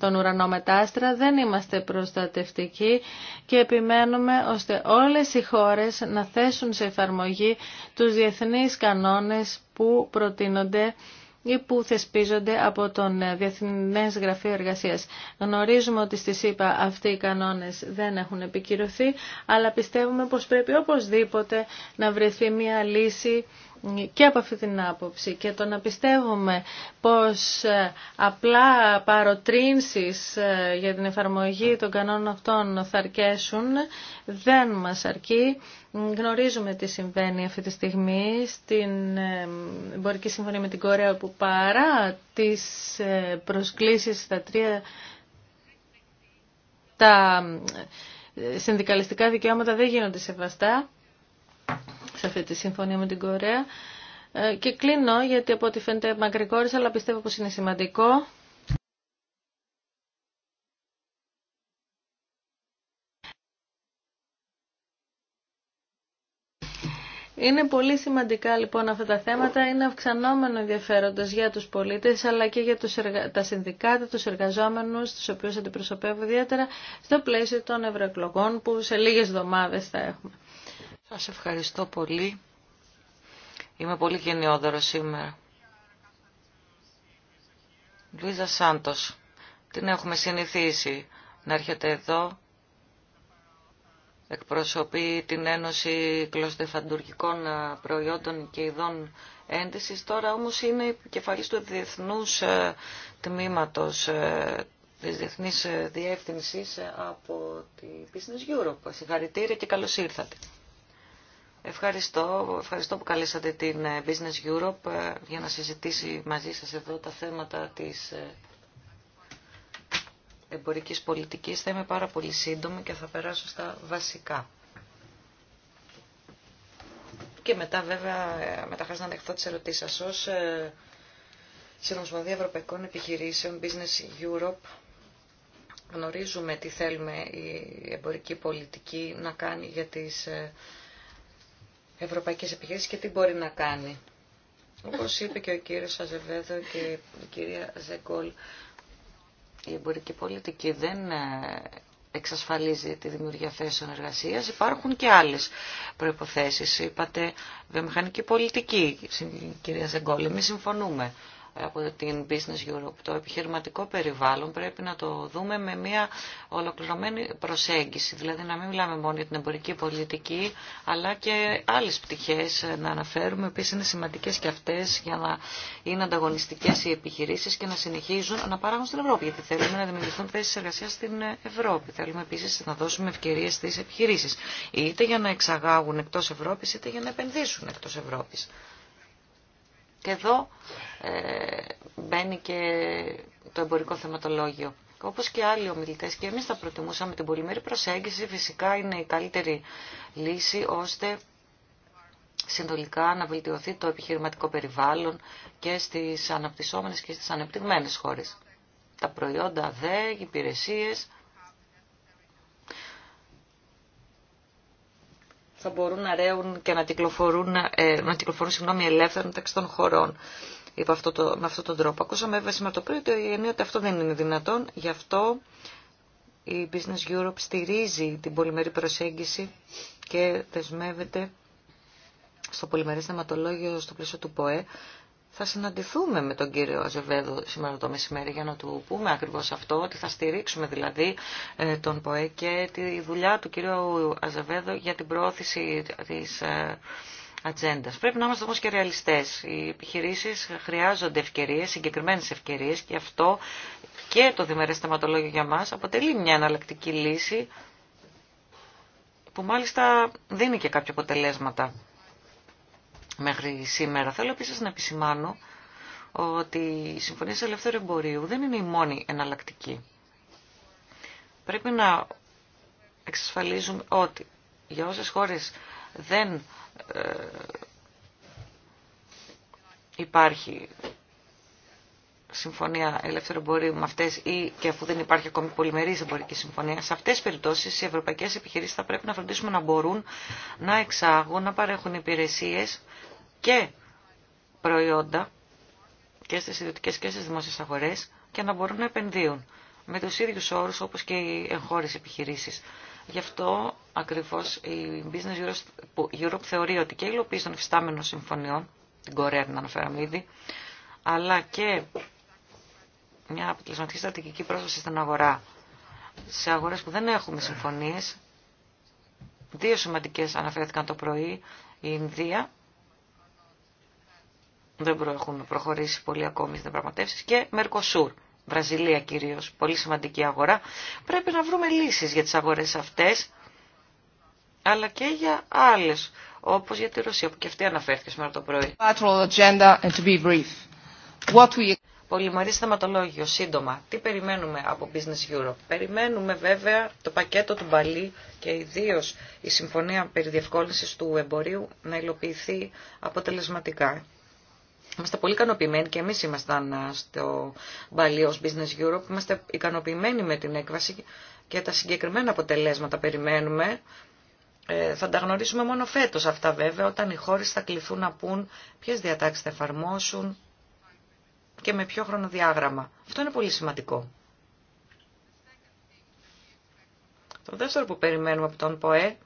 τον ουρανό μετάστρα, δεν είμαστε προστατευτικοί και επιμένουμε ώστε όλες οι χώρες να θέσουν σε εφαρμογή τους διεθνείς κανόνες που προτείνονται ή που θεσπίζονται από τον ε, Διεθνές Γραφείο Εργασίας. Γνωρίζουμε ότι στη ΣΥΠΑ αυτοί οι κανόνες δεν έχουν επικυρωθεί, αλλά πιστεύουμε πως πρέπει οπωσδήποτε να βρεθεί μια λύση και από αυτή την άποψη και το να πιστεύουμε πως ε, απλά παροτρύνσεις ε, για την εφαρμογή των κανόνων αυτών θα αρκέσουν δεν μας αρκεί. Γνωρίζουμε τι συμβαίνει αυτή τη στιγμή στην ε, εμπορική συμφωνία με την Κορέα που παρά τις προσκλήσεις στα τρία τα συνδικαλιστικά δικαιώματα δεν γίνονται σεβαστά σε αυτή τη συμφωνία με την Κορέα. Ε, και κλείνω γιατί από ό,τι φαίνεται μακρυγόρησα, αλλά πιστεύω πως είναι σημαντικό. Είναι πολύ σημαντικά λοιπόν αυτά τα θέματα, είναι αυξανόμενο ενδιαφέροντος για τους πολίτες αλλά και για τους τα συνδικάτα, τους εργαζόμενους, τους οποίους αντιπροσωπεύω ιδιαίτερα στο πλαίσιο των ευρωεκλογών που σε λίγες εβδομάδε θα έχουμε. Σας ευχαριστώ πολύ. Είμαι πολύ γενναιόδωρος σήμερα. Λουίζα Σάντος, την έχουμε συνηθίσει να έρχεται εδώ. Εκπροσωπεί την Ένωση Κλωστεφαντουργικών ε, Προϊόντων και Ειδών Έντησης. Τώρα όμως είναι η κεφαλή του Διεθνούς ε, Τμήματος ε, της Διεθνής Διεύθυνσης από τη Business Europe. Συγχαρητήρια και καλώς ήρθατε. Ευχαριστώ. Ευχαριστώ που καλέσατε την ε, Business Europe ε, για να συζητήσει μαζί σας εδώ τα θέματα της ε, εμπορικής πολιτικής. Θα είμαι πάρα πολύ σύντομη και θα περάσω στα βασικά. Και μετά βέβαια μεταχάς να ανεχθώ τις ερωτήσεις σας ως Συνομοσπονδία Ευρωπαϊκών Επιχειρήσεων Business Europe γνωρίζουμε τι θέλουμε η εμπορική πολιτική να κάνει για τις ευρωπαϊκές επιχειρήσεις και τι μπορεί να κάνει. Όπως είπε και ο κύριος Αζεβέδο και η κυρία Ζεγκόλ, η εμπορική πολιτική δεν ε, εξασφαλίζει τη δημιουργία θέσεων εργασίας. Υπάρχουν και άλλες προϋποθέσεις. Είπατε βιομηχανική πολιτική, κυρία Ζεγκόλ, εμείς συμφωνούμε από την Business Europe. Το επιχειρηματικό περιβάλλον πρέπει να το δούμε με μια ολοκληρωμένη προσέγγιση, δηλαδή να μην μιλάμε μόνο για την εμπορική πολιτική, αλλά και άλλες πτυχές να αναφέρουμε, επίσης είναι σημαντικές και αυτές για να είναι ανταγωνιστικές οι επιχειρήσεις και να συνεχίζουν να παράγουν στην Ευρώπη, γιατί θέλουμε να δημιουργηθούν θέσεις εργασίας στην Ευρώπη. Θέλουμε επίσης να δώσουμε ευκαιρίες στις επιχειρήσεις, είτε για να εξαγάγουν εκτός Ευρώπης, είτε για να επενδύσουν εκτός Ευρώπης. Και εδώ ε, μπαίνει και το εμπορικό θεματολόγιο. Όπω και άλλοι ομιλητέ, και εμεί θα προτιμούσαμε την πολυμερή προσέγγιση. Φυσικά είναι η καλύτερη λύση ώστε συνολικά να βελτιωθεί το επιχειρηματικό περιβάλλον και στις αναπτυσσόμενες και στις ανεπτυγμένε χώρες. Τα προϊόντα δε, οι υπηρεσίες θα μπορούν να ρέουν και να κυκλοφορούν, ε, να κυκλοφορούν συγγνώμη, ελεύθερα μεταξύ των χωρών υπό αυτό το, με αυτόν τον τρόπο. Ακούσαμε βέβαια σήμερα το πρωί ότι αυτό δεν είναι δυνατόν, γι' αυτό η Business Europe στηρίζει την πολυμερή προσέγγιση και δεσμεύεται στο πολυμερές θεματολόγιο στο πλαίσιο του ΠΟΕ θα συναντηθούμε με τον κύριο Αζεβέδο σήμερα το μεσημέρι για να του πούμε ακριβώς αυτό, ότι θα στηρίξουμε δηλαδή ε, τον ΠΟΕ και τη δουλειά του κύριου Αζεβέδο για την προώθηση της ε, Ατζέντας. Πρέπει να είμαστε όμω και ρεαλιστέ. Οι επιχειρήσει χρειάζονται ευκαιρίε, συγκεκριμένε ευκαιρίε και αυτό και το διμερέ θεματολόγιο για μα αποτελεί μια εναλλακτική λύση που μάλιστα δίνει και κάποια αποτελέσματα μέχρι σήμερα. Θέλω επίσης να επισημάνω ότι οι συμφωνίε ελεύθερου εμπορίου δεν είναι η μόνη εναλλακτική. Πρέπει να εξασφαλίζουμε ότι για όσες χώρες δεν ε, υπάρχει συμφωνία ελεύθερου εμπορίου με αυτέ ή και αφού δεν υπάρχει ακόμη πολυμερή εμπορική συμφωνία, σε αυτέ τι περιπτώσει οι ευρωπαϊκέ επιχειρήσει θα πρέπει να φροντίσουμε να μπορούν να εξάγουν, να παρέχουν υπηρεσίε και προϊόντα και στι ιδιωτικέ και στι δημόσιε αγορέ και να μπορούν να επενδύουν με του ίδιου όρου όπω και οι εγχώριε επιχειρήσει. Γι' αυτό ακριβώ η Business Europe θεωρεί ότι και η υλοποίηση των συμφωνιών, την Κορέα την αναφέραμε ήδη, αλλά και μια αποτελεσματική στρατηγική πρόσβαση στην αγορά. Σε αγορέ που δεν έχουμε συμφωνίε. δύο σημαντικές αναφέρθηκαν το πρωί, η Ινδία, δεν έχουν προχωρήσει πολύ ακόμη στις διαπραγματεύσεις και Μερκοσούρ. Βραζιλία κυρίως, πολύ σημαντική αγορά. Πρέπει να βρούμε λύσεις για τις αγορές αυτές, αλλά και για άλλες, όπως για τη Ρωσία, που και αυτή αναφέρθηκε σήμερα το πρωί. Πολυμερή θεματολόγιο, σύντομα, τι περιμένουμε από Business Europe. Περιμένουμε βέβαια το πακέτο του Μπαλί και ιδίω η συμφωνία περί διευκόλυνσης του εμπορίου να υλοποιηθεί αποτελεσματικά. Είμαστε πολύ ικανοποιημένοι και εμείς ήμασταν στο Μπαλί ως Business Europe. Είμαστε ικανοποιημένοι με την έκβαση και τα συγκεκριμένα αποτελέσματα περιμένουμε. Ε, θα τα γνωρίσουμε μόνο φέτος αυτά βέβαια, όταν οι χώρες θα κληθούν να πούν ποιες διατάξεις θα εφαρμόσουν, και με ποιο χρονοδιάγραμμα. Αυτό είναι πολύ σημαντικό. Το δεύτερο που περιμένουμε από τον ΠΟΕ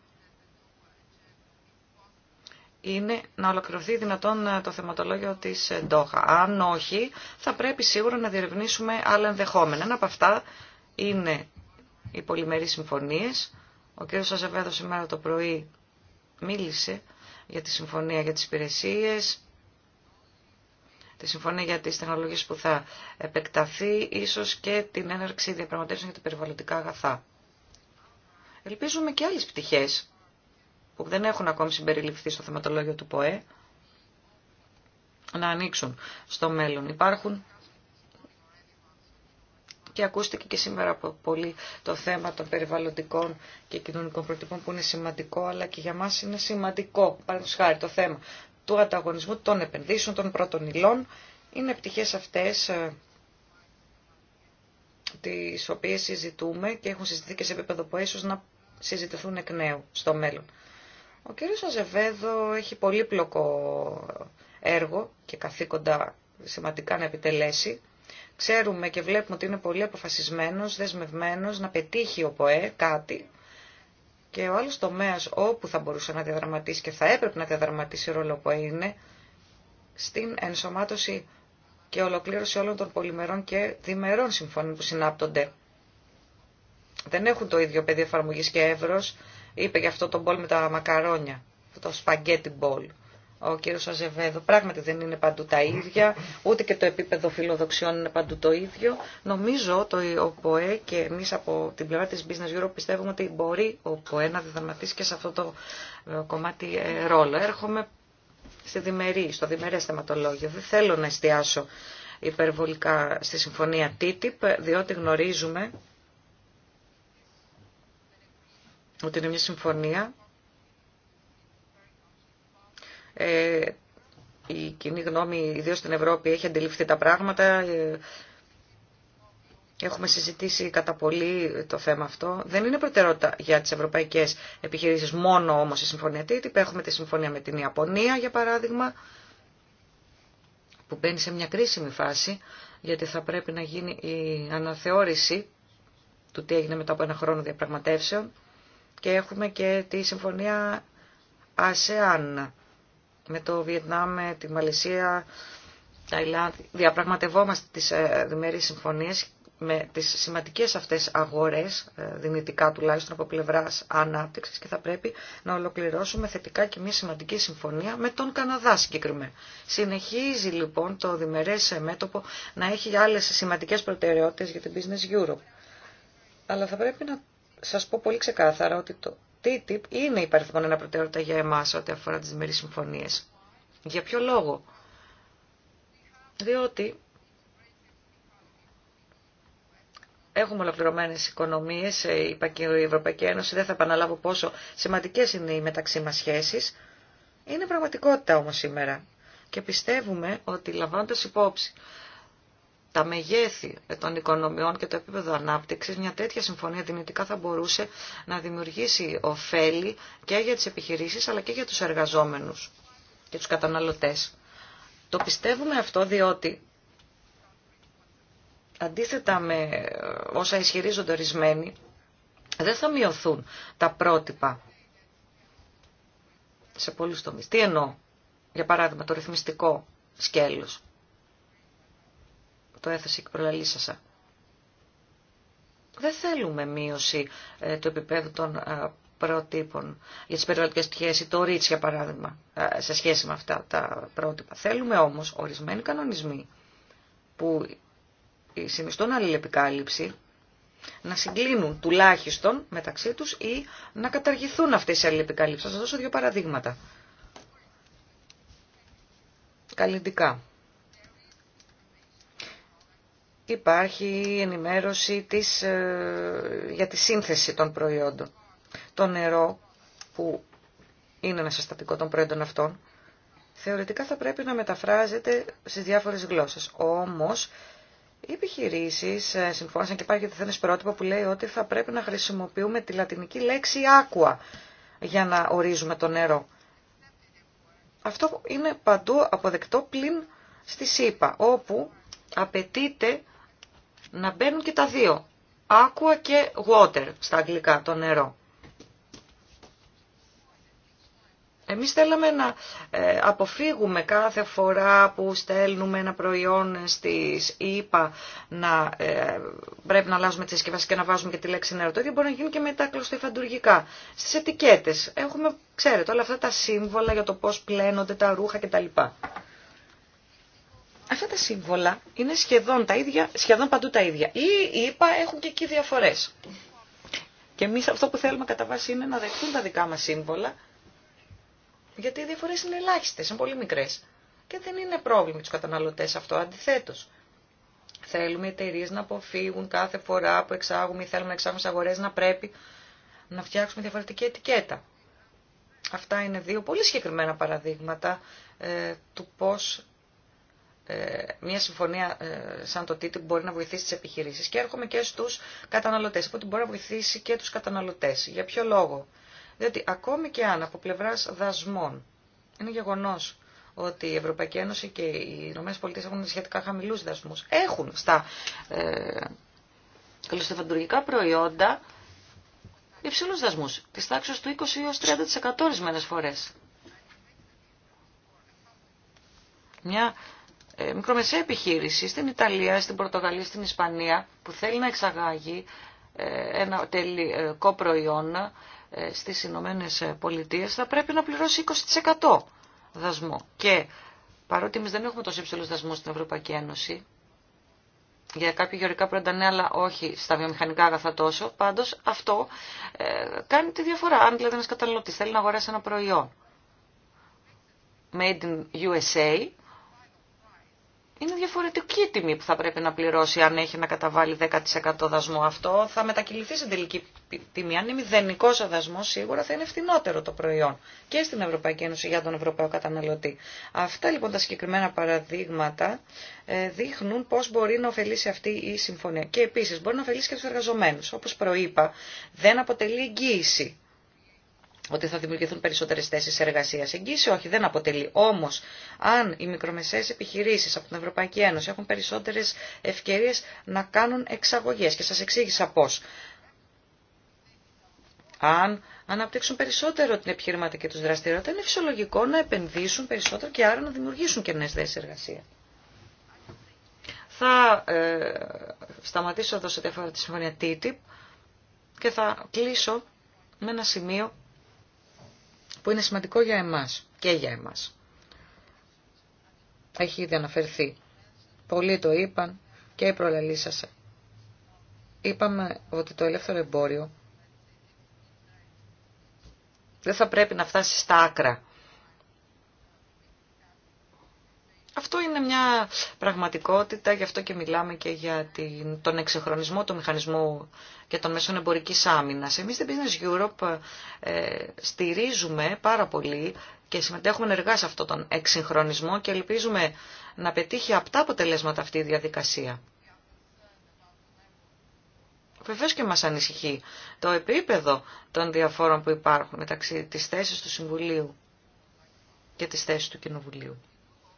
είναι να ολοκληρωθεί δυνατόν ε, το θεματολόγιο της ε, Ντόχα. Αν όχι, θα πρέπει σίγουρα να διερευνήσουμε άλλα ενδεχόμενα. Ένα από αυτά είναι οι πολυμερείς συμφωνίες. Ο κ. Σαζεβέδο σήμερα το πρωί μίλησε για τη συμφωνία για τις υπηρεσίες, τη συμφωνία για τις τεχνολογίες που θα επεκταθεί, ίσως και την έναρξη διαπραγματεύσεων για τα περιβαλλοντικά αγαθά. Ελπίζουμε και άλλες πτυχές που δεν έχουν ακόμη συμπεριληφθεί στο θεματολόγιο του ΠΟΕ να ανοίξουν στο μέλλον. Υπάρχουν και ακούστηκε και σήμερα από πολύ το θέμα των περιβαλλοντικών και κοινωνικών προτύπων που είναι σημαντικό, αλλά και για μας είναι σημαντικό, παραδείγματος χάρη, το θέμα του ανταγωνισμού των επενδύσεων, των πρώτων υλών. Είναι πτυχές αυτές ε, τις οποίες συζητούμε και έχουν συζητηθεί και σε επίπεδο που ίσως να συζητηθούν εκ νέου στο μέλλον. Ο κ. Αζεβέδο έχει πολύπλοκο έργο και καθήκοντα σημαντικά να επιτελέσει. Ξέρουμε και βλέπουμε ότι είναι πολύ αποφασισμένος, δεσμευμένος να πετύχει ο ΠΟΕ κάτι και ο άλλος τομέας όπου θα μπορούσε να διαδραματίσει και θα έπρεπε να διαδραματίσει ρόλο που είναι στην ενσωμάτωση και ολοκλήρωση όλων των πολυμερών και διμερών συμφώνων που συνάπτονται. Δεν έχουν το ίδιο πεδίο εφαρμογή και Εύρο, είπε γι' αυτό τον μπολ με τα μακαρόνια, το σπαγκέτι μπολ ο κύριος Αζεβέδο. Πράγματι δεν είναι παντού τα ίδια, ούτε και το επίπεδο φιλοδοξιών είναι παντού το ίδιο. Νομίζω το Ποέ και εμεί από την πλευρά τη Business Europe πιστεύουμε ότι μπορεί ο ΠΟΕ να διδαματίσει και σε αυτό το ε, κομμάτι ε, ρόλο. Έρχομαι στη διμερή, στο διμερές θεματολόγιο. Δεν θέλω να εστιάσω υπερβολικά στη συμφωνία TTIP, διότι γνωρίζουμε ότι είναι μια συμφωνία ε, η κοινή γνώμη, ιδίως στην Ευρώπη, έχει αντιληφθεί τα πράγματα. Ε, έχουμε συζητήσει κατά πολύ το θέμα αυτό. Δεν είναι προτεραιότητα για τις ευρωπαϊκές επιχειρήσεις μόνο όμως η συμφωνία TTIP. Έχουμε τη συμφωνία με την Ιαπωνία, για παράδειγμα, που μπαίνει σε μια κρίσιμη φάση, γιατί θα πρέπει να γίνει η αναθεώρηση του τι έγινε μετά από ένα χρόνο διαπραγματεύσεων και έχουμε και τη συμφωνία ASEAN με το Βιετνάμ, με τη Μαλαισία, Ταϊλάνδη. Διαπραγματευόμαστε τις ε, διμερείς συμφωνίες με τις σημαντικές αυτές αγορές, ε, δυνητικά τουλάχιστον από πλευράς ανάπτυξης και θα πρέπει να ολοκληρώσουμε θετικά και μια σημαντική συμφωνία με τον Καναδά συγκεκριμένα. Συνεχίζει λοιπόν το διμερές ε, μέτωπο να έχει άλλες σημαντικές προτεραιότητες για την Business Europe. Αλλά θα πρέπει να σας πω πολύ ξεκάθαρα ότι το TTIP είναι παρελθόν ένα προτεραιότητα για εμάς ό,τι αφορά τις μερικές συμφωνίες. Για ποιο λόγο. Διότι έχουμε ολοκληρωμένε οικονομίε, ε, είπα και η Ευρωπαϊκή Ένωση, δεν θα επαναλάβω πόσο σημαντικέ είναι οι μεταξύ μα σχέσει. Είναι πραγματικότητα όμω σήμερα. Και πιστεύουμε ότι λαμβάνοντα υπόψη τα μεγέθη των οικονομιών και το επίπεδο ανάπτυξης, μια τέτοια συμφωνία δυνητικά θα μπορούσε να δημιουργήσει ωφέλη και για τις επιχειρήσεις αλλά και για τους εργαζόμενους και τους καταναλωτές. Το πιστεύουμε αυτό διότι αντίθετα με όσα ισχυρίζονται ορισμένοι, δεν θα μειωθούν τα πρότυπα σε πολλούς τομείς. Τι εννοώ, για παράδειγμα, το ρυθμιστικό σκέλος το έθεσε και προλαλήσασα. Δεν θέλουμε μείωση ε, του επίπεδου των ε, προτύπων για τις περιβαλλοντικές πτυχές ή το ρίτς για παράδειγμα ε, σε σχέση με αυτά τα πρότυπα. Θέλουμε όμως ορισμένοι κανονισμοί που συνιστούν αλληλεπικάλυψη να συγκλίνουν τουλάχιστον μεταξύ τους ή να καταργηθούν αυτές οι αλληλεπικάλυψεις. Θα σας δώσω δύο παραδείγματα. Καλλιντικά υπάρχει ενημέρωση της, ε, για τη σύνθεση των προϊόντων. Το νερό που είναι ένα συστατικό των προϊόντων αυτών, θεωρητικά θα πρέπει να μεταφράζεται στις διάφορες γλώσσες. Όμως, οι επιχειρήσει ε, συμφώνησαν και υπάρχει διεθνέ πρότυπο που λέει ότι θα πρέπει να χρησιμοποιούμε τη λατινική λέξη άκουα για να ορίζουμε το νερό. Αυτό είναι παντού αποδεκτό πλην στη ΣΥΠΑ, όπου απαιτείται να μπαίνουν και τα δύο. Aqua και water στα αγγλικά, το νερό. Εμείς θέλαμε να ε, αποφύγουμε κάθε φορά που στέλνουμε ένα προϊόν στις ΙΠΑ να ε, πρέπει να αλλάζουμε τις συσκευάσεις και να βάζουμε και τη λέξη νερό. Το ίδιο μπορεί να γίνει και με τα κλωστοϊφαντουργικά. Στις ετικέτες έχουμε, ξέρετε, όλα αυτά τα σύμβολα για το πώς πλένονται τα ρούχα κτλ. Αυτά τα σύμβολα είναι σχεδόν, τα ίδια, σχεδόν παντού τα ίδια. Ή είπα, έχουν και εκεί διαφορέ. Και εμεί αυτό που θέλουμε κατά βάση είναι να δεχτούν τα δικά μα σύμβολα, γιατί οι διαφορέ είναι ελάχιστε, είναι πολύ μικρέ. Και δεν είναι πρόβλημα του καταναλωτέ αυτό, Αντιθέτω. Θέλουμε οι εταιρείε να αποφύγουν κάθε φορά που εξάγουμε ή θέλουμε να εξάγουμε στι αγορές να πρέπει να φτιάξουμε διαφορετική ετικέτα. Αυτά είναι δύο πολύ συγκεκριμένα παραδείγματα ε, του πώ. Ε, μια συμφωνία ε, σαν το TTIP μπορεί να βοηθήσει τις επιχειρήσεις. Και έρχομαι και στους καταναλωτές, οπότε μπορεί να βοηθήσει και τους καταναλωτές. Για ποιο λόγο. Διότι ακόμη και αν από πλευράς δασμών είναι γεγονός ότι η Ευρωπαϊκή Ένωση και οι Ηνωμένες Πολιτείες έχουν σχετικά χαμηλούς δασμούς, έχουν στα ε, προϊόντα υψηλούς δασμούς, της τάξης του 20 έως 30% ορισμένες φορές. Μια ε, μικρομεσαία επιχείρηση στην Ιταλία, στην Πορτογαλία, στην Ισπανία που θέλει να εξαγάγει ε, ένα τελικό ε, προϊόν στις Ηνωμένε Πολιτείε θα πρέπει να πληρώσει 20% δασμό. Και παρότι εμεί δεν έχουμε τόσο υψηλό δασμό στην Ευρωπαϊκή Ένωση, για κάποια γεωρικά προϊόντα ναι, αλλά όχι στα βιομηχανικά αγαθά τόσο, πάντως αυτό κάνει τη διαφορά. Αν δηλαδή ένας καταναλωτής θέλει να αγοράσει ένα προϊόν made in USA, είναι διαφορετική η τιμή που θα πρέπει να πληρώσει αν έχει να καταβάλει 10% δασμό. Αυτό θα μετακυληθεί στην τελική τιμή. Αν είναι μηδενικό ο δασμό, σίγουρα θα είναι φθηνότερο το προϊόν και στην Ευρωπαϊκή Ένωση για τον Ευρωπαίο καταναλωτή. Αυτά λοιπόν τα συγκεκριμένα παραδείγματα ε, δείχνουν πώ μπορεί να ωφελήσει αυτή η συμφωνία. Και επίση μπορεί να ωφελήσει και του εργαζομένου. Όπω προείπα, δεν αποτελεί εγγύηση ότι θα δημιουργηθούν περισσότερε θέσει εργασία. Εγγύηση όχι, δεν αποτελεί. Όμω, αν οι μικρομεσαίες επιχειρήσει από την Ευρωπαϊκή Ένωση έχουν περισσότερε ευκαιρίε να κάνουν εξαγωγέ. και σα εξήγησα πώ. Αν αναπτύξουν περισσότερο την επιχειρηματική του δραστηριότητα, είναι φυσιολογικό να επενδύσουν περισσότερο και άρα να δημιουργήσουν και νέες θέσεις εργασίας. Θα ε, σταματήσω εδώ σε διαφορά τη συμφωνία TTIP και θα κλείσω με ένα σημείο που είναι σημαντικό για εμάς και για εμάς. Έχει ήδη αναφερθεί. Πολλοί το είπαν και οι προλαλήσασα. Είπαμε ότι το ελεύθερο εμπόριο δεν θα πρέπει να φτάσει στα άκρα Αυτό είναι μια πραγματικότητα, γι' αυτό και μιλάμε και για την, τον εξεχρονισμό του μηχανισμού και των μέσων εμπορική άμυνα. Εμεί, στην Business Europe ε, στηρίζουμε πάρα πολύ και συμμετέχουμε ενεργά σε αυτόν τον εξυγχρονισμό και ελπίζουμε να πετύχει απτά αποτελέσματα αυτή η διαδικασία. Βεβαίω και μας ανησυχεί το επίπεδο των διαφόρων που υπάρχουν μεταξύ της θέσης του Συμβουλίου και της θέση του Κοινοβουλίου.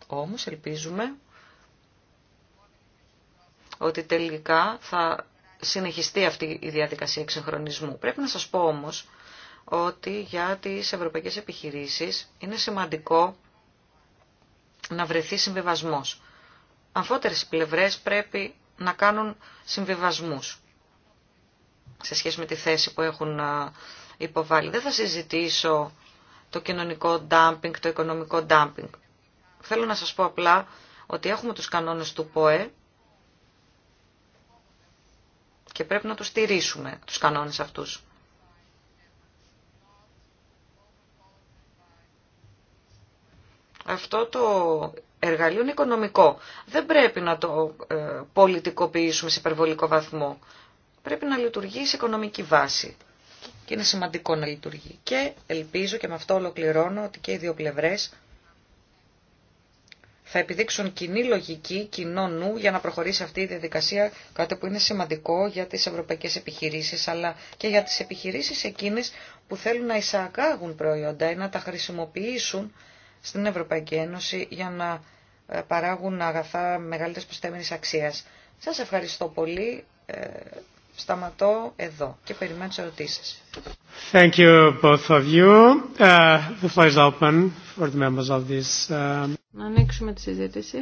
Όμως ελπίζουμε ότι τελικά θα συνεχιστεί αυτή η διαδικασία εξυγχρονισμού. Πρέπει να σας πω όμως ότι για τις ευρωπαϊκές επιχειρήσεις είναι σημαντικό να βρεθεί συμβιβασμός. Αμφότερες πλευρές πρέπει να κάνουν συμβιβασμούς σε σχέση με τη θέση που έχουν υποβάλει. Δεν θα συζητήσω το κοινωνικό ντάμπινγκ, το οικονομικό ντάμπινγκ. Θέλω να σας πω απλά ότι έχουμε τους κανόνες του ΠΟΕ και πρέπει να τους στηρίσουμε, τους κανόνες αυτούς. Αυτό το εργαλείο είναι οικονομικό. Δεν πρέπει να το ε, πολιτικοποιήσουμε σε υπερβολικό βαθμό. Πρέπει να λειτουργεί σε οικονομική βάση. Και είναι σημαντικό να λειτουργεί. Και ελπίζω και με αυτό ολοκληρώνω ότι και οι δύο πλευρές θα επιδείξουν κοινή λογική, κοινό νου για να προχωρήσει αυτή η διαδικασία, κάτι που είναι σημαντικό για τις ευρωπαϊκές επιχειρήσεις, αλλά και για τις επιχειρήσεις εκείνες που θέλουν να εισαγάγουν προϊόντα ή να τα χρησιμοποιήσουν στην Ευρωπαϊκή Ένωση για να ε, παράγουν αγαθά μεγαλύτερη προστέμενη αξία. Σας ευχαριστώ πολύ. Ε, σταματώ εδώ και περιμένω τις ερωτήσεις. Thank you both of you. Uh, the floor is open for the members of this. Uh... Να ανοίξουμε τη συζήτηση.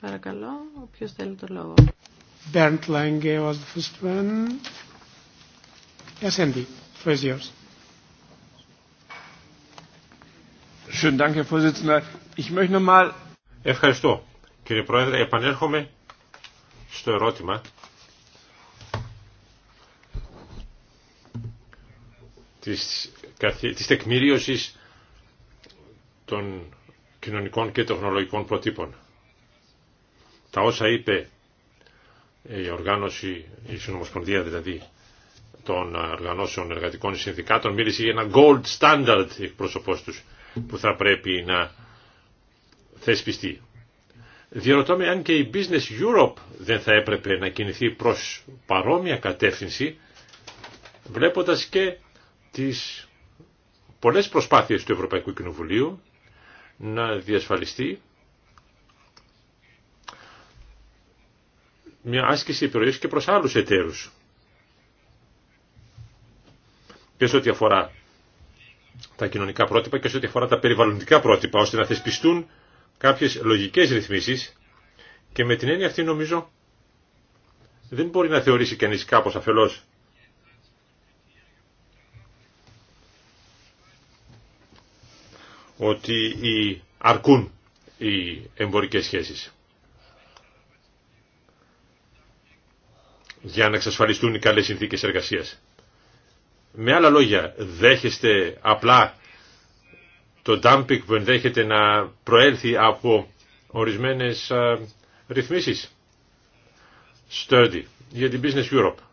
Παρακαλώ, όποιος θέλει το λόγο. Bernd Lange was the first one. SND, floor is yours. Schönen Dank, Herr Vorsitzender. Ich möchte noch mal... Ευχαριστώ. Κύριε Πρόεδρε, επανέρχομαι στο ερώτημα της, της τεκμηρίωσης των κοινωνικών και τεχνολογικών προτύπων. Τα όσα είπε η οργάνωση, η συνομοσπονδία δηλαδή των ε, οργανώσεων εργατικών συνδικάτων μίλησε για ένα gold standard εκπρόσωπός τους που θα πρέπει να θεσπιστεί. Διερωτώ αν και η Business Europe δεν θα έπρεπε να κινηθεί προς παρόμοια κατεύθυνση βλέποντας και τις πολλές προσπάθειες του Ευρωπαϊκού Κοινοβουλίου να διασφαλιστεί μια άσκηση επιρροής και προς άλλους εταίρους. Και σε ό,τι αφορά τα κοινωνικά πρότυπα και σε ό,τι αφορά τα περιβαλλοντικά πρότυπα, ώστε να θεσπιστούν κάποιες λογικές ρυθμίσεις και με την έννοια αυτή νομίζω δεν μπορεί να θεωρήσει κανείς κάπως αφελώς ότι οι αρκούν οι εμπορικές σχέσεις για να εξασφαλιστούν οι καλές συνθήκες εργασίας. Με άλλα λόγια, δέχεστε απλά το dumping που ενδέχεται να προέλθει από ορισμένες ρυθμίσεις. Sturdy για την Business Europe.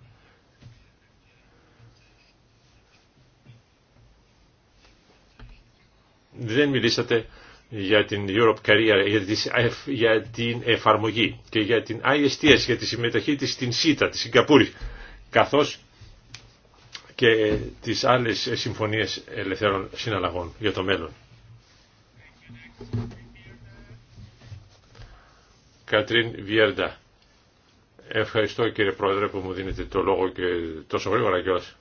δεν μιλήσατε για την Europe Career, για την εφαρμογή και για την ISTS, για τη συμμετοχή της στην ΣΥΤΑ, της Σιγκαπούρης, καθώς και τις άλλες συμφωνίες ελευθέρων συναλλαγών για το μέλλον. Κατρίν Βιέρντα. Ευχαριστώ κύριε Πρόεδρε που μου δίνετε το λόγο και τόσο γρήγορα κιόλας.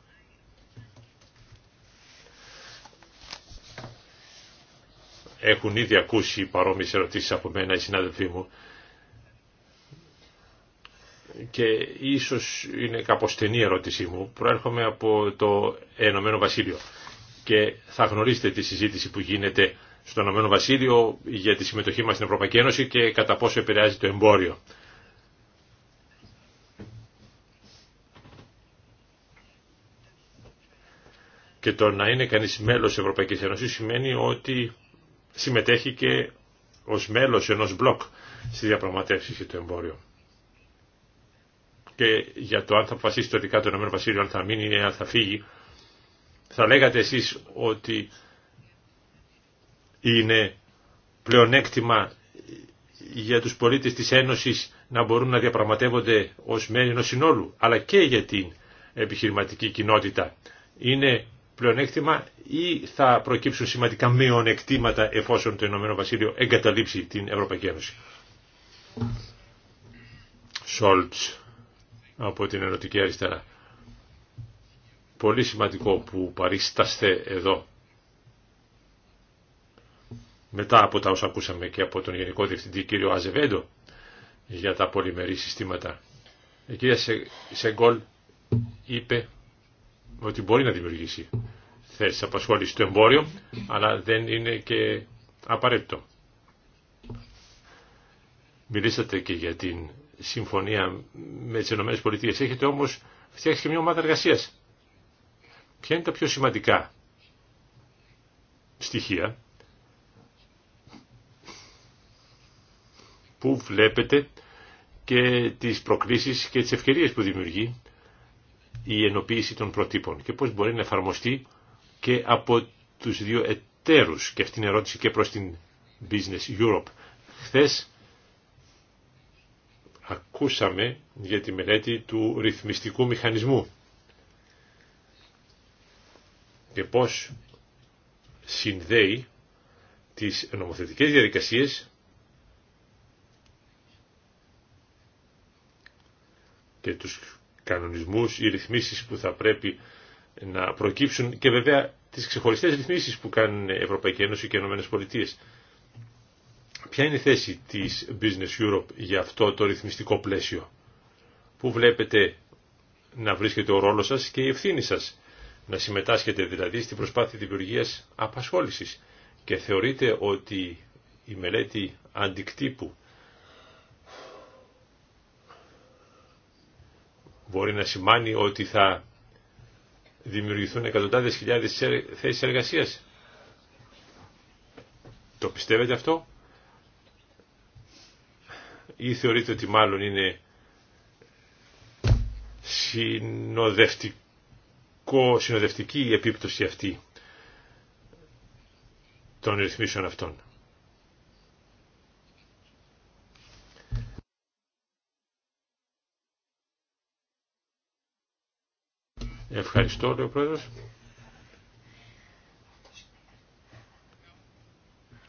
Έχουν ήδη ακούσει παρόμοιες ερωτήσεις από μένα οι συνάδελφοί μου και ίσως είναι κάπως στενή η ερώτησή μου. Προέρχομαι από το Ενωμένο Βασίλειο και θα γνωρίσετε τη συζήτηση που γίνεται στο Ενωμένο Βασίλειο για τη συμμετοχή μας στην Ευρωπαϊκή Ένωση και κατά πόσο επηρεάζει το εμπόριο. Και το να είναι κανείς μέλος της Ευρωπαϊκής Ένωσης σημαίνει ότι συμμετέχει και ως μέλος ενός μπλοκ στη διαπραγματεύσεις για το εμπόριο. Και για το αν θα αποφασίσει τελικά το Ηνωμένο Βασίλειο, αν θα μείνει ή αν θα φύγει, θα λέγατε εσείς ότι είναι πλεονέκτημα για τους πολίτες της Ένωσης να μπορούν να διαπραγματεύονται ως μέλη ενός συνόλου, αλλά και για την επιχειρηματική κοινότητα. Είναι πλεονέκτημα ή θα προκύψουν σημαντικά μειονεκτήματα εφόσον το Ηνωμένο Βασίλειο εγκαταλείψει την Ευρωπαϊκή Ένωση. Σόλτς από την Ενωτική Αριστερά. Πολύ σημαντικό που παρίσταστε εδώ. Μετά από τα όσα ακούσαμε και από τον Γενικό Διευθυντή κύριο Αζεβέντο για τα πολυμερή συστήματα. Η κυρία Σεγκόλ είπε ότι μπορεί να δημιουργήσει θέσεις απασχόλησης στο εμπόριο, αλλά δεν είναι και απαραίτητο. Μιλήσατε και για την συμφωνία με τις ΗΠΑ. Έχετε όμως φτιάξει και μια ομάδα εργασία. Ποια είναι τα πιο σημαντικά στοιχεία που βλέπετε και τις προκλήσεις και τις ευκαιρίες που δημιουργεί η ενοποίηση των προτύπων και πώς μπορεί να εφαρμοστεί και από τους δύο εταίρους. Και αυτή είναι ερώτηση και προς την Business Europe. Χθες ακούσαμε για τη μελέτη του ρυθμιστικού μηχανισμού και πώς συνδέει τις νομοθετικές διαδικασίες και τους κανονισμούς οι ρυθμίσεις που θα πρέπει να προκύψουν και βέβαια τις ξεχωριστές ρυθμίσεις που κάνουν Ευρωπαϊκή Ένωση και Ηνωμένες Πολιτείες. Ποια είναι η θέση της Business Europe για αυτό το ρυθμιστικό πλαίσιο. Πού βλέπετε να βρίσκεται ο ρόλος σας και η ευθύνη σας. Να συμμετάσχετε δηλαδή στην προσπάθεια δημιουργίας απασχόλησης. Και θεωρείτε ότι η μελέτη αντικτύπου μπορεί να σημάνει ότι θα δημιουργηθούν εκατοντάδες χιλιάδες θέσεις εργασίας. Το πιστεύετε αυτό ή θεωρείτε ότι μάλλον είναι συνοδευτικό, συνοδευτική η επίπτωση αυτή των ρυθμίσεων αυτών. Ευχαριστώ, λέει ο Πρόεδρος.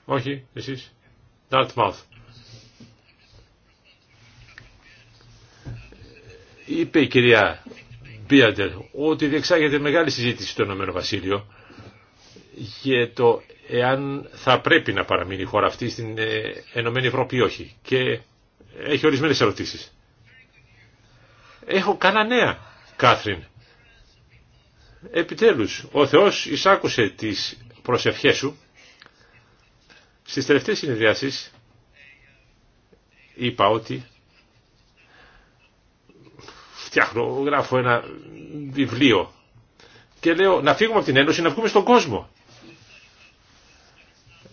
Όχι, εσείς. Dartmouth. Είπε η κυρία Μπίαντερ ότι διεξάγεται μεγάλη συζήτηση στο Ηνωμένο Βασίλειο για το εάν θα πρέπει να παραμείνει η χώρα αυτή στην ε, Ενωμένη Ευρώπη ή όχι. Και έχει ορισμένες ερωτήσεις. Έχω καλά νέα, Κάθριν. Επιτέλους, ο Θεός εισάκουσε τις προσευχές σου. Στις τελευταίες συνεδριάσεις είπα ότι φτιάχνω, γράφω ένα βιβλίο και λέω να φύγουμε από την Ένωση να βγούμε στον κόσμο.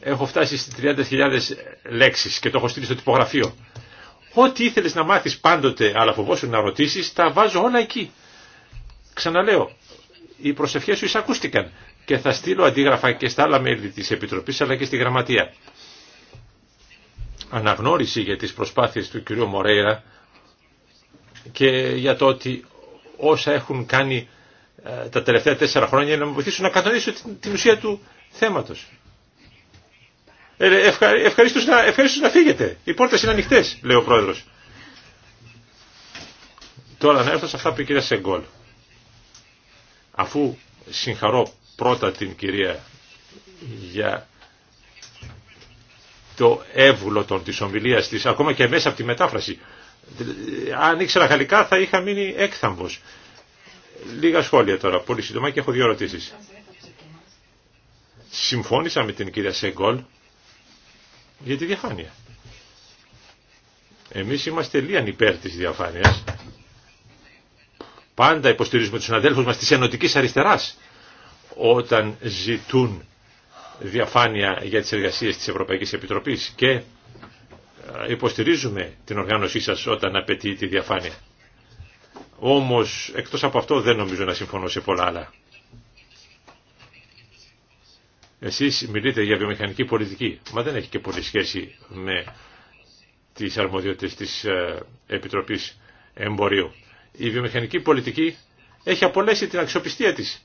Έχω φτάσει στις 30.000 λέξεις και το έχω στείλει στο τυπογραφείο. Ό,τι ήθελες να μάθεις πάντοτε αλλά φοβόσου να ρωτήσεις τα βάζω όλα εκεί. Ξαναλέω, οι προσευχές σου εισακούστηκαν και θα στείλω αντίγραφα και στα άλλα μέλη της Επιτροπής αλλά και στη Γραμματεία. Αναγνώριση για τις προσπάθειες του κυρίου Μορέιρα και για το ότι όσα έχουν κάνει ε, τα τελευταία τέσσερα χρόνια να μου βοηθήσουν να κατανοήσω την, ουσία του θέματος. Ε, ε ευχαρίστως, να, φύγετε. Οι πόρτες είναι ανοιχτές, λέει ο πρόεδρος. Τώρα να έρθω σε αυτά που είπε η κυρία Σεγκόλ. Αφού συγχαρώ πρώτα την κυρία για το εύγλωτο των της ομιλίας της, ακόμα και μέσα από τη μετάφραση. Αν ήξερα γαλλικά θα είχα μείνει έκθαμβος. Λίγα σχόλια τώρα, πολύ σύντομα και έχω δύο ερωτήσεις. Συμφώνησα με την κυρία Σεγκόλ για τη διαφάνεια. Εμείς είμαστε λίγαν υπέρ της διαφάνειας Πάντα υποστηρίζουμε τους συναδέλφους μας της ενωτικής αριστεράς όταν ζητούν διαφάνεια για τις εργασίες της Ευρωπαϊκής Επιτροπής και ε, υποστηρίζουμε την οργάνωσή σας όταν απαιτεί τη διαφάνεια. Όμως, εκτός από αυτό δεν νομίζω να συμφωνώ σε πολλά άλλα. Εσείς μιλείτε για βιομηχανική πολιτική, μα δεν έχει και πολύ σχέση με τις αρμοδιότητες της ε, Επιτροπής Εμπορίου η βιομηχανική πολιτική έχει απολέσει την αξιοπιστία της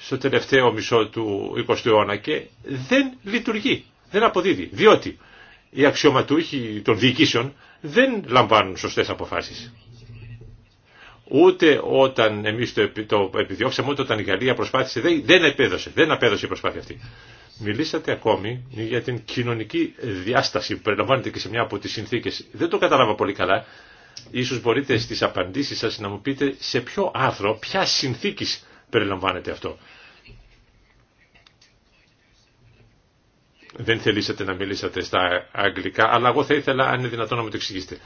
στο τελευταίο μισό του 20ου αιώνα και δεν λειτουργεί, δεν αποδίδει, διότι οι αξιωματούχοι των διοικήσεων δεν λαμβάνουν σωστές αποφάσεις. Ούτε όταν εμείς το, το επιδιώξαμε, ούτε όταν η Γαλλία προσπάθησε, δεν, επέδωσε, δεν απέδωσε η προσπάθεια αυτή. Μιλήσατε ακόμη για την κοινωνική διάσταση που περιλαμβάνεται και σε μια από τις συνθήκες. Δεν το κατάλαβα πολύ καλά. Ίσως μπορείτε στις απαντήσεις σας να μου πείτε σε ποιο άρθρο, ποια συνθήκης περιλαμβάνεται αυτό. Δεν θελήσατε να μιλήσατε στα αγγλικά, αλλά εγώ θα ήθελα, αν είναι δυνατόν, να μου το εξηγήσετε.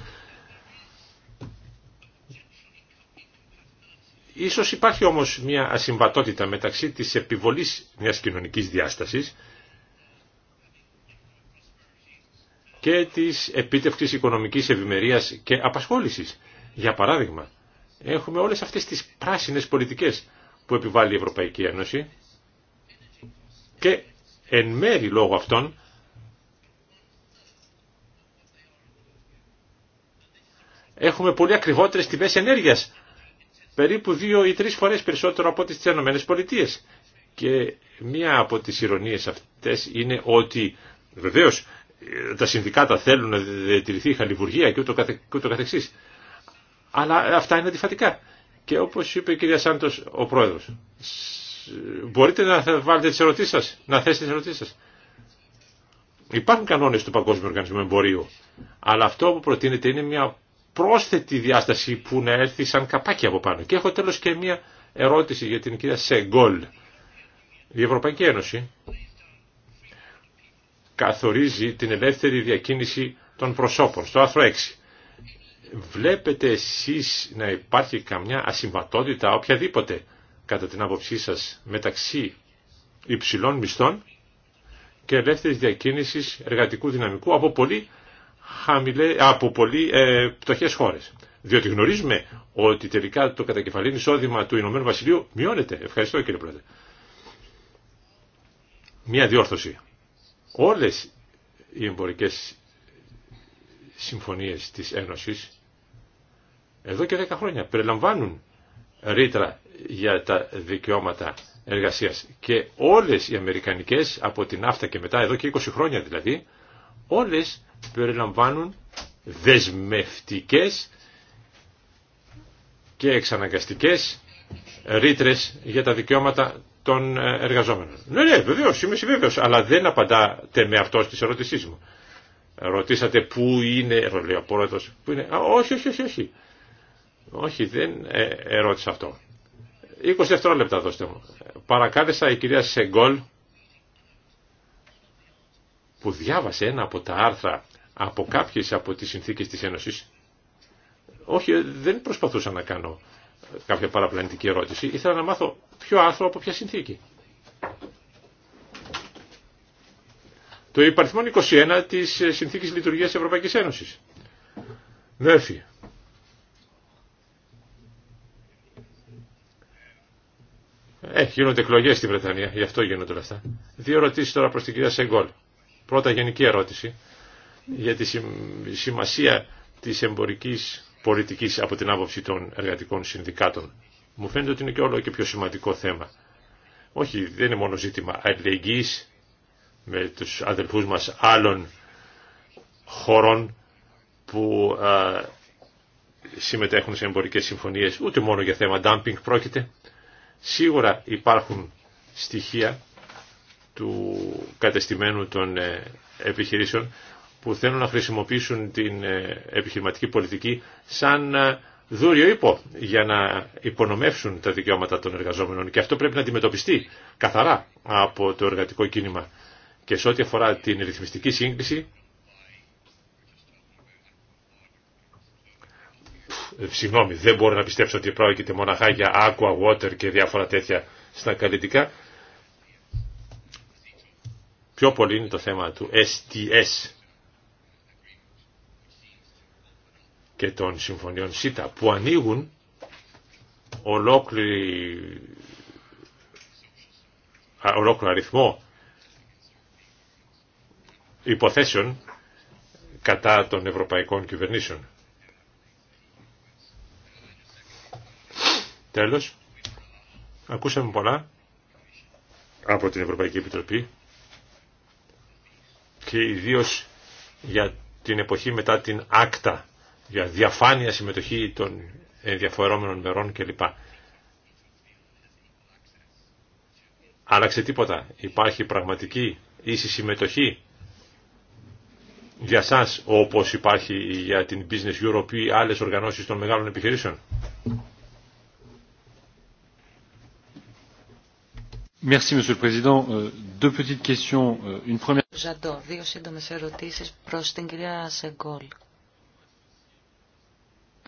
Ίσως υπάρχει όμως μια ασυμβατότητα μεταξύ της επιβολής μιας κοινωνικής διάστασης και της επίτευξης οικονομικής ευημερίας και απασχόλησης. Για παράδειγμα, έχουμε όλες αυτές τις πράσινες πολιτικές που επιβάλλει η Ευρωπαϊκή Ένωση και εν μέρη λόγω αυτών έχουμε πολύ ακριβότερες τιμές ενέργειας, περίπου δύο ή τρεις φορές περισσότερο από τις Ηνωμένες Πολιτείες. Και μία από τις ηρωνίες αυτές είναι ότι βεβαίως τα συνδικάτα θέλουν να διατηρηθεί η χαλιβουργία και ούτω, καθε, και ούτω καθεξής. Αλλά αυτά είναι αντιφατικά. Και όπως είπε η κυρία Σάντος, ο πρόεδρος, μπορείτε να βάλετε τις ερωτήσεις σας, να θέσετε τις ερωτήσεις σας. Υπάρχουν κανόνες του Παγκόσμιου Οργανισμού Εμπορίου, αλλά αυτό που προτείνεται είναι μια πρόσθετη διάσταση που να έρθει σαν καπάκι από πάνω. Και έχω τέλος και μια ερώτηση για την κυρία Σεγκόλ. Η Ευρωπαϊκή Ένωση καθορίζει την ελεύθερη διακίνηση των προσώπων. Στο άρθρο 6. Βλέπετε εσείς να υπάρχει καμιά ασυμβατότητα οποιαδήποτε κατά την άποψή σας μεταξύ υψηλών μισθών και ελεύθερης διακίνησης εργατικού δυναμικού από πολύ, χαμηλέ, από ε, πτωχές χώρες. Διότι γνωρίζουμε ότι τελικά το κατακεφαλήν εισόδημα του Ηνωμένου Βασιλείου μειώνεται. Ευχαριστώ κύριε Πρόεδρε. Μία διόρθωση. Όλες οι εμπορικές συμφωνίες της Ένωσης εδώ και 10 χρόνια περιλαμβάνουν ρήτρα για τα δικαιώματα εργασίας και όλες οι αμερικανικές από την αύτα και μετά εδώ και 20 χρόνια δηλαδή όλες περιλαμβάνουν δεσμευτικές και εξαναγκαστικές ρήτρε για τα δικαιώματα των ε, εργαζόμενων. Ναι, ναι, βεβαίω, είμαι βέβαιος, αλλά δεν απαντάτε με αυτό στις ερωτήσεις μου. Ρωτήσατε πού είναι, ε, λέει ο πού είναι. όχι, όχι, όχι, όχι. Όχι, δεν ερώτησα ε, αυτό. 20 δευτερόλεπτα δώστε μου. Παρακάλεσα η κυρία Σεγκόλ που διάβασε ένα από τα άρθρα από κάποιες από τις συνθήκες της Ένωσης. Όχι, δεν προσπαθούσα να κάνω κάποια παραπλανητική ερώτηση. Ήθελα να μάθω ποιο άρθρο από ποια συνθήκη. Το υπαριθμό 21 της Συνθήκης Λειτουργίας Ευρωπαϊκής Ένωσης. Μέρφυ. Ε, γίνονται εκλογέ στη Βρετανία, γι' αυτό γίνονται όλα αυτά. Δύο ερωτήσει τώρα προς την κυρία Σεγκόλ. Πρώτα γενική ερώτηση για τη σημασία της εμπορική πολιτικής από την άποψη των εργατικών συνδικάτων. Μου φαίνεται ότι είναι και όλο και πιο σημαντικό θέμα. Όχι, δεν είναι μόνο ζήτημα αλληλεγγύης με τους αδελφούς μας άλλων χωρών που συμμετέχουν σε εμπορικές συμφωνίες, ούτε μόνο για θέμα dumping πρόκειται. Σίγουρα υπάρχουν στοιχεία του κατεστημένου των ε, επιχειρήσεων που θέλουν να χρησιμοποιήσουν την ε, επιχειρηματική πολιτική σαν ε, δούριο ύπο για να υπονομεύσουν τα δικαιώματα των εργαζόμενων και αυτό πρέπει να αντιμετωπιστεί καθαρά από το εργατικό κίνημα. Και σε ό,τι αφορά την ρυθμιστική σύγκριση, συγγνώμη, δεν μπορώ να πιστέψω ότι πρόκειται μοναχά για aqua, water και διάφορα τέτοια στα καλλιτικά. Πιο πολύ είναι το θέμα του STS, και των συμφωνιών ΣΥΤΑ που ανοίγουν ολόκληρη, ολόκληρο αριθμό υποθέσεων κατά των ευρωπαϊκών κυβερνήσεων. Τέλος, ακούσαμε πολλά από την Ευρωπαϊκή Επιτροπή και ιδίως για την εποχή μετά την άκτα για διαφάνεια συμμετοχή των ενδιαφερόμενων μερών κλπ. Άλλαξε τίποτα. Υπάρχει πραγματική ίση συμμετοχή για σας όπως υπάρχει για την Business Europe ή άλλες οργανώσεις των μεγάλων επιχειρήσεων. Merci, Monsieur le Président. Euh, deux petites questions. Euh, une première. Ζαντώ, δύο σύντομες ερωτήσεις προς την κυρία Σεγκόλ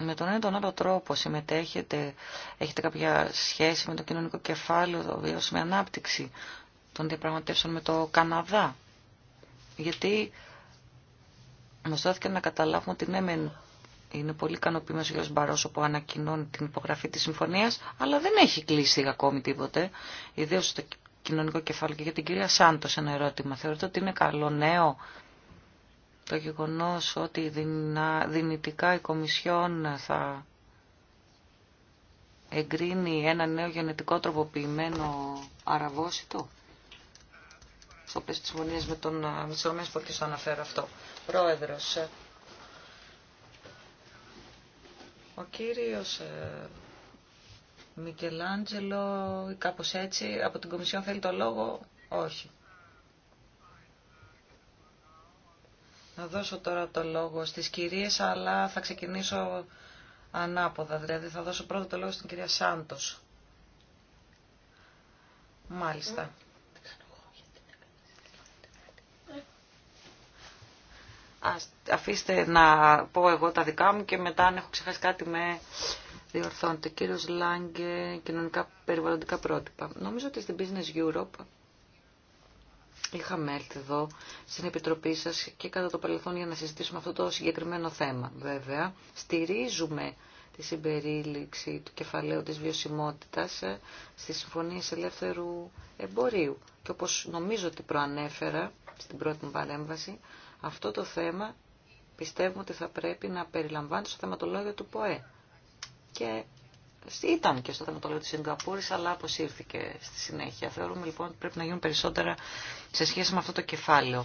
με τον ένα τον άλλο τρόπο συμμετέχετε, έχετε κάποια σχέση με το κοινωνικό κεφάλαιο, το με ανάπτυξη των διαπραγματεύσεων με το Καναδά. Γιατί μας δόθηκε να καταλάβουμε ότι ναι, είναι πολύ ικανοποιημένος ο κ. Μπαρόσο που ανακοινώνει την υπογραφή της συμφωνίας, αλλά δεν έχει κλείσει ακόμη τίποτε, Ιδίω στο κοινωνικό κεφάλαιο και για την κυρία Σάντος ένα ερώτημα. Θεωρείτε ότι είναι καλό νέο το γεγονός ότι δυνητικά η Κομισιόν θα εγκρίνει ένα νέο γενετικό τροποποιημένο αραβόσιτο. Στο πλαίσιο της συμφωνίας με, τον, με που το αναφέρω αυτό. Πρόεδρος, ε, ο κύριος ε, Μικελάντζελο ή κάπως έτσι από την Κομισιόν θέλει το λόγο, όχι. Να δώσω τώρα το λόγο στις κυρίες, αλλά θα ξεκινήσω ανάποδα. Δηλαδή θα δώσω πρώτα το λόγο στην κυρία Σάντος. Μάλιστα. αφήστε να πω εγώ τα δικά μου και μετά αν έχω ξεχάσει κάτι με διορθώνετε. Κύριος Λάγκε, κοινωνικά περιβαλλοντικά πρότυπα. Νομίζω ότι στην Business Europe Είχαμε έρθει εδώ στην Επιτροπή σας και κατά το παρελθόν για να συζητήσουμε αυτό το συγκεκριμένο θέμα. Βέβαια, στηρίζουμε τη συμπερίληψη του κεφαλαίου της βιωσιμότητας ε, στις συμφωνίες ελεύθερου εμπορίου. Και όπως νομίζω ότι προανέφερα στην πρώτη μου παρέμβαση, αυτό το θέμα πιστεύουμε ότι θα πρέπει να περιλαμβάνεται στο θεματολόγιο του ΠΟΕ. Και ήταν και στο θεματολόγιο τη Σιγκαπούρη, αλλά αποσύρθηκε στη συνέχεια. Θεωρούμε λοιπόν ότι πρέπει να γίνουν περισσότερα σε σχέση με αυτό το κεφάλαιο.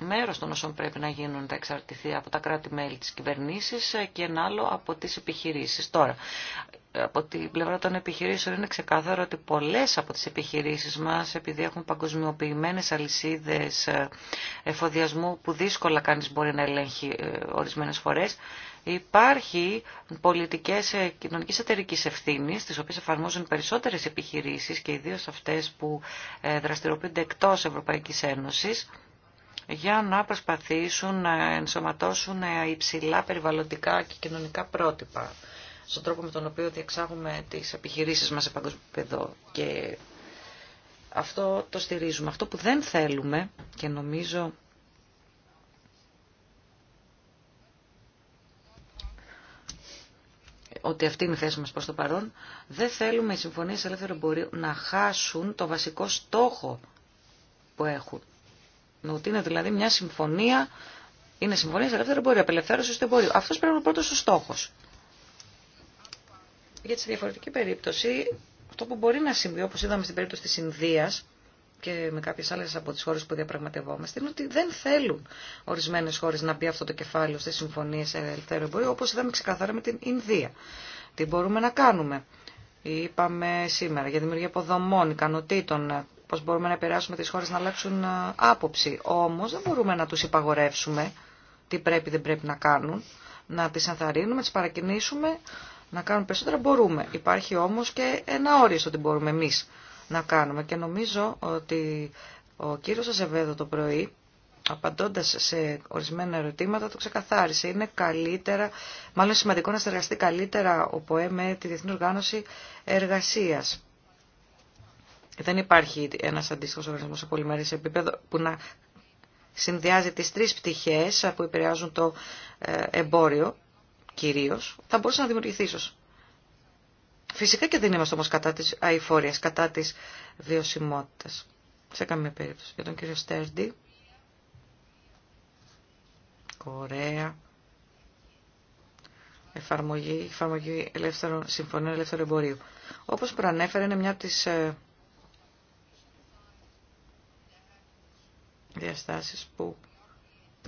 Μέρο των όσων πρέπει να γίνουν θα εξαρτηθεί από τα κράτη-μέλη τη κυβερνήση και ένα άλλο από τι επιχειρήσει. Τώρα, από την πλευρά των επιχειρήσεων είναι ξεκάθαρο ότι πολλέ από τι επιχειρήσει μα, επειδή έχουν παγκοσμιοποιημένε αλυσίδε ε, εφοδιασμού που δύσκολα κανεί μπορεί να ελέγχει ε, ορισμένε φορέ. Υπάρχει πολιτικές ε, κοινωνικής εταιρικής ευθύνης, τις οποίες εφαρμόζουν περισσότερες επιχειρήσεις και ιδίως αυτές που ε, δραστηριοποιούνται εκτός Ευρωπαϊκής Ένωσης, για να προσπαθήσουν να ενσωματώσουν ε, υψηλά περιβαλλοντικά και κοινωνικά πρότυπα στον τρόπο με τον οποίο διεξάγουμε τις επιχειρήσεις μας σε παγκόσμιο Και αυτό το στηρίζουμε. Αυτό που δεν θέλουμε και νομίζω ότι αυτή είναι η θέση μας προς το παρόν, δεν θέλουμε οι συμφωνίες ελεύθερου εμπορίου να χάσουν το βασικό στόχο που έχουν. Ότι είναι δηλαδή μια συμφωνία, είναι συμφωνίες ελεύθερου εμπορίου, απελευθέρωση του εμπορίου. Αυτός πρέπει να είναι ο πρώτος ο στόχος. Γιατί σε διαφορετική περίπτωση, αυτό που μπορεί να συμβεί, όπως είδαμε στην περίπτωση της Ινδίας, και με κάποιε άλλε από τι χώρε που διαπραγματευόμαστε είναι ότι δεν θέλουν ορισμένε χώρε να μπει αυτό το κεφάλαιο στι συμφωνίε ελευθερών εμπορίου όπω είδαμε ξεκαθαρά με την Ινδία. Τι μπορούμε να κάνουμε. Είπαμε σήμερα για δημιουργία αποδομών, ικανοτήτων, πώ μπορούμε να επηρεάσουμε τι χώρε να αλλάξουν ε, άποψη. Όμω δεν μπορούμε να του υπαγορεύσουμε τι πρέπει δεν πρέπει να κάνουν, να τι ενθαρρύνουμε, να τι παρακινήσουμε, να κάνουν περισσότερα μπορούμε. Υπάρχει όμω και ένα όριο στο τι μπορούμε εμεί να κάνουμε. Και νομίζω ότι ο κύριος Ασεβέδο το πρωί, απαντώντας σε ορισμένα ερωτήματα, το ξεκαθάρισε. Είναι καλύτερα, μάλλον σημαντικό να συνεργαστεί καλύτερα ο ΠΟΕ με τη Διεθνή Οργάνωση Εργασίας. Δεν υπάρχει ένας αντίστοιχος οργανισμός σε πολυμερές επίπεδο που να συνδυάζει τις τρεις πτυχές που επηρεάζουν το ε, εμπόριο κυρίως, θα μπορούσε να δημιουργηθεί ίσως. Φυσικά και δεν είμαστε όμως κατά της αηφόρειας, κατά της βιωσιμότητας. Σε καμία περίπτωση. Για τον κύριο Στέρντι. Κορέα. Εφαρμογή, εφαρμογή ελεύθερων, συμφωνίων ελεύθερου εμπορίου. Όπως προανέφερε είναι μια από τις ε, διαστάσεις που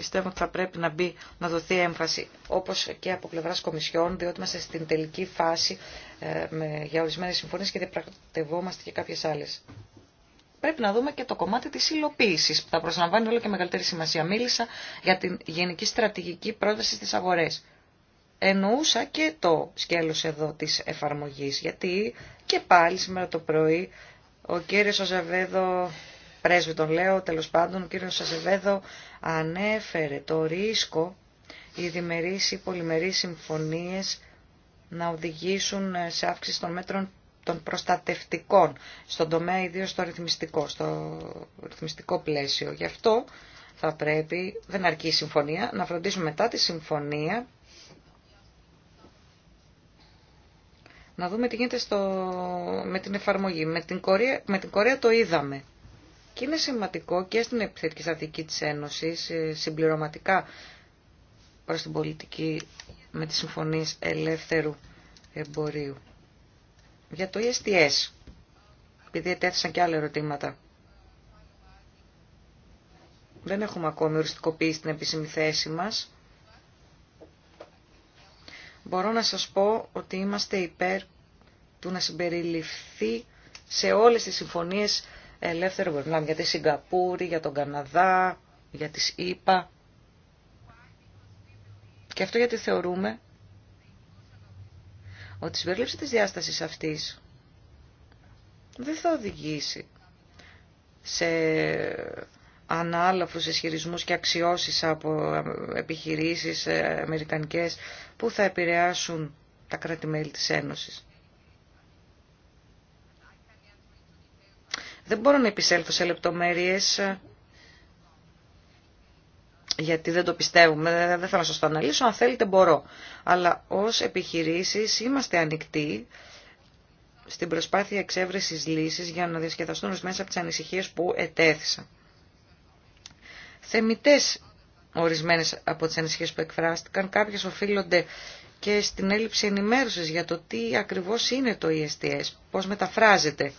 πιστεύω ότι θα πρέπει να μπει, να δοθεί έμφαση, όπως και από πλευράς Κομισιόν, διότι είμαστε στην τελική φάση ε, με, για ορισμένες συμφωνίες και δεν και κάποιες άλλες. Πρέπει να δούμε και το κομμάτι της υλοποίηση, που θα προσλαμβάνει όλο και μεγαλύτερη σημασία. Μίλησα για την γενική στρατηγική πρόταση στις αγορές. Εννοούσα και το σκέλος εδώ της εφαρμογής, γιατί και πάλι σήμερα το πρωί ο κύριος Ζαβέδο πρέσβη τον λέω, τέλος πάντων, ο κύριος Σαζεβέδο ανέφερε το ρίσκο οι διμερείς ή πολυμερείς συμφωνίες να οδηγήσουν σε αύξηση των μέτρων των προστατευτικών στον τομέα ιδίω στο ρυθμιστικό, στο ρυθμιστικό πλαίσιο. Γι' αυτό θα πρέπει, δεν αρκεί η συμφωνία, να φροντίσουμε μετά τη συμφωνία να δούμε τι γίνεται στο, με την εφαρμογή. Με την, Κορέα το είδαμε. Και είναι σημαντικό και στην επιθετική στρατηγική της Ένωσης, ε, συμπληρωματικά προς την πολιτική με τις συμφωνίες ελεύθερου εμπορίου. Για το ESTS, επειδή ετέθησαν και άλλα ερωτήματα. Δεν έχουμε ακόμη οριστικοποιήσει την επίσημη θέση μας. Μπορώ να σας πω ότι είμαστε υπέρ του να συμπεριληφθεί σε όλες τις συμφωνίες ελεύθερο να για τη Σιγκαπούρη, για τον Καναδά, για τις ΗΠΑ. Και αυτό γιατί θεωρούμε ότι η συμπερίληψη της διάστασης αυτής δεν θα οδηγήσει σε ανάλαφους ισχυρισμού και αξιώσεις από επιχειρήσεις ε, αμερικανικές που θα επηρεάσουν τα κράτη-μέλη της Ένωσης. Δεν μπορώ να επισέλθω σε λεπτομέρειες ε, γιατί δεν το πιστεύουμε, δεν θέλω να σας το αναλύσω, αν θέλετε μπορώ. Αλλά ως επιχειρήσεις είμαστε ανοιχτοί στην προσπάθεια εξέβρεσης λύσης για να διασκεδαστούν μέσα από τις ανησυχίες που ετέθησα. Θεμητές ορισμένες από τις ανησυχίες που εκφράστηκαν, κάποιες οφείλονται και στην έλλειψη ενημέρωσης για το τι ακριβώς είναι το ESTS, πώς μεταφράζεται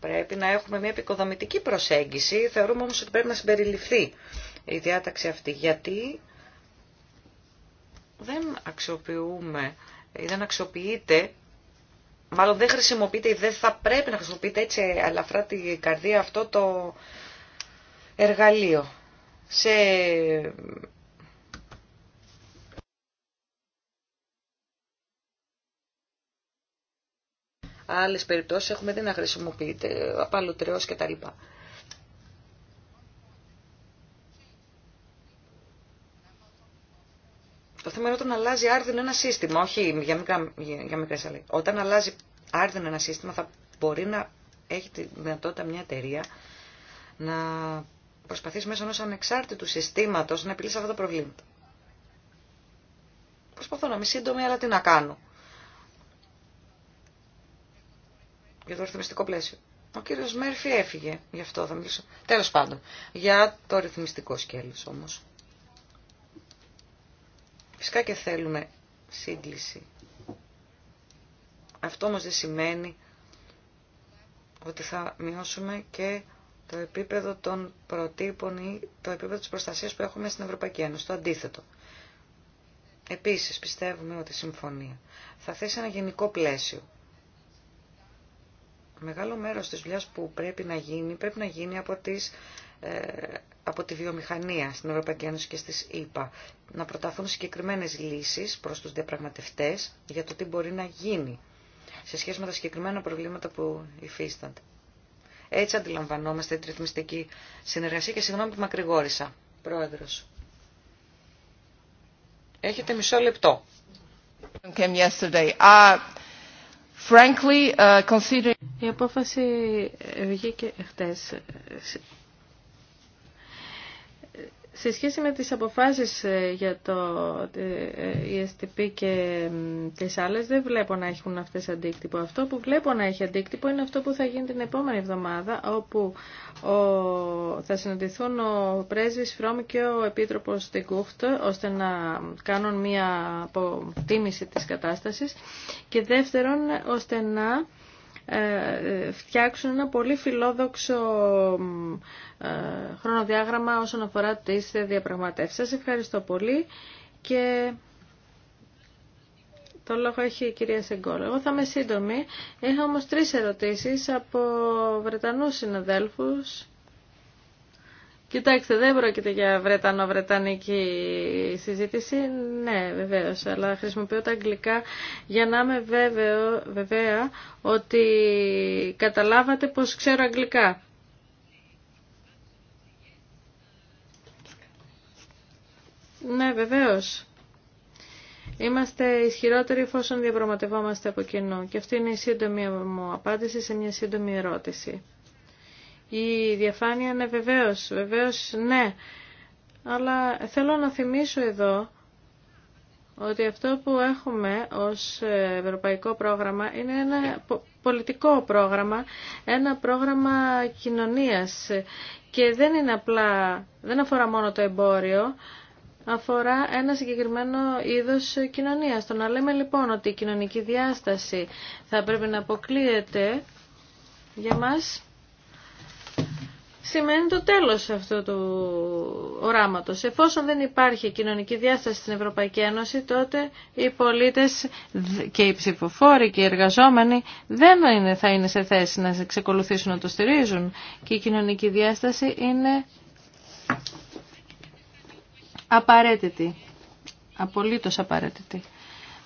Πρέπει να έχουμε μια επικοδομητική προσέγγιση, θεωρούμε όμως ότι πρέπει να συμπεριληφθεί η διάταξη αυτή, γιατί δεν αξιοποιούμε ή δεν αξιοποιείται, μάλλον δεν χρησιμοποιείται ή δεν θα πρέπει να χρησιμοποιείται έτσι αλαφρά τη καρδία αυτό το εργαλείο. Σε άλλες περιπτώσεις έχουμε δει να χρησιμοποιείται τα κτλ. Το θέμα είναι όταν αλλάζει άρδινο ένα σύστημα, όχι για, μικρά, για μικρές σαλή. Όταν αλλάζει άρδινο ένα σύστημα θα μπορεί να έχει τη δυνατότητα μια εταιρεία να προσπαθήσει μέσω ενός ανεξάρτητου συστήματος να επιλύσει αυτά το προβλήματα. Προσπαθώ να είμαι σύντομη, αλλά τι να κάνω. για το ρυθμιστικό πλαίσιο. Ο κύριο Μέρφυ έφυγε, γι' αυτό θα μιλήσω. Τέλος πάντων, για το ρυθμιστικό σκέλος όμω. Φυσικά και θέλουμε σύγκληση. Αυτό όμως δεν σημαίνει ότι θα μειώσουμε και το επίπεδο των προτύπων ή το επίπεδο της προστασίας που έχουμε στην Ευρωπαϊκή Ένωση. Το αντίθετο. Επίσης πιστεύουμε ότι η συμφωνία θα θέσει ένα γενικό πλαίσιο μεγάλο μέρος της δουλειάς που πρέπει να γίνει, πρέπει να γίνει από, τις, ε, από τη βιομηχανία στην Ευρωπαϊκή Ένωση και στις ΗΠΑ. Να προταθούν συγκεκριμένες λύσεις προς τους διαπραγματευτές για το τι μπορεί να γίνει σε σχέση με τα συγκεκριμένα προβλήματα που υφίστανται. Έτσι αντιλαμβανόμαστε τη ρυθμιστική συνεργασία και συγγνώμη που μακρηγόρησα. Πρόεδρος. Έχετε μισό λεπτό. Ah, Frankly, uh, considering... Η απόφαση βγήκε χτες. Σε σχέση με τις αποφάσεις ε, για το ESTP ε, ε, και τις άλλες, δεν βλέπω να έχουν αυτές αντίκτυπο. Αυτό που βλέπω να έχει αντίκτυπο είναι αυτό που θα γίνει την επόμενη εβδομάδα, όπου θα συναντηθούν ο πρέσβης Φρόμ και ο επίτροπος Τιγκούχτ, ώστε να κάνουν μία αποτίμηση της κατάστασης και δεύτερον, ώστε να ε, ε, φτιάξουν ένα πολύ φιλόδοξο ε, χρονοδιάγραμμα όσον αφορά τις διαπραγματεύσεις. Σας ευχαριστώ πολύ και το λόγο έχει η κυρία Σεγκόλ. Εγώ θα είμαι σύντομη. Είχα όμως τρεις ερωτήσεις από Βρετανούς συναδέλφους Κοιτάξτε, δεν πρόκειται για Βρετανο-Βρετανική συζήτηση. Ναι, βεβαίω, αλλά χρησιμοποιώ τα αγγλικά για να είμαι βέβαιο, βεβαία ότι καταλάβατε πώ ξέρω αγγλικά. Ναι, βεβαίω. Είμαστε ισχυρότεροι εφόσον διαπραγματευόμαστε από κοινού. Και αυτή είναι η σύντομη μου απάντηση σε μια σύντομη ερώτηση. Η διαφάνεια είναι βεβαίως, βεβαίως ναι. Αλλά θέλω να θυμίσω εδώ ότι αυτό που έχουμε ως ευρωπαϊκό πρόγραμμα είναι ένα πολιτικό πρόγραμμα, ένα πρόγραμμα κοινωνίας και δεν είναι απλά, δεν αφορά μόνο το εμπόριο, αφορά ένα συγκεκριμένο είδος κοινωνίας. Το να λέμε λοιπόν ότι η κοινωνική διάσταση θα πρέπει να αποκλείεται για μας σημαίνει το τέλος αυτού του οράματος. Εφόσον δεν υπάρχει κοινωνική διάσταση στην Ευρωπαϊκή Ένωση, τότε οι πολίτες και οι ψηφοφόροι και οι εργαζόμενοι δεν είναι, θα είναι σε θέση να ξεκολουθήσουν να το στηρίζουν. Και η κοινωνική διάσταση είναι απαραίτητη, απολύτως απαραίτητη.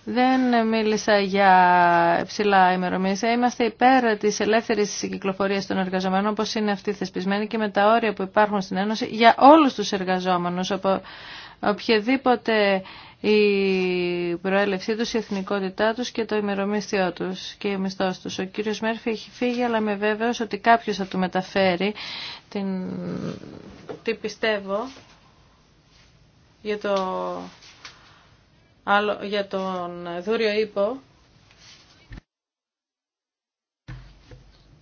Δεν μίλησα για ψηλά ημερομίσια. Είμαστε υπέρ τη ελεύθερη κυκλοφορία των εργαζομένων, όπω είναι αυτή θεσπισμένη και με τα όρια που υπάρχουν στην Ένωση για όλου του εργαζόμενου, από οποιαδήποτε η προέλευσή του, η εθνικότητά του και το ημερομίσθιό του και ο μισθό του. Ο κύριο Μέρφυ έχει φύγει, αλλά είμαι βέβαιος ότι κάποιο θα του μεταφέρει την... τι πιστεύω για το Άλλο, για τον Δούριο ύπο,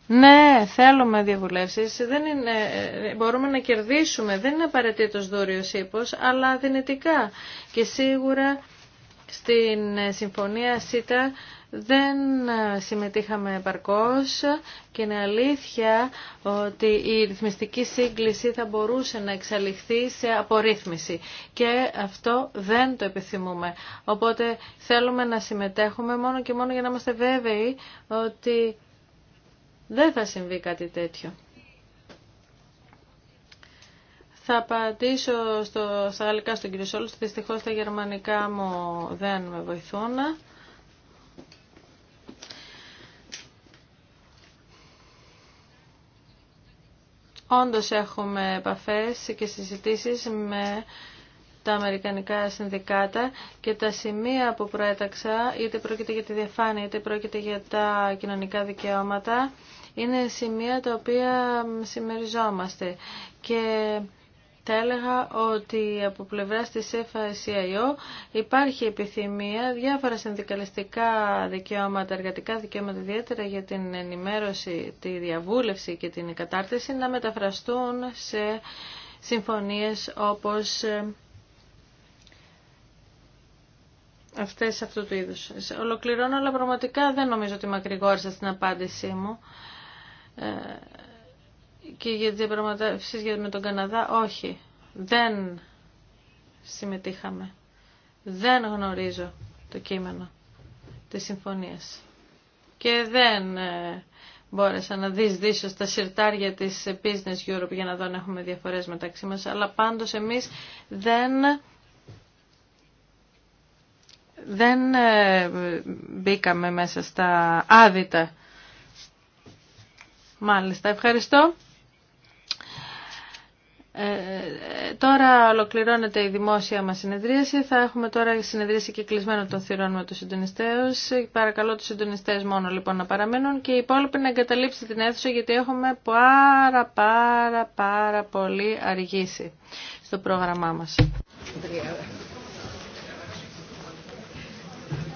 Ναι, θέλουμε διαβουλεύσεις. Δεν μπορούμε να κερδίσουμε. Δεν είναι απαραίτητος δούριο Ήπος, αλλά δυνητικά. Και σίγουρα στην συμφωνία ΣΥΤΑ δεν συμμετείχαμε επαρκώς και είναι αλήθεια ότι η ρυθμιστική σύγκληση θα μπορούσε να εξαλειχθεί σε απορρίθμιση και αυτό δεν το επιθυμούμε. Οπότε θέλουμε να συμμετέχουμε μόνο και μόνο για να είμαστε βέβαιοι ότι δεν θα συμβεί κάτι τέτοιο. Θα πατήσω στο, στα γαλλικά στον κύριο Σόλτ. Δυστυχώ τα γερμανικά μου δεν με βοηθούν. Όντως έχουμε επαφές και συζητήσεις με τα αμερικανικά συνδικάτα και τα σημεία που προέταξα, είτε πρόκειται για τη διαφάνεια, είτε πρόκειται για τα κοινωνικά δικαιώματα, είναι σημεία τα οποία συμμεριζόμαστε. Και θα έλεγα ότι από πλευράς της FACIO υπάρχει επιθυμία διάφορα συνδικαλιστικά δικαιώματα, εργατικά δικαιώματα ιδιαίτερα για την ενημέρωση, τη διαβούλευση και την κατάρτιση να μεταφραστούν σε συμφωνίες όπως ε, αυτές αυτού του είδους. Ολοκληρώνω, αλλά πραγματικά δεν νομίζω ότι μακρηγόρησα στην απάντησή μου. Ε, και για τις διαπραγματεύσεις με τον Καναδά, όχι. Δεν συμμετείχαμε. Δεν γνωρίζω το κείμενο της συμφωνίας. Και δεν ε, μπόρεσα να δεις στα συρτάρια της Business Europe για να δω αν έχουμε διαφορές μεταξύ μας. Αλλά πάντως εμείς δεν, δεν ε, μπήκαμε μέσα στα άδυτα. Μάλιστα, ευχαριστώ. Ε, τώρα ολοκληρώνεται η δημόσια μας συνεδρίαση. Θα έχουμε τώρα συνεδρίαση και κλεισμένο των θυρών με τους συντονιστές. Παρακαλώ τους συντονιστές μόνο λοιπόν να παραμένουν και οι υπόλοιποι να εγκαταλείψετε την αίθουσα γιατί έχουμε πάρα πάρα πάρα πολύ αργήσει στο πρόγραμμά μας.